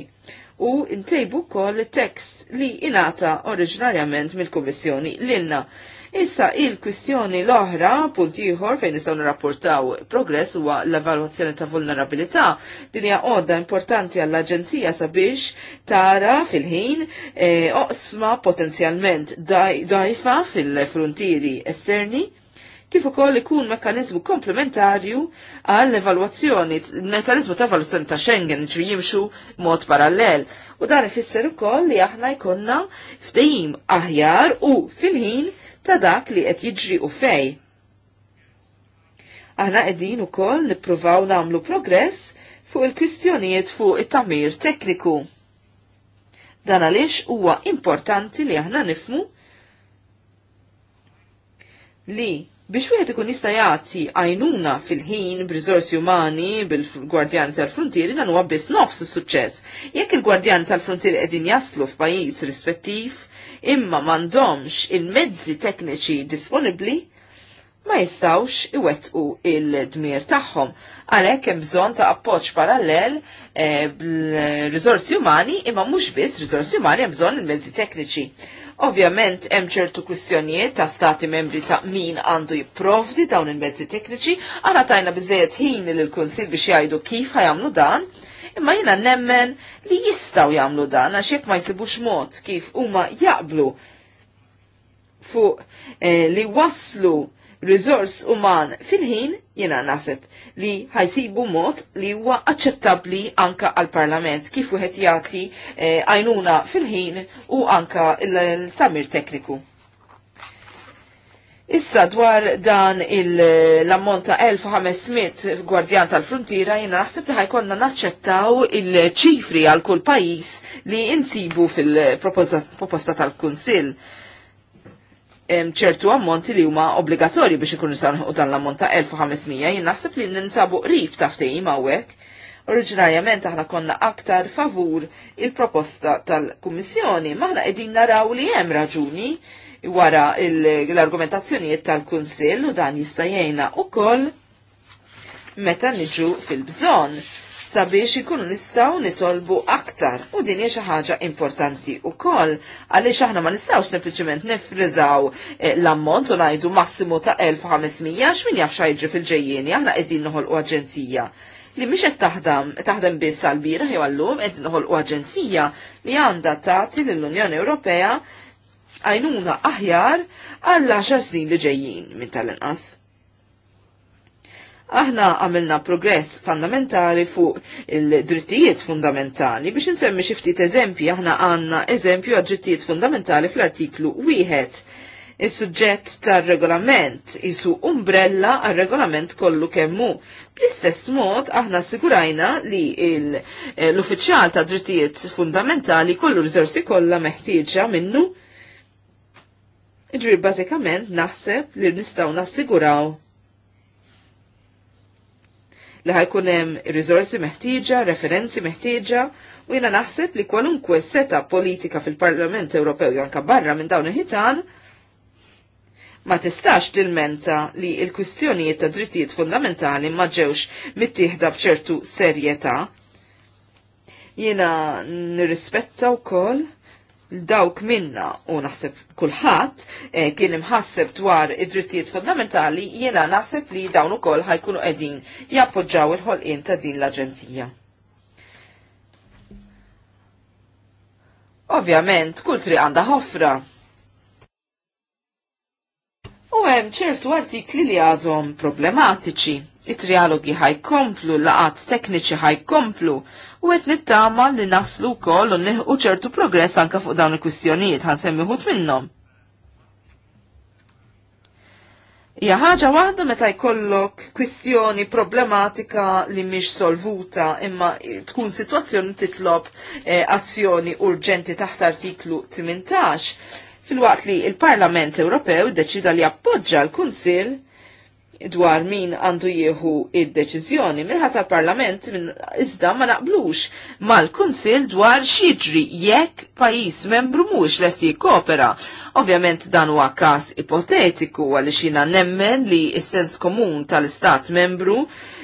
u ntejbu kol tekst li inata oriġinarjament mill-Kummissjoni l-inna. Issa il-kwistjoni l-oħra, puntiħor ieħor fejn nistgħu nirrapportaw progress huwa l-evalwazzjoni ta' vulnerabilità. Din hija għodda importanti għall-Aġenzija sabiex tara fil-ħin eh, oqsma potenzjalment dajfa fil-frontieri esterni kif ukoll ikun mekkanizmu komplementarju għall evalwazzjoni il-mekkanizmu ta' evalwazzjoni ta' Schengen ġri jimxu mod parallel. U dan ifisser ukoll li aħna jkollna fdejim aħjar u fil-ħin ta' dak li qed jiġri u fej. Aħna qegħdin ukoll nippruvaw nagħmlu progress fuq il-kwistjonijiet fuq it-tamir tekniku. Dan għaliex huwa importanti li aħna nifmu li biex wieħed ikun jista' jagħti għajnuna fil-ħin b'riżorsi umani bil-gwardjani tal-frontieri dan huwa biss nofs is-suċċess. Jekk il-gwardjani tal-frontieri qegħdin jaslu f'pajjiż rispettiv, imma m'għandhomx il-mezzi tekniċi disponibbli, ma jistawx iwettqu il-dmir tagħhom. Għalhekk hemm bżonn ta' appoġġ parallel e, bl-riżorsi umani imma mhux biss riżorsi umani hemm bżonn il-mezzi tekniċi. Ovvjament hemm ċertu kwistjonijiet ta' stati membri ta' min għandu jipprovdi dawn il-mezzi tekniċi, għana tajna bizzejet ħin l konsil biex jgħidu kif ħajamlu dan, imma jina nemmen li jistaw jagħmlu dan għax jekk ma jsibux mod kif huma jaqblu fuq eh, li waslu rizors uman fil-ħin jena nasib li ħajsibu mod li huwa aċċettabli anka għal parlament kif wieħed jagħti eh, għajnuna e, fil-ħin u anka l-samir tekniku. Issa dwar dan l-ammont ta' 1500 gwardjan tal-frontiera jina naħseb li ħajkonna naċċettaw il-ċifri għal kull pajis li insibu fil-proposta tal-Kunsill ċertu ammonti li huma obbligatorji biex ikunu sanħu dan l-ammont ta' 1500 jien naħseb li ninsabu qrib ta' hawnhekk. Oriġinarjament aħna konna aktar favur il-proposta tal-Kummissjoni, maħna qegħdin naraw li hemm raġuni wara l-argumentazzjonijiet tal-Kunsill u dan jista' jgħinna wkoll meta niġu fil-bżonn sabiex ikunu nistaw nitolbu aktar u din hija xi ħaġa importanti wkoll għaliex aħna ma nistgħux sempliċement nifriżaw eh, l-ammont u ngħidu massimu ta' 1500 x'min jaf xajġri fil-ġejjieni aħna qegħdin noħolqu aġenzija li mhix qed taħdem taħdem biss għall-bira jew għallum qed noħolqu aġenzija li għandha tagħti lill-Unjoni Ewropea għajnuna aħjar għall-10 snin li ġejjin minn tal-inqas aħna għamilna progress fundamentali fuq il-drittijiet fundamentali. Biex nsemmi xi ftit eżempji, aħna għandna eżempju għad drittijiet fundamentali fl-artiklu wieħed. Is-suġġett tar-regolament isu umbrella għal regolament kollu kemmu. Bl-istess mod aħna sigurajna li eh, l-uffiċjal ta' drittijiet fundamentali kollu rizorsi kollha meħtieġa minnu Iġbir bażikament naħseb li nistgħu nassiguraw li ħajkun hemm riżorsi meħtieġa, referenzi meħtieġa, u jiena naħseb li kwalunkwe seta politika fil-Parlament Ewropew janka anke barra minn dawn il-ħitan ma tistax tilmenta li il-kwistjonijiet ta' drittijiet fundamentali ma ġewx mittieħda b'ċertu serjetà. Jiena nirrispetta wkoll dawk minna u naħseb kulħadd eh, kien imħasseb dwar id-drittijiet fundamentali jiena naħseb li dawn ukoll ħajkunu qegħdin jappoġġaw il-ħolqien ta' din l-Aġenzija. Ovvjament, kull triq għandha ħofra u hemm ċertu artikli li għadhom problematiċi. It-trialogi ħajkomplu, laqat tekniċi ħajkomplu u qed nittama li naslu wkoll u neħu ċertu progress anke fuq dawn il-kwistjonijiet ħansemmi ħut minnhom. Ja ħaġa waħda meta jkollok kwistjoni problematika li mhix solvuta imma tkun sitwazzjoni titlob eh, azzjoni urġenti taħt artiklu 18 fil-waqt li il-Parlament Ewropew deċida li appoġġa l-Kunsil dwar min għandu jieħu id-deċizjoni minħat parlament minn iżda ma naqblux mal-Kunsil dwar xiġri jekk pajis membru mhux lesti jikkopera. Ovvjament dan huwa każ ipotetiku għaliex jiena nemmen li s-sens komun tal-Istat membru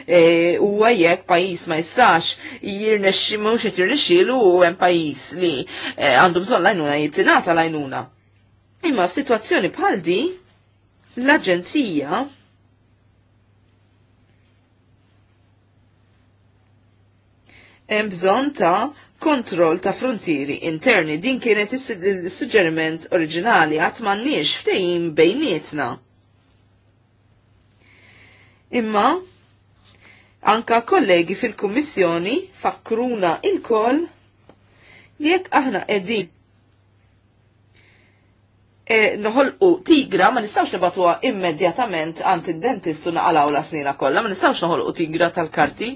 e, huwa għajek jekk pajis ma jistax jirnexximu mhux qed u hemm pajis li e, għandu bżon lajnuna jittingħata lajnuna Imma f'sitwazzjoni bħal di, l-Aġenzija hemm bżonn ta' kontroll ta' frontieri interni din kienet is-suġġeriment oriġinali għat m'għandniex ftehim bejnietna. Imma anka kollegi fil-Kummissjoni fakkruna il-koll jekk aħna qegħdin E, noħolqu tigra ma nistawx nibatuha immedjatament għand id dentistu u naqalaw la snina kollha, ma nistawx noħolqu tigra tal-karti.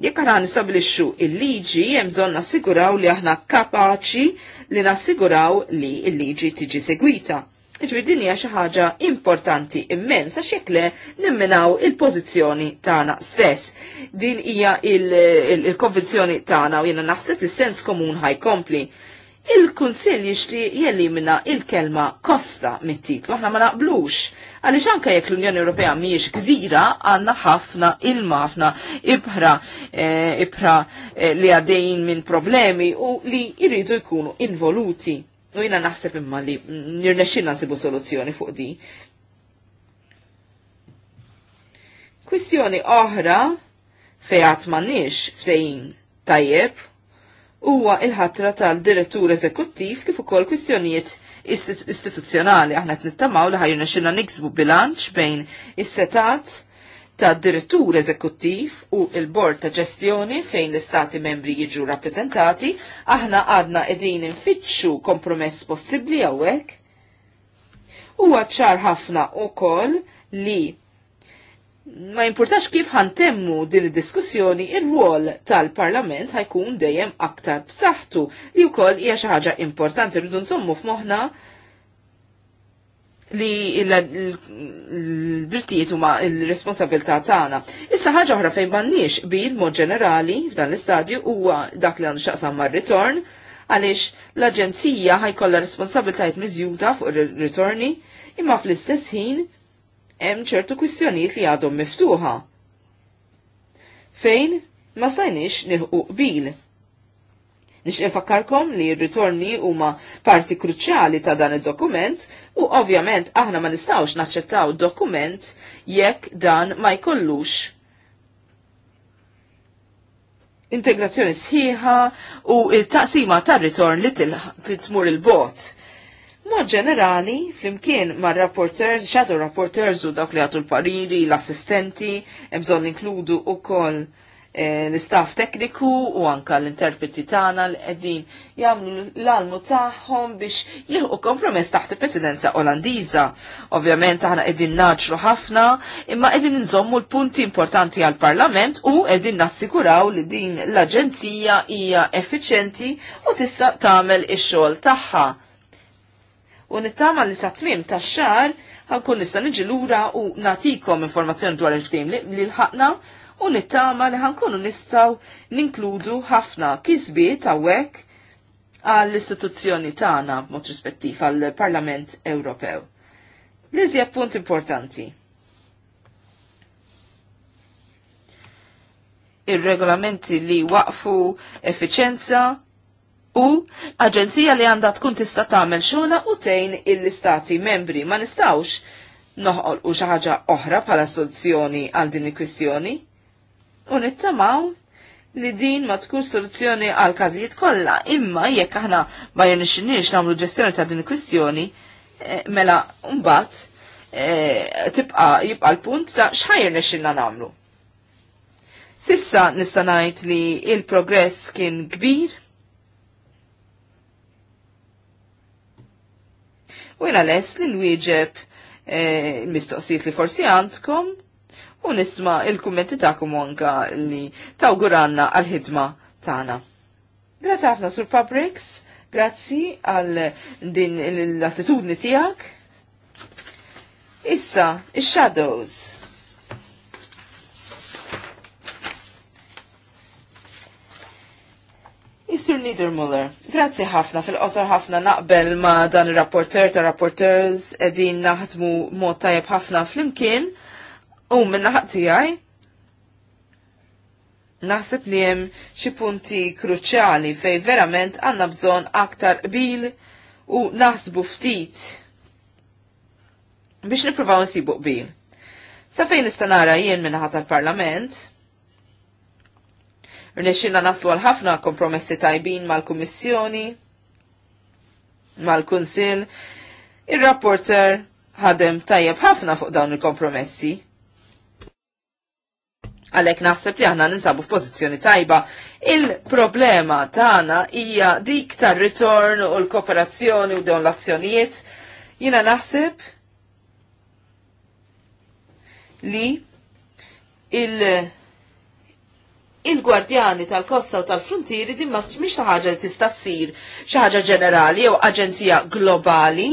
Jekk aħna nistabilixxu il-liġi hemm bżonn nassiguraw li aħna kapaċi li nassiguraw li il-liġi tiġi segwita. Iġbir din hija xi ħaġa importanti immensa le nimminaw il-pożizzjoni tagħna stess. Din hija il-konvenzjoni tagħna u jiena naħseb li sens komun ħajkompli. kompli il-Kunsill jelli minna il-kelma kosta mit-titlu, aħna ma naqblux. Għaliex anke jekk l-Unjoni Ewropea mhijiex gżira, għandna ħafna ilma ħafna ibra eh, ibra eh, li għadejn minn problemi u li jridu jkunu involuti. U jina naħseb imma li nirnexxin nsibu soluzzjoni fuq di. Kwistjoni oħra fejat ma nix fejn tajjeb huwa il-ħatra tal-direttur eżekuttiv kif ukoll kwistjonijiet istituzzjonali aħna qed nittamaw li ħajjuna xilna niksbu bilanċ bejn is-setat ta' direttur eżekuttiv u il-bord ta' ġestjoni fejn l-istati membri jiġu rappresentati, aħna għadna edin infittxu kompromess possibli għawek. U għadċar ħafna u koll li ma jimportax kif ħantemmu din id-diskussjoni il wol tal-Parlament ħajkun dejjem aktar b'saħħtu li wkoll hija xi ħaġa importanti rridu nsommu f'moħħna li l-drittijiet huma l-responsabilità tagħna. Issa ħaġa oħra fejn m'għandniex bil mod ġenerali f'dan l-istadju huwa dak li għandu xaqsam mar-ritorn għaliex l-Aġenzija ħajkollha responsabiltajiet miżjuda fuq ir-ritorni imma fl-istess ħin hemm ċertu kwistjonijiet li għadhom miftuħa. Fejn ma stajniex nilħu qbil. Nix nifakkarkom li r-ritorni huma parti kruċjali ta' dan id-dokument u ovvjament aħna ma nistawx naċċettaw dokument jekk dan ma jkollux integrazzjoni sħiħa u il-taqsima tar ritorn li titmur il-bot Mod ġenerali, flimkien mar rapporter, xadu rapporter u dak li għatu l-pariri, l-assistenti, bżon inkludu u koll e, eh, l-istaff tekniku u anka l-interpreti tana l-edin jamlu l-almu taħħom biex jilħu kompromess taħt il-presidenza olandiza. Ovvjament aħna edin naċru ħafna, imma edin nżommu l-punti importanti għal-parlament u edin nassiguraw li din l-aġenzija hija effiċenti u tista' tagħmel ix-xogħol tagħha u nittama li sa' tmim ta' xar ħankun nista' niġi lura u natikom informazzjoni dwar il-ftim li l-ħakna u nittama li ħankunu nistaw ninkludu ħafna kisbiet wek għall-istituzzjoni tagħna mod rispettiv għall-Parlament Ewropew. Liżi punt importanti. Ir-regolamenti li waqfu effiċenza, u aġenzija li għandha tkun tista' tagħmel xogħla u tgħin il-istati membri ma nistgħux noħol u xi ħaġa oħra bħala soluzzjoni għal din il-kwistjoni. U nittamaw li din ma tkun soluzzjoni għal każijiet kollha, imma jekk aħna ma jirnixxinniex nagħmlu ġestjoni ta' din il-kwistjoni, eh, mela mbagħad e, tibqa jibqa l-punt ta' x'ħajr nixxinna nagħmlu. Sissa nista' ngħid li il-progress kien kbir u jena les li l-wieġeb eh, il-mistoqsijiet li forsi għandkom u nisma il-kummenti ta'kom anka li tawguranna għal-ħidma tagħna. Grazie ħafna Sur Pabrix, grazzi għal din l-attitudni tiegħek. Issa, il-shadows. Jisur Muller, grazzi ħafna fil-qosor ħafna naqbel ma dan il-rapporter ta' rapporters edin naħdmu mod tajab ħafna fl-imkien u minna ħatti għaj. Naħseb li jem xi punti kruċjali fej verament għanna bżon aktar bil u naħsbu ftit biex niprofaw nsibu bil. Sa fejn nista' nara jien minna ħadd tal-Parlament, Rnexxina naslu għal ħafna kompromessi tajbin mal-Kummissjoni, mal-Kunsill. Ir-rapporter ħadem tajjeb ħafna fuq dawn il-kompromessi. Għalek naħseb li aħna ninsabu f'pożizzjoni tajba. Il-problema tagħna hija dik tar-ritorn u l-kooperazzjoni u dawn l-azzjonijiet. Jiena naħseb li il- il-gwardjani tal-kosta u tal-frontieri din mhix xi ħaġa li tista' ssir xi ħaġa ġenerali jew aġenzija globali.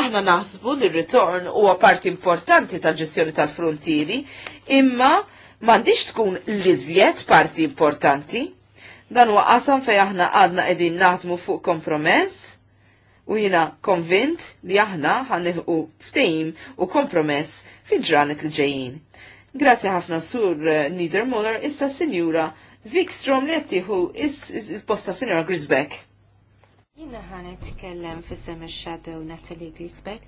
Aħna naħsbu li r-ritorn huwa parti importanti tal-ġestjoni tal-frontieri, imma m'għandix tkun liżjed parti importanti. Dan huwa qasam fejn aħna għadna qegħdin naħdmu fuq kompromess u jina konvint li aħna ħanilqu ftejim u kompromess fil-ġranet li ġejjin. Grazzi ħafna sur Niedermuller, issa Sinjura Vikstrom li għattiħu il-posta Sinjura Grisbeck. Jina ħan kellem fissem il-shadow Natalie Grisbeck,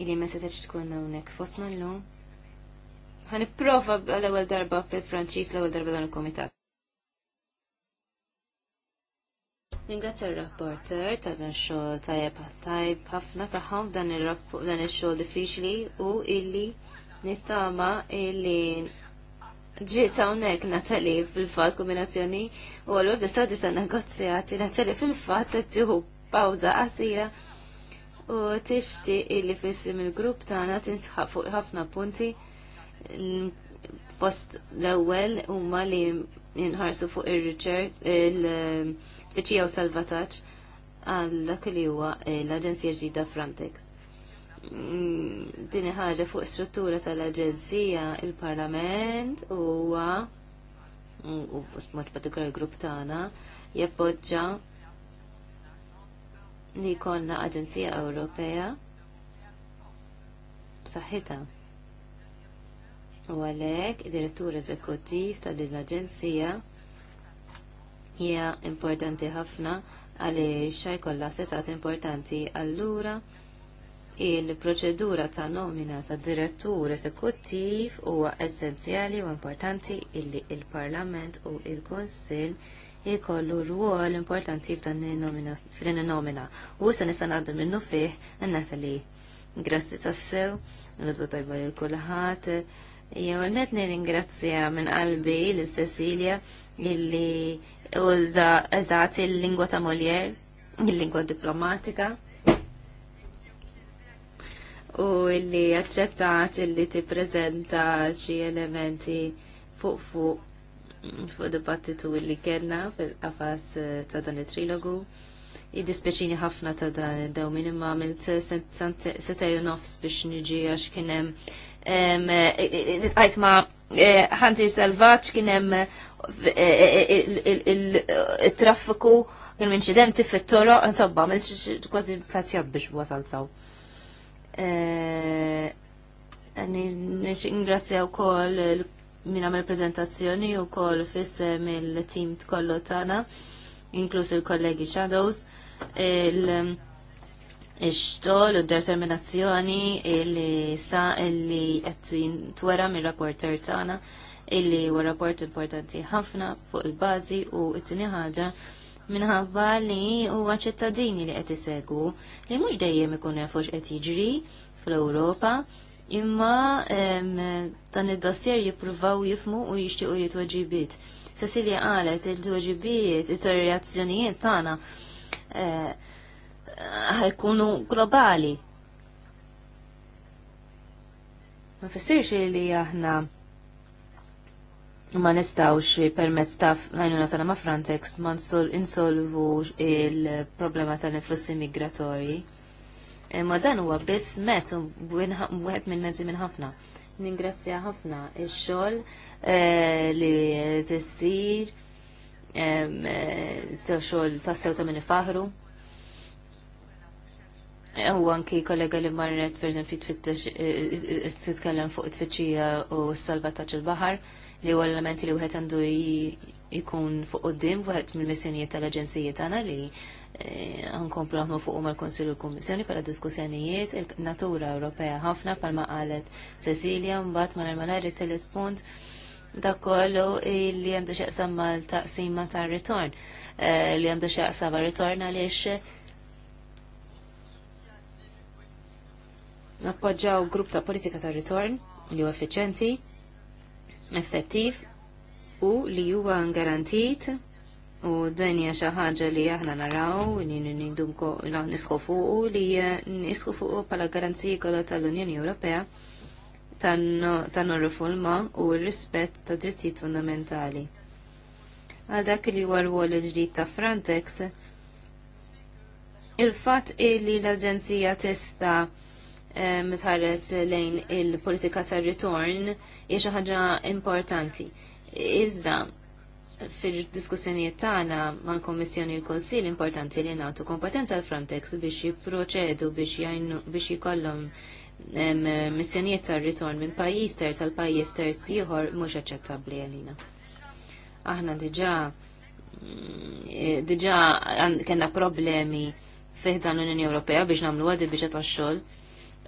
illi ma setax tkun hawnhekk fostna llum. Ħan prova l-ewwel darba fi Franċiż l-ewwel darba dan il-kumitat. Ningrazzja r-rapporter ta' dan xogħol tajjeb tajb ħafna tagħhom dan il xogħol diffiċli u illi nittama illi ġiet hawnhekk Natali fil-fatt kombinazzjoni u allura tista' tista' negozjati Natali fil-fatt qed tieħu pawża qasira u tixtieq illi fissim il-grupp tagħna tinsħaq fuq ħafna punti post l-ewwel huma li jinħarsu fuq ir-riċerk il-tfittxija u salvataġġ għal dak li huwa l-Aġenzija ġdida Frontex. Mm, din ħaġa fuq struttura tal-Aġenzija il-Parlament huwa mm, u mod partikolari grupp tagħna jappoġġa li jkollna Aġenzija Ewropea b'saħħitha. U għalhekk id-direttur eżekuttiv ta' din l-Aġenzija hija importanti ħafna għaliex jkollha setat importanti allura il-proċedura ta' nomina ta' direttur esekuttiv huwa essenzjali u importanti illi il-Parlament u il-Konsil jikollu rwol importanti f'dan il-nomina. U se nista' ngħaddu minnu fih li Grazzi tassew, nodwa tajba lil kulħadd. Jew net nirringrazzja minn qalbi l Cecilia illi użat il-lingwa ta' Molière, il-lingwa diplomatika u illi aċċettat illi tippreżenta xi elementi fuq fuq fuq dibattitu illi kellna fil-qafas eh, ta' dan it-trilogu. Id-dispeċini ħafna ta' dan id-dew minn imma għamilt setaju nofs biex nġi għax kienem eh, eh, Għajt ma' ħanzir salvaċ kienem il-traffiku kien minn xidem tif it-toro, insomma, kważi tlazzjab biex wasalsaw. Eh, Ngrazzja u kol minn għamil prezentazzjoni u koll fissem il-team kollu tana, inklus il-kollegi Shadows, il ixtol u determinazzjoni illi sa illi għettin twera mir rapporter tana illi u rapport importanti ħafna fuq il-bazi u it-tini ħagġa minħabba li huwa ċittadini li qed isegwu li mhux dejjem ikun fuq qed jiġri fl-Ewropa imma dan id-dossier jippruvaw jifmu u jixtiequ jitweġibiet. Cecilia qalet il-tweġibiet, it-reazzjonijiet tagħna e, ħajkunu globali. Ma fissirx li aħna ma nistawx permezz ta' għajnuna tagħna ma' Frontex ma insolvu il-problema tal-influssi migratorji. Eh, ma dan huwa biss met wieħed minn mezzi minn ħafna. Ningrazzja ħafna ix-xogħol eh, li tissir eh, sew xogħol tassew ta' minn ifaħru. U anki kollega li marret, per tfittex, titkellem fuq it-tfittxija u s-salvataġġ salvataċ il bahar il baħar li huwa l-elementi li wieħed għandu jkun fuq qudiem wieħed mill-missjonijiet tal aġenzija tagħna li eh, nkomplu aħna fuq mal konsil u l-Kommissjoni diskussjonijiet il-natura Ewropea ħafna bħalma qalet Cecilia mbagħad mal malajr it-tielet punt dak kollu eh, li għandu xaqsam mal-taqsima tar ritorn li għandu ar ritorn għaliex nappoġġaw grupp ta' politika tar ritorn li u effiċenti effettiv u li huwa garantit u dan hija xi ħaġa li aħna naraw nindumko nisħu fuq li eh, nisħu fuq bħala garanziji kollha tal-Unjoni Ewropea tan-riforma u r-rispett ta' drittijiet fundamentali. Għal dak li huwa rwol il-ġdid ta' Frontex, il-fatt li l-Aġenzija tista' mitħares lejn il-politika tar ritorn hija xi ħaġa importanti. Iżda fil-diskussjonijiet tagħna mal-Kommissjoni u l-Konsil importanti li nagħtu kompetenza għal Frontex biex jipproċedu biex jkollhom missjonijiet tar ritorn minn pajjiż terz għal pajjiż terz ieħor mhux aċċettabbli għalina. Aħna diġà mm, diġà kellna problemi fih dan l-Unjoni Ewropea biex nagħmlu għadi biex xogħol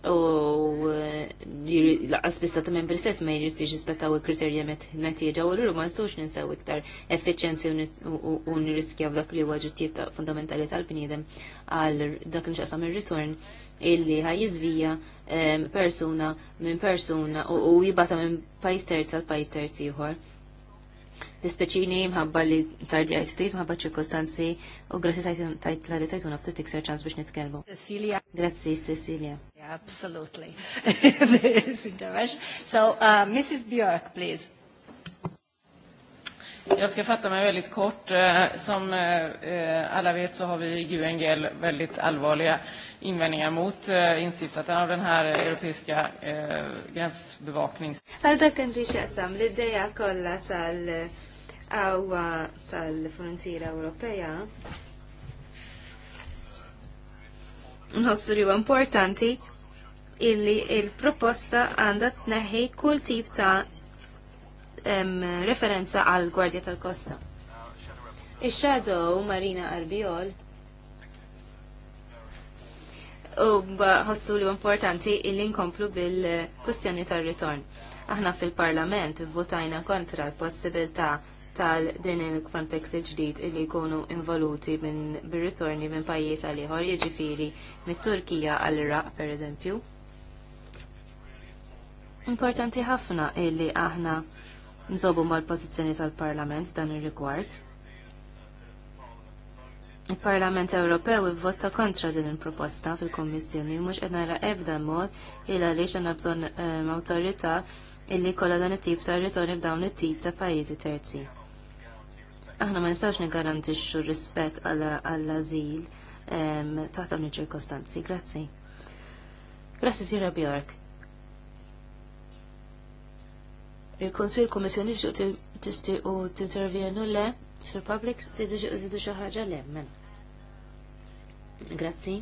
u laqas bissa ta' membri stess ma jġisti ġispettaw il-kriterja metieġa u l-ru ma nistux ninsaw iktar effiċenzi u nirriskja f'dak li huwa ta' fundamentali tal-bniedem għal dak li xaqsam il-return illi ħajizvija persuna minn persuna u jibata minn pajis terz għal pajis terz ieħor. Dispeċini mħabba li tardi għajt ftit, mħabba ċirkostanzi u grazzi tajt l la tajt unna ftit iksar ċans biex nitkelmu. Cecilia. Grazzi, Cecilia. Absolutely. [LAUGHS] So, uh, Mrs. Bjork, please. Jag ska fatta mig väldigt kort. Eh, som eh, alla vet så har vi i GUNGL väldigt allvarliga invändningar mot eh, instiftandet av den här europeiska gränsbevaknings... Għalda kan tixaqsam l jag kollar till għawa tal-frontiera Ewropea. Nħossu li importanti illi il-proposta għandha tneħħi kull tip ta' referenza għal Gwardja tal-Kosta. Ix-Shadow Marina Arbiol u ħossu li importanti li nkomplu bil-kustjoni tal-ritorn. Aħna fil-Parlament votajna kontra l-possibilità tal din il-Frontex il-ġdid li jkunu involuti minn bir-ritorni minn pajjiż għal ieħor, jiġifieri mit-Turkija għall iraq pereżempju. Importanti ħafna illi aħna nżobu mal-pożizzjoni tal-Parlament dan ir-rigward. Il-Parlament Ewropew ivvota kontra din il-proposta fil-Kommissjoni mhux qed nara ebda mod il għaliex għandna bżonn ehm, awtorità illi kollha dan it-tip ta' ritorni f'dawn it-tip ta' pajjiżi terzi. Aħna ma nistgħux nigarantixxu rispett għall-ażil ehm, taħt dawn iċ-ċirkostanzi. Grazzi. Grazzi Sira Bjork. il-Konsil Komissjoni xġuq tisti u t-intervjenu le, Sir Publix tiġi zidu xaħġa le, men. Grazzi.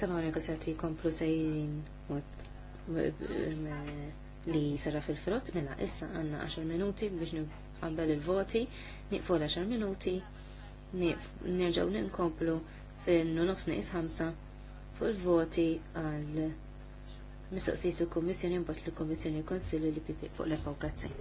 Tama negozjati komplu eh, li sarra fil-frott, mela issa għanna 10 minuti biex nqabbel il-voti, niqfu l-10 minuti, nerġaw ninkomplu fin-nofs naqis ħamsa fuq il-voti għal mistoqsijiet il-Kummissjoni mbagħad il-Kummissjoni l-Konsilju li fuq l-Grazzi.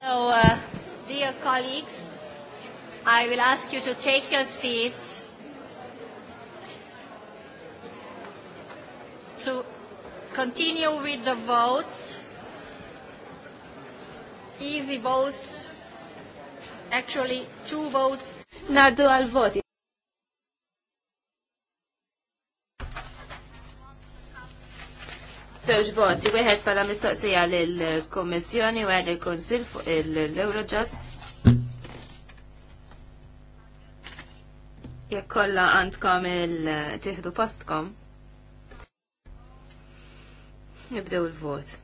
So, uh, dear colleagues, I will ask you to take your seats to continue with the votes, easy votes, actually two votes. do all voting. Fewġ voti, wieħed pala mistoqsija lill-Kommissjoni u għed il-Konsil fuq l-Eurojust. Jekk kollha għandkom il-tieħdu postkom. Nibdew il-vot.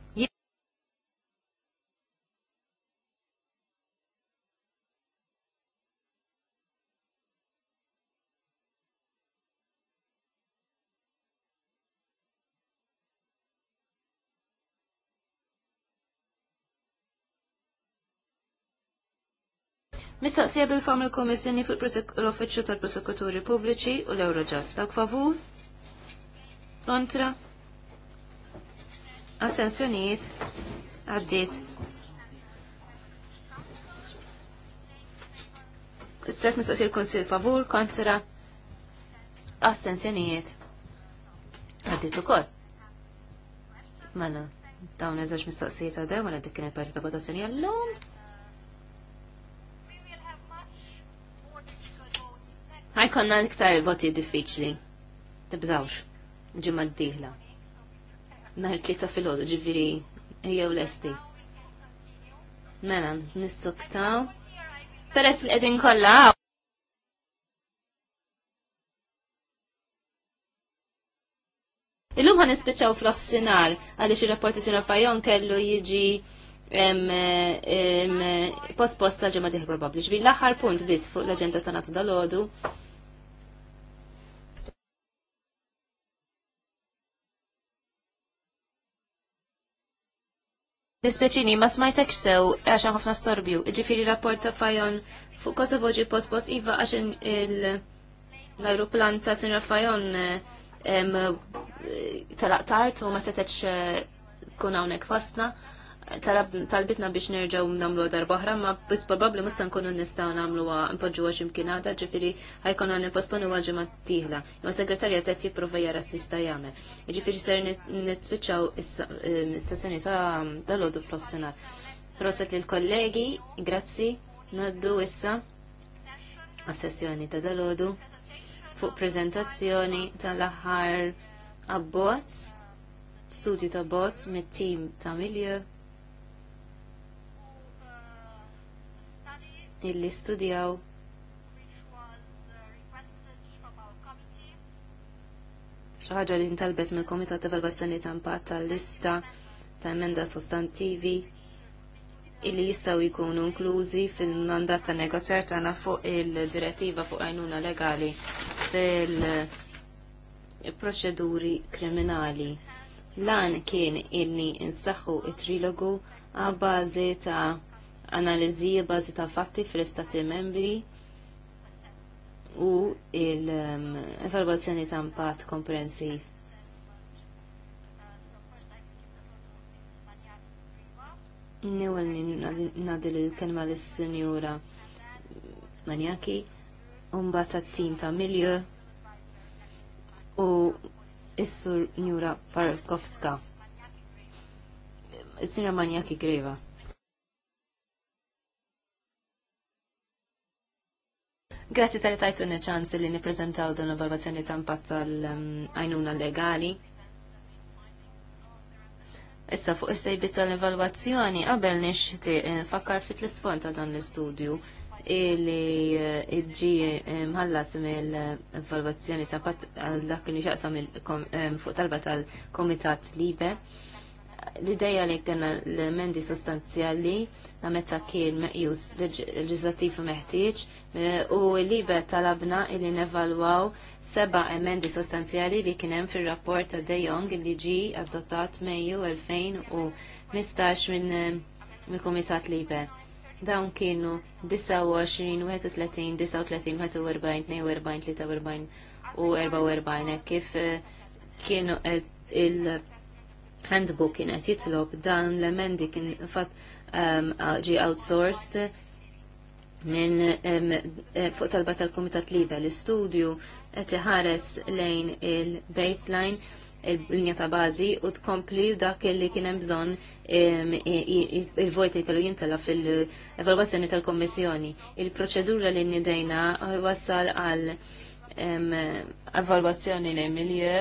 Mistaqsija bil-fam il-Komissjoni fuq l-Uffiċċju tal-Prosekuturi Pubbliċi u l-Eurojust. Dak favur? Kontra? Assenzjonijiet? Għaddit. Istess mistaqsija l-Konsil favur? Kontra? Assenzjonijiet? Għaddit ukoll. Mela, dawn eżaġ mistaqsijiet għadew, mela dik il parti ta' votazzjoni għallum. Ħajkonna iktar voti diffiċli. Tibżawx, ġimma d-dihla. Nar tlieta fil-ħodu ġifiri jew lesti. Mela, nissuktaw. Peress l-edin kolla Illum ħan nispeċaw fl-offsinar għaliex ir-rapporti sinu fajon kellu jiġi post-post tal-ġemma diħ probabli. Ġvi l-aħħar punt biss fuq l-agenda ta' nata dal-ħodu Dispeċini, ma smajtek sew, għaxan ħafna storbju, ġifiri rapport ta' Fajon fuq Kosovo ġi pospos iva għaxan l-aeroplan ta' Sinra Fajon eh, tal aqtartu u ma setteċ eh, kun hawnhekk fasna talbitna biex nerġaw namlu boħra, ma bis probabli musta nkunu nistaw namlu npoġġu għax imkinata, ġifiri ħajkon għan niposponu għalġi ġemat tiħla. Ma segretarja t jiprofa jara s-sista jame. Ġifiri ser nitwicċaw ehm, istazzjoni ta' dal-ħodu professional. Proset li l-kollegi, grazzi, naddu issa għas-sessjoni ta' dal-ħodu fuq prezentazzjoni tal-aħħar abbozz, studju ta' bots mit-tim ta' milju illi studjaw ħaġa li ntalbet mill komitat Evalvazzjoni ta' impatt tal-lista ta' emenda sostantivi illi jistaw jkunu inklużi fil-mandat ta' negozjar tagħna fuq il-direttiva fuq għajnuna legali fil-proċeduri kriminali. Lan kien illi insaħħu it-trilogu għabbażi ta' analiżija bażi ta' fatti fl-istati membri u l-evalwazzjoni um, ta' impatt komprensiv. Newel nadil il-kelma l-Sinjura Manjaki, umba ta' tim ta' Milju u is-Sur Njura Parkovska. Is-Sinjura Manjaki greva. Grazzi tal tajtu tajtuni ċans li niprezentaw dan l-valvazzjoni ta' impatt tal-għajnuna legali. Issa fuq is-sejbit tal-evalwazzjoni qabel nixti nfakkar ftit l-isfond ta' dan l-istudju li ġi mħallas mill-evalwazzjoni ta' pat dak li xaqsam fuq talba tal-Komitat Libe. L-ideja li kena l-emendi sostanzjali ta' meta kien meqjus leġislattiv meħtieġ eh, u l-libe talabna illi nevalwaw seba emendi sostanzjali li kien hemm fir-rapport ta' De Jong li ġi adottat Mejju 2015 minn eh, mill-Kumitat Libe. Dawn kienu 29, 31, 39, 41, 42, 43 u 44 kif eh, kienu il-handbook kienet jitlob dan l-emendi kien fatt Um, uh, ġi outsourced minn um, eh, fuq talba tal-Komitat Libe l-istudju qed eh, iħares lejn il-baseline il-linja ta' bażi u tkompli dak li kien hemm bżonn um, il vojti kellu jintela fil-evalwazzjoni tal-Kommissjoni. Il-proċedura li nidejna wassal għal evalwazzjoni lejn milje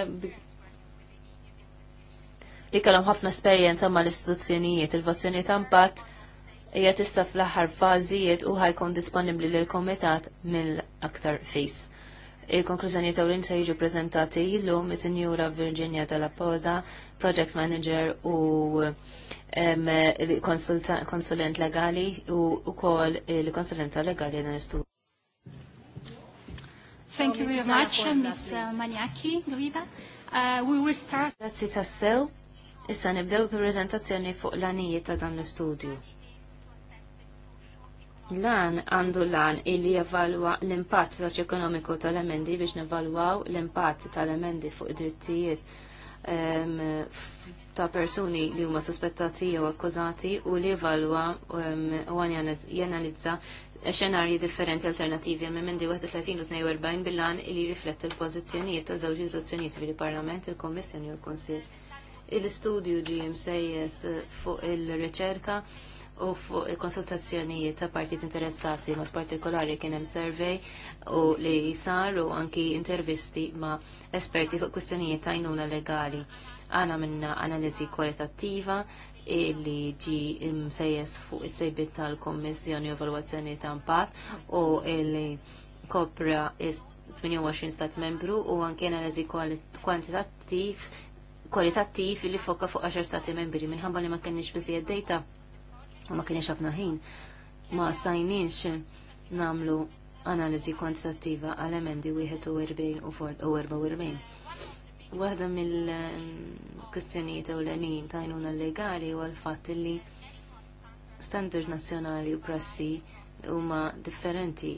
li kellhom ħafna esperjenza mal istituzzjonijiet il-vazzjoni ta' impatt hija tista' fl-aħħar fażijiet u ħajkun disponibbli lil komitat mill-aktar fis. Il-konklużjonijiet ewlin se jiġu prezentati illum is-Sinjura Virginia Poza, Project Manager u konsulent legali u wkoll il-konsulenta legali dan istudju. Thank you very much, Ms. Uh, Maniaki Grida. Uh, we will start. tassew. Issa nibdew il-prezentazzjoni fuq l-anijiet ta' dan l-istudju. Lan għandu lan illi jevalwa l-impatt soċ-ekonomiku tal-emendi biex nevalwaw l-impatt tal-emendi fuq drittijiet ta' persuni li huma suspettati jew akkużati u li jevalwa u jenalizza xenarji differenti alternativi minn mendi 31 u 42 bil-lan li riflett il-pożizzjonijiet ta' żewġ istituzzjonijiet fil-Parlament, il-Kommissjoni u l konsil il-studju ġi msejjes eh, fuq il-riċerka u fuq il-konsultazzjonijiet ta' partit interessati, mod partikolari kien hemm survey u li sar u anki intervisti ma' esperti fuq kwistjonijiet ta' jnuna legali. Għana minna analizi kwalitattiva illi ġi msejjes fuq is-sejbit tal-Kommissjoni u Evalwazzjoni ta' Impatt u illi kopra 28 stat membru u anke analizi kwantitattiv kwalitattiv li fokka fuq 10 stati membri minħabba li ma kienx biżjed data u ma kienx ħafna ħin ma stajniex namlu analiżi kwantitattiva għal emendi 41 u 44. Waħda mill-kustjonijiet u l-għanin ta' jnuna legali u għal-fat li standard nazjonali u prassi huma differenti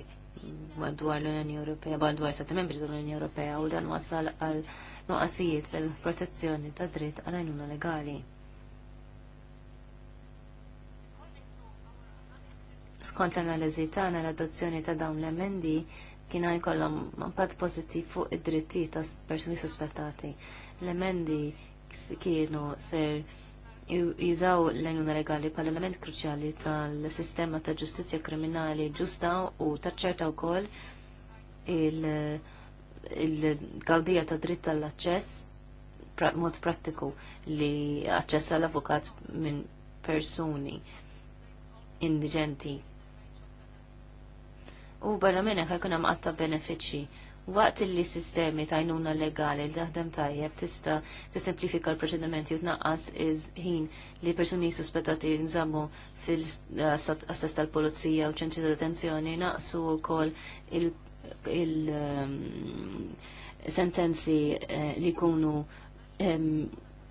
madwar l-Unjoni Ewropea, madwar stati membri tal-Unjoni Ewropea u dan wasal għal noqasijiet fil-protezzjoni ta' dritt għal għajnuna legali. Skont l-analiżi tagħna l-adozzjoni ta' dawn l-emendi kien jkollhom impatt pożittiv fuq id-dritti ta' persuni suspettati. L-emendi kienu ser jużaw l-għajnuna legali pal element kruċjali tal-sistema ta' ġustizzja kriminali ġusta u taċċerta wkoll il- il-gawdija ta' dritt tal-aċċess mod prattiku li aċċess għall avukat minn persuni indiġenti. U barra minn hekk ikun hemm qatta benefiċċji. Waqt li sistemi tajnuna legali li daħdem tajjeb tista t-simplifika l-proċedimenti u tnaqqas il-ħin li persuni suspettati nżammu fil-assess tal-polizija u ċenċi ta' detenzjoni naqsu wkoll il- il-sentenzi um, eh, li jkunu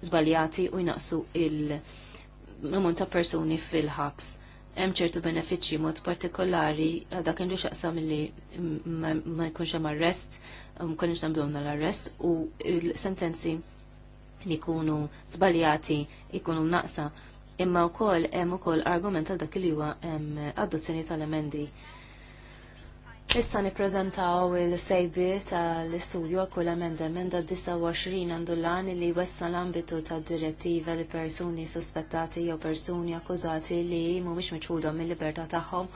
zbaljati u jnaqsu il-mumont ta' persuni fil-ħabs hemm ċertu benefiċċji mod partikolari eh, dak kienu xaqsam li ma jkunx hemm arrest, um, ma konniex l-arrest u l-sentenzi li jkunu żbaljati jkunu naqsa. Imma wkoll hemm ukoll argument għal dak li huwa adozzjoni tal-emendi Issa nippreżentaw il-sejbi tal-istudju kull emenda emenda 29 għandu l li wessa l-ambitu ta' direttiva li persuni sospettati jew persuni akkużati li mhumiex miċħudhom il libertà tagħhom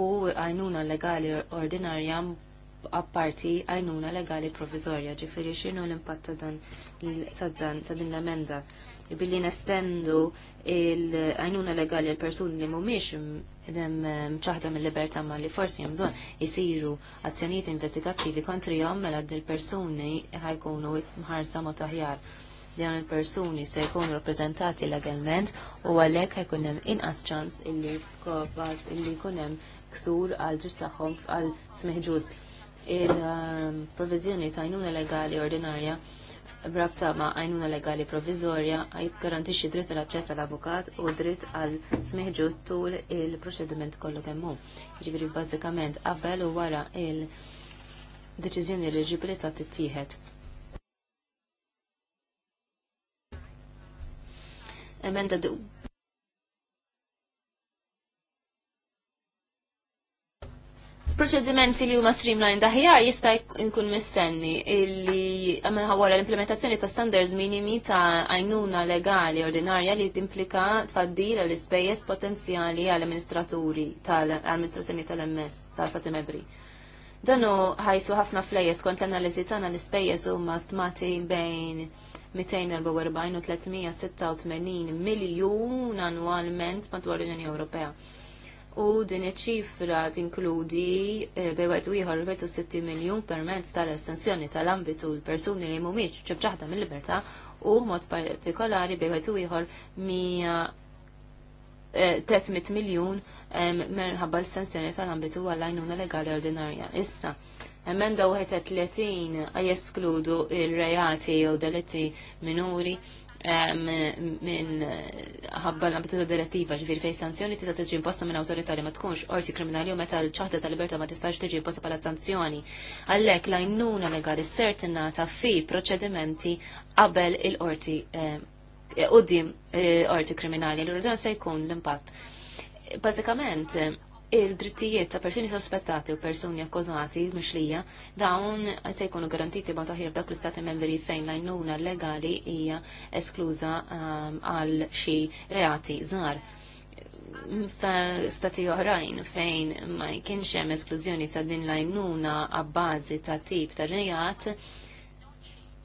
u għajnuna legali ordinarja apparti għajnuna legali provizorja ġifiri xinu l-impatt ta' dan ta' din l-emenda billi nestendu il-għajnuna legali l-persuni li mumiex edem ehm, ċaħda mill liberta ma li forsi jemżon jisiru azzjonijiet investigattivi kontri jom mela d persuni ħajkunu mħarsa ma taħjar. Dan il-persuni se jkunu rappresentati legalment u għalek ħajkunem inqas ċans illi illi kunem ksur għal ġiġ taħħom għal smiħ Il-provizjoni ehm, tajnuna legali ordinarja brabta ma' għajnuna legali provizorja għajib garantixi dritt l-access għal-avukat u dritt għal smiħġu tul il-proċediment kollu kemmu. Ġibri bazzikament qabel u wara il-deċizjoni li ġibri ta' tittieħed. Emenda proċedimenti li huma streamline daħjar jista' jkun mistenni li minħa wara l-implementazzjoni ta' standards minimi ta' għajnuna legali ordinarja li timplika tfaddil l ispejjeż potenzjali għall amministraturi tal-amministrazzjoni tal-MS ta' stati membri. Danu ħajsu ħafna flejjes kont l-analiżi tagħna l-ispejjeż huma stmati bejn 244 u 386 miljun annwalment madwar l-Unjoni Ewropea u din iċ-ċifra tinkludi eh, bejwet u ieħor 60 miljun permezz tal-estensjoni tal-ambitu l-persuni li mumiċ ċebċaħda mill-libertà u mod partikolari bejwet u ieħor 300 eh, miljun minħabba l-estensjoni tal-ambitu għall-għajnuna legali ordinarja. Issa, emenda 30 e jeskludu il-rejati u delitti minuri minn ħabba l-ambitu direttiva ġifir fej sanzjoni tista' tiġi imposta minn awtorità li ma tkunx orti kriminali u meta l-ċaħda tal-libertà ma tistax tiġi imposta bħala sanzjoni. Għalhekk lajnuna legali sertina ta' fi proċedimenti qabel il-qorti eh, dim eh, orti kriminali l-ordin se jkun l-impatt. Bażikament, il-drittijiet ta' persuni sospettati u persuni akkużati mixlija dawn se jkunu garantiti ba' taħir dak l-istati membri fejn l-għajnuna legali hija eskluża ehm, għal xi reati żgħar. Stati oħrajn fejn ma jkienx hemm esklużjoni ta' din l-għajnuna għabbażi ta' tip ta' reat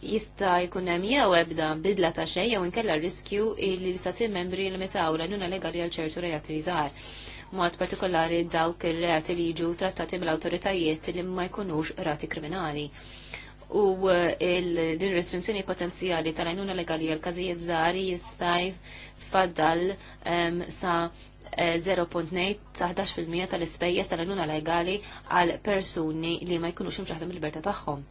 jista' jkun hemm jew ebda bidla ta' xejn jew inkella riskju li l-istati membri limitaw l-għajnuna legali għal ċertu reati żgħar mod partikolari dawk ir-reati li jiġu trattati mill-awtoritajiet li ma jkunux rati kriminali. U eh, din restrizzjoni potenzjali tal-għajnuna legali għal każijiet żgħar jistaj faddal ehm, sa 0.9 eh, sa 11% tal-ispejjeż tal-għajnuna legali għal persuni li ma jkunux imxaħdem il-libertà tagħhom.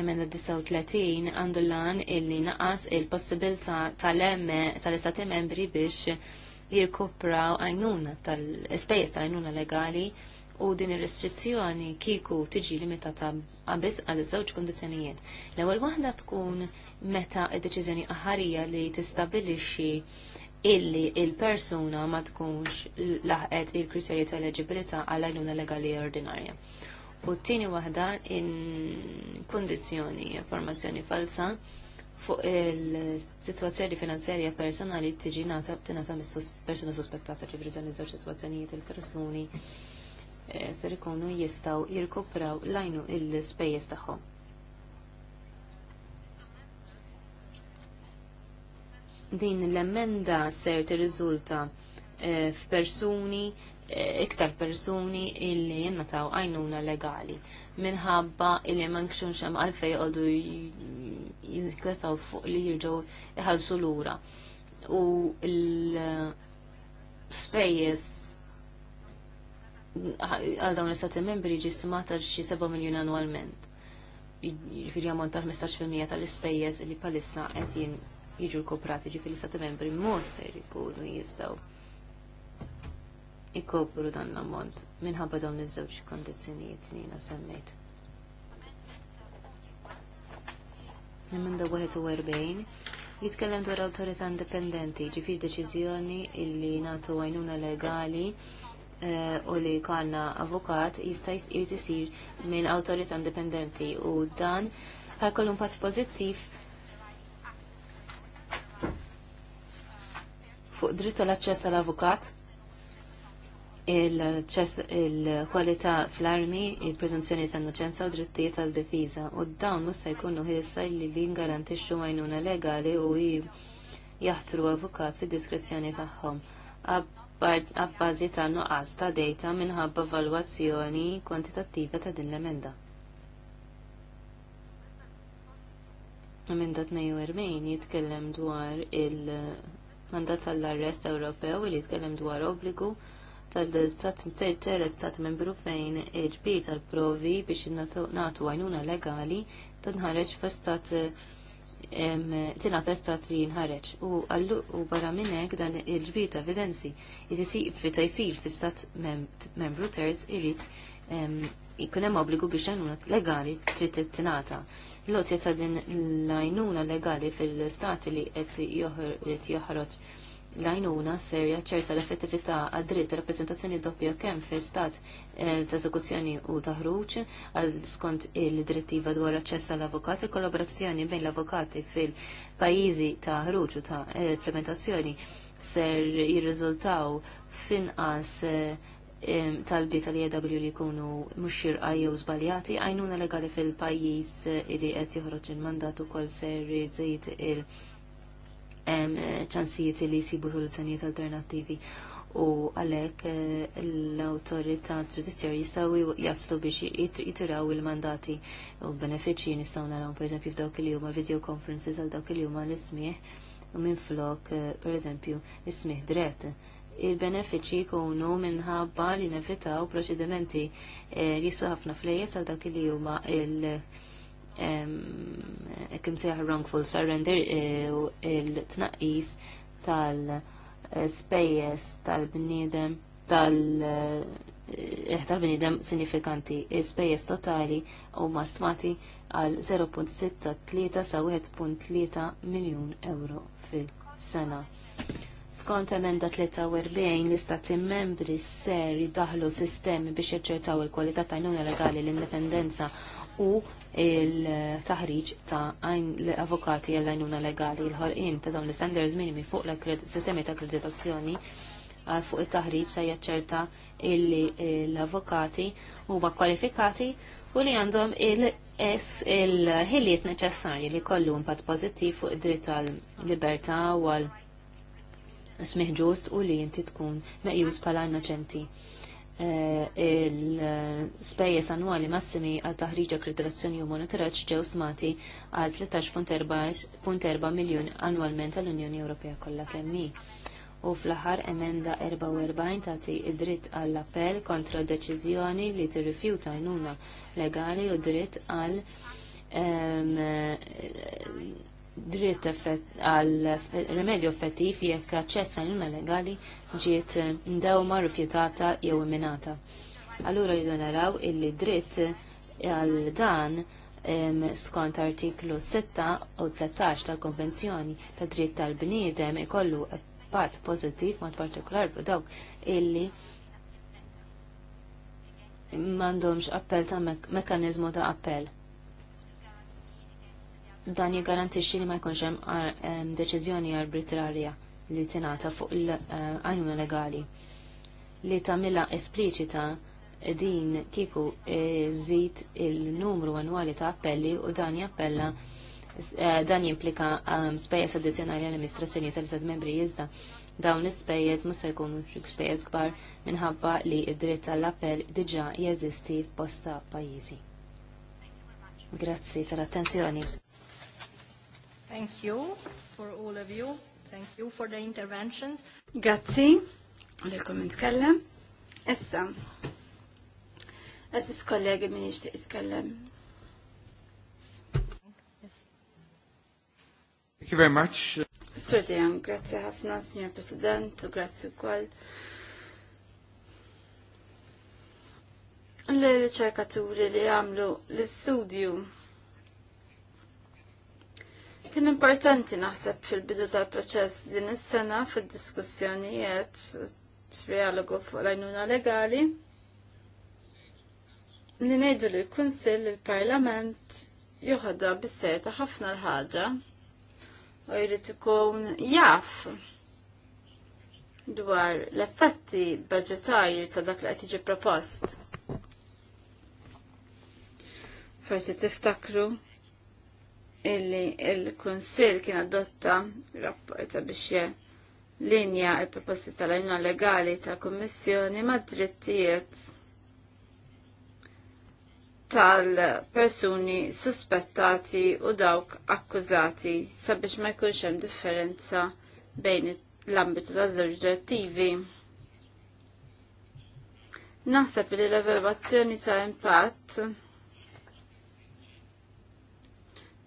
Emenda 39 għandu l-għan illi naqas il-possibilta tal-emme tal-istati membri biex jirkupraw għajnuna tal espejs tal-għajnuna legali u din ir-restrizzjoni kieku tiġi limitata għabis għal żewġ kondizjonijiet. L-ewwel waħda tkun meta d-deċiżjoni aħarija li tistabilixxi illi il-persuna ma tkunx laħqet il kriterju ta' eleġibilità għal għajnuna legali ordinarja u t-tini wahda in kondizjoni informazzjoni falsa fuq il-situazzjoni finanzjarja personali t tiġi nata b'tinata persona suspettata ġifri dan iż situazzjonijiet il-persuni eh, ser ikunu jistaw jirkupraw lajnu il-spejjeż tagħhom. Din l-emenda ser tirriżulta eh, f'persuni iktar persuni illi taw għajnuna legali minħabba illi ma nkxunx hemm għalfej għadu jikwetaw fuq li jirġgħu iħallsu lura. U l-spejjeż għal dawn l-istati membri ġi xi 7 miljun annwalment. Jiġifieri ammont taħ 15 tal-ispejjeż li palissa qed jiġu l-koprati ġifieri l-istati membri mhux se jkunu jistgħu ikkopru dan l-ammont minħabba dawn iż-żewġ kondizzjonijiet li jiena semmejt. Emenda 41 jitkellem dwar awtorità indipendenti, ġifier deċiżjoni illi nagħtu għajnuna legali eh, u li kanna avukat jista' jrid isir minn autorità indipendenti u dan ħajkollu impatt pożittiv fuq dritt l aċċess għall-avukat il-kwalità fl-armi, il prezenzjoni ta' noċenza u drittijiet tal difiża u dawn mhux se jkunu ħilsa li jingarantixxu għajnuna legali u jaħtru avukat fid-diskrezzjoni tagħhom abbażi ta' nuqqas ta' dejta minħabba valwazzjoni kwantitattiva ta' din l-emenda. Emenda 42 jitkellem dwar il-mandat tal-arrest Ewropew li jitkellem dwar obbligu tal stat telet stat membru fejn ġbir tal-provi biex natu għajnuna legali tanħareġ f'stat tina stat li jinħareġ. U għallu u barra minnek dan il-ġbir ta' evidenzi jisir fi f'stat membru terz irrit jikunem obbligu biex għajnuna legali trid tinata l-lotja ta' din l-għajnuna legali fil stat li qed joħroġ l-għajnuna serja ċerta l-effettività għad-dritt rappresentazzjoni doppja kemm fi stat eh, ta' eżekuzzjoni u taħruġ għal skont il-direttiva dwar aċċess għall avukat il-kollaborazzjoni bejn l-avukati fil-pajjiżi ta' ħruġ u ta' implementazzjoni ser jirriżultaw finqas eh, talbi tal-EW li jkunu mhux xirqa jew żbaljati għajnuna legali fil-pajjiż eh, li qed joħroġ il-mandat ukoll ser jżid il-, -il Eh, ċansijiet li jisibu soluzzjonijiet alternattivi u għalek eh, l awtorità ġudizzjar jistgħu jaslu biex jitiraw il-mandati u benefiċi nistaw naraw per eżempju f'dawk il huma video conferences għal dawk li huma l-ismieħ u minn flok eh, per eżempju ismieħ dret il-benefiċi jkunu minħabba li nevitaw proċedimenti jiswa ħafna flejes għal dawk li huma il- Eh, kim seħ wrongful surrender eh, il-tnaqis tal-spejjes tal-bnidem tal-bnidem eh, sinifikanti. Il-spejjes totali u mastmati għal 0.63 sa 1.3 miljon euro fil-sena. Skont emenda 43 l-istati membri ser jidaħlu sistemi biex jċertaw il kualità tajnuna legali l-indipendenza u il-taħriġ ta' l-avokati għall-għajnuna legali l-ħolqin ta' dawn l-standards minimi fuq l-sistemi ta' kreditazzjoni fuq il-taħriġ sa' jaċċerta illi l-avokati huma kwalifikati u li għandhom il-ħiliet neċessarji li kollu impatt pożittiv fuq id-dritt għal libertà u għal smiħ u li jinti tkun meqjus bħala innoċenti. Eh, il-spejjeż annwali massimi għal taħriġ akkreditazzjoni u monitoraġġ ġew smati għal 13.4 miljun annwalment għall unjoni Ewropea kollha kemm hi. U fl-aħħar emenda 44 tagħti id-dritt għall appell kontra deċiżjoni li tirrifjuta għajnuna legali u dritt għal ehm, dritt għal rimedju effettiv jekk aċċessa l ilma legali ġiet ndewma rifjutata jew minata. Allura jridu naraw illi dritt għal dan skont artiklu 6 u 13 tal-Konvenzjoni ta' dritt tal-bniedem ikollu pat pozittiv mod partikolar fuq dawk illi m'għandhomx appell ta' mekanizmu ta' appell dan jiggarantixxi li ma jkunx hemm deċiżjoni arbitrarja li tingħata fuq il-għajnuna legali li tagħmilha espliċita din kieku żid il-numru annwali ta' appelli u dan jappella eh, dan jimplika spejjeż addizzjonali għall amministrazzjoni tal-istat membri iżda dawn l-ispejjeż mhux se jkunu spejjeż kbar minħabba li d dritt tal-appell diġà jeżisti f'bosta pajjiżi. Grazzi tal-attenzjoni. Thank you for all of you. Thank you for the interventions. Grazzi l-kom nitkellem. essa Assis kollegi min jixtieq jitkellem. Thank you very much. Sur Dejan, grazzi ħafna, Signor President, u grazzi wkoll. L-riċerkaturi li għamlu l studium Kien importanti naħseb fil-bidu tal-proċess din is-sena fid-diskussjonijiet trialogu fuq l-għajnuna legali li ngħidu li l-Kunsill il-Parlament joħodha bis-seta ħafna l-ħaġa u jrid ikun jaf dwar l-effetti budgetarji ta' dak li qed jiġi propost. Forsi tiftakru illi il-Kunsil kien adotta rapporta biex linja il-proposti tal-għajna legali ta' kommissjoni ma' drittijiet tal-persuni suspettati u dawk akkużati sabiex ma jkunx hemm differenza bejn l-ambitu ta' żewġ direttivi. Naħseb li l-evalwazzjoni ta' impatt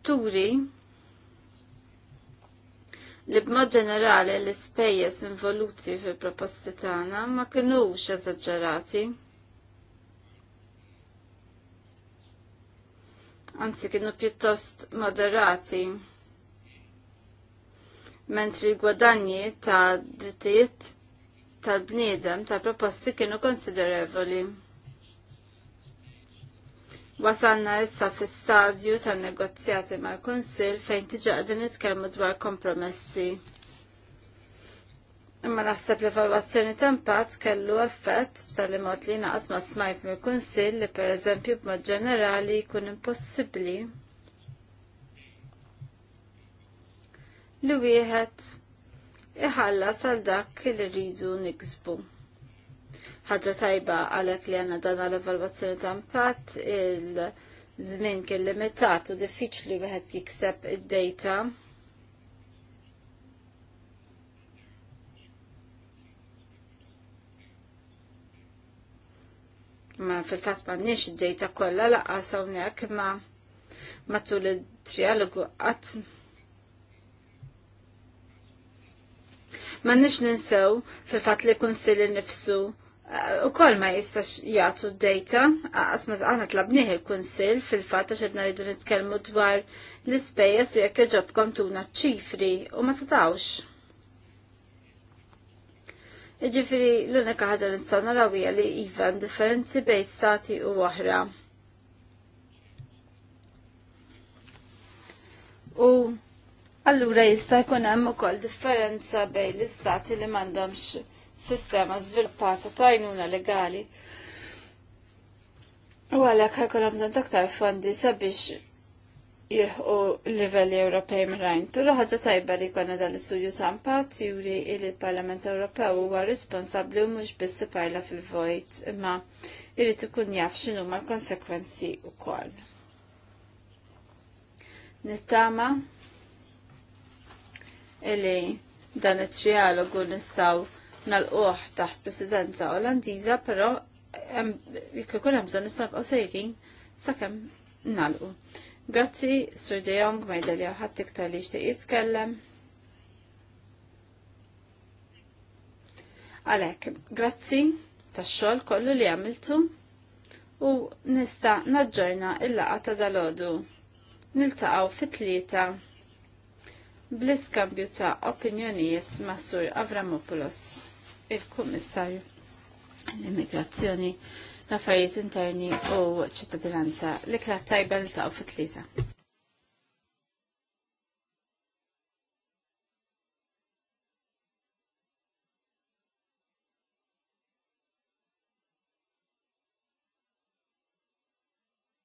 vetturi li b'mod ġenerali l-ispejjeż involuti fil-proposti tagħna ma kinux eżaġġerati. Anzi kienu pjuttost moderati. Mentri l-gwadanji ta' drittijiet tal-bniedem ta' proposti kienu konsiderevoli. Wasanna issa fi stadju ta' negozjati mal konsil fejn tiġa qegħdin nitkellmu dwar kompromessi. Imma naħseb l-evalwazzjoni ta' impatt kellu effett b'tali mod li naqgħod ma smajt mill-kunsill li pereżempju b'mod ġenerali jkun impossibbli li wieħed iħallas għal dak li rridu niksbu ħaġa tajba għalek li għandna dan l evalwazzjoni ta' impatt il-żmien kien limitat u diffiċli wieħed jikseb id-data. Ma fil-fatt m'għandniex id-data kollha laqas hawnhekk ma matul it-trialogu qatt Ma nix ninsew fil-fat li sili nifsu u koll ma jistax jgħatu d-data, għasmet għana tlabniħ il konsil fil-fat għax għedna rridu nitkelmu dwar l-ispejjes u jekk ġobkom tuna ċifri u ma setawx. Iġifiri l-unika ħagġa li nistgħu naraw hija li iva differenzi bejn stati u oħra. U allura jista' jkun hemm ukoll differenza bejn l-istati li m'għandhomx sistema żviluppata ta' għajnuna legali. U għalhekk ħajkun hemm bżonn aktar fondi sabiex jirħu l-livelli Ewropej mrajn. Però ħaġa tajba li konna dal-istudju ta' impatt juri li l-Parlament Ewropew huwa responsabbli u mhux biss parla fil-vojt, imma jrid ikun jaf x'inhuma l-konsekwenzi wkoll. Nittama illi dan it-trialogu nistaw nal-uħ taħt presidenza olandiza, pero jekk ikun hemm bżonn u sejrin sakemm nalqu. Grazzi, Sir De Jong, ma jdelja ħadd iktar li jixtieq jitkellem. Għalhekk, grazzi tax-xogħol kollu li għamiltu u nista naġġorna l-laqgħa ta' dalodu. Niltaqgħu fit-tlieta bl-iskambju ta' opinjonijiet ma' Sur Avramopoulos il-Kummissarju l-Immigrazzjoni, l-Affarijiet Interni u ċittadinanza li kra tajba li taqgħu fit-tlieta.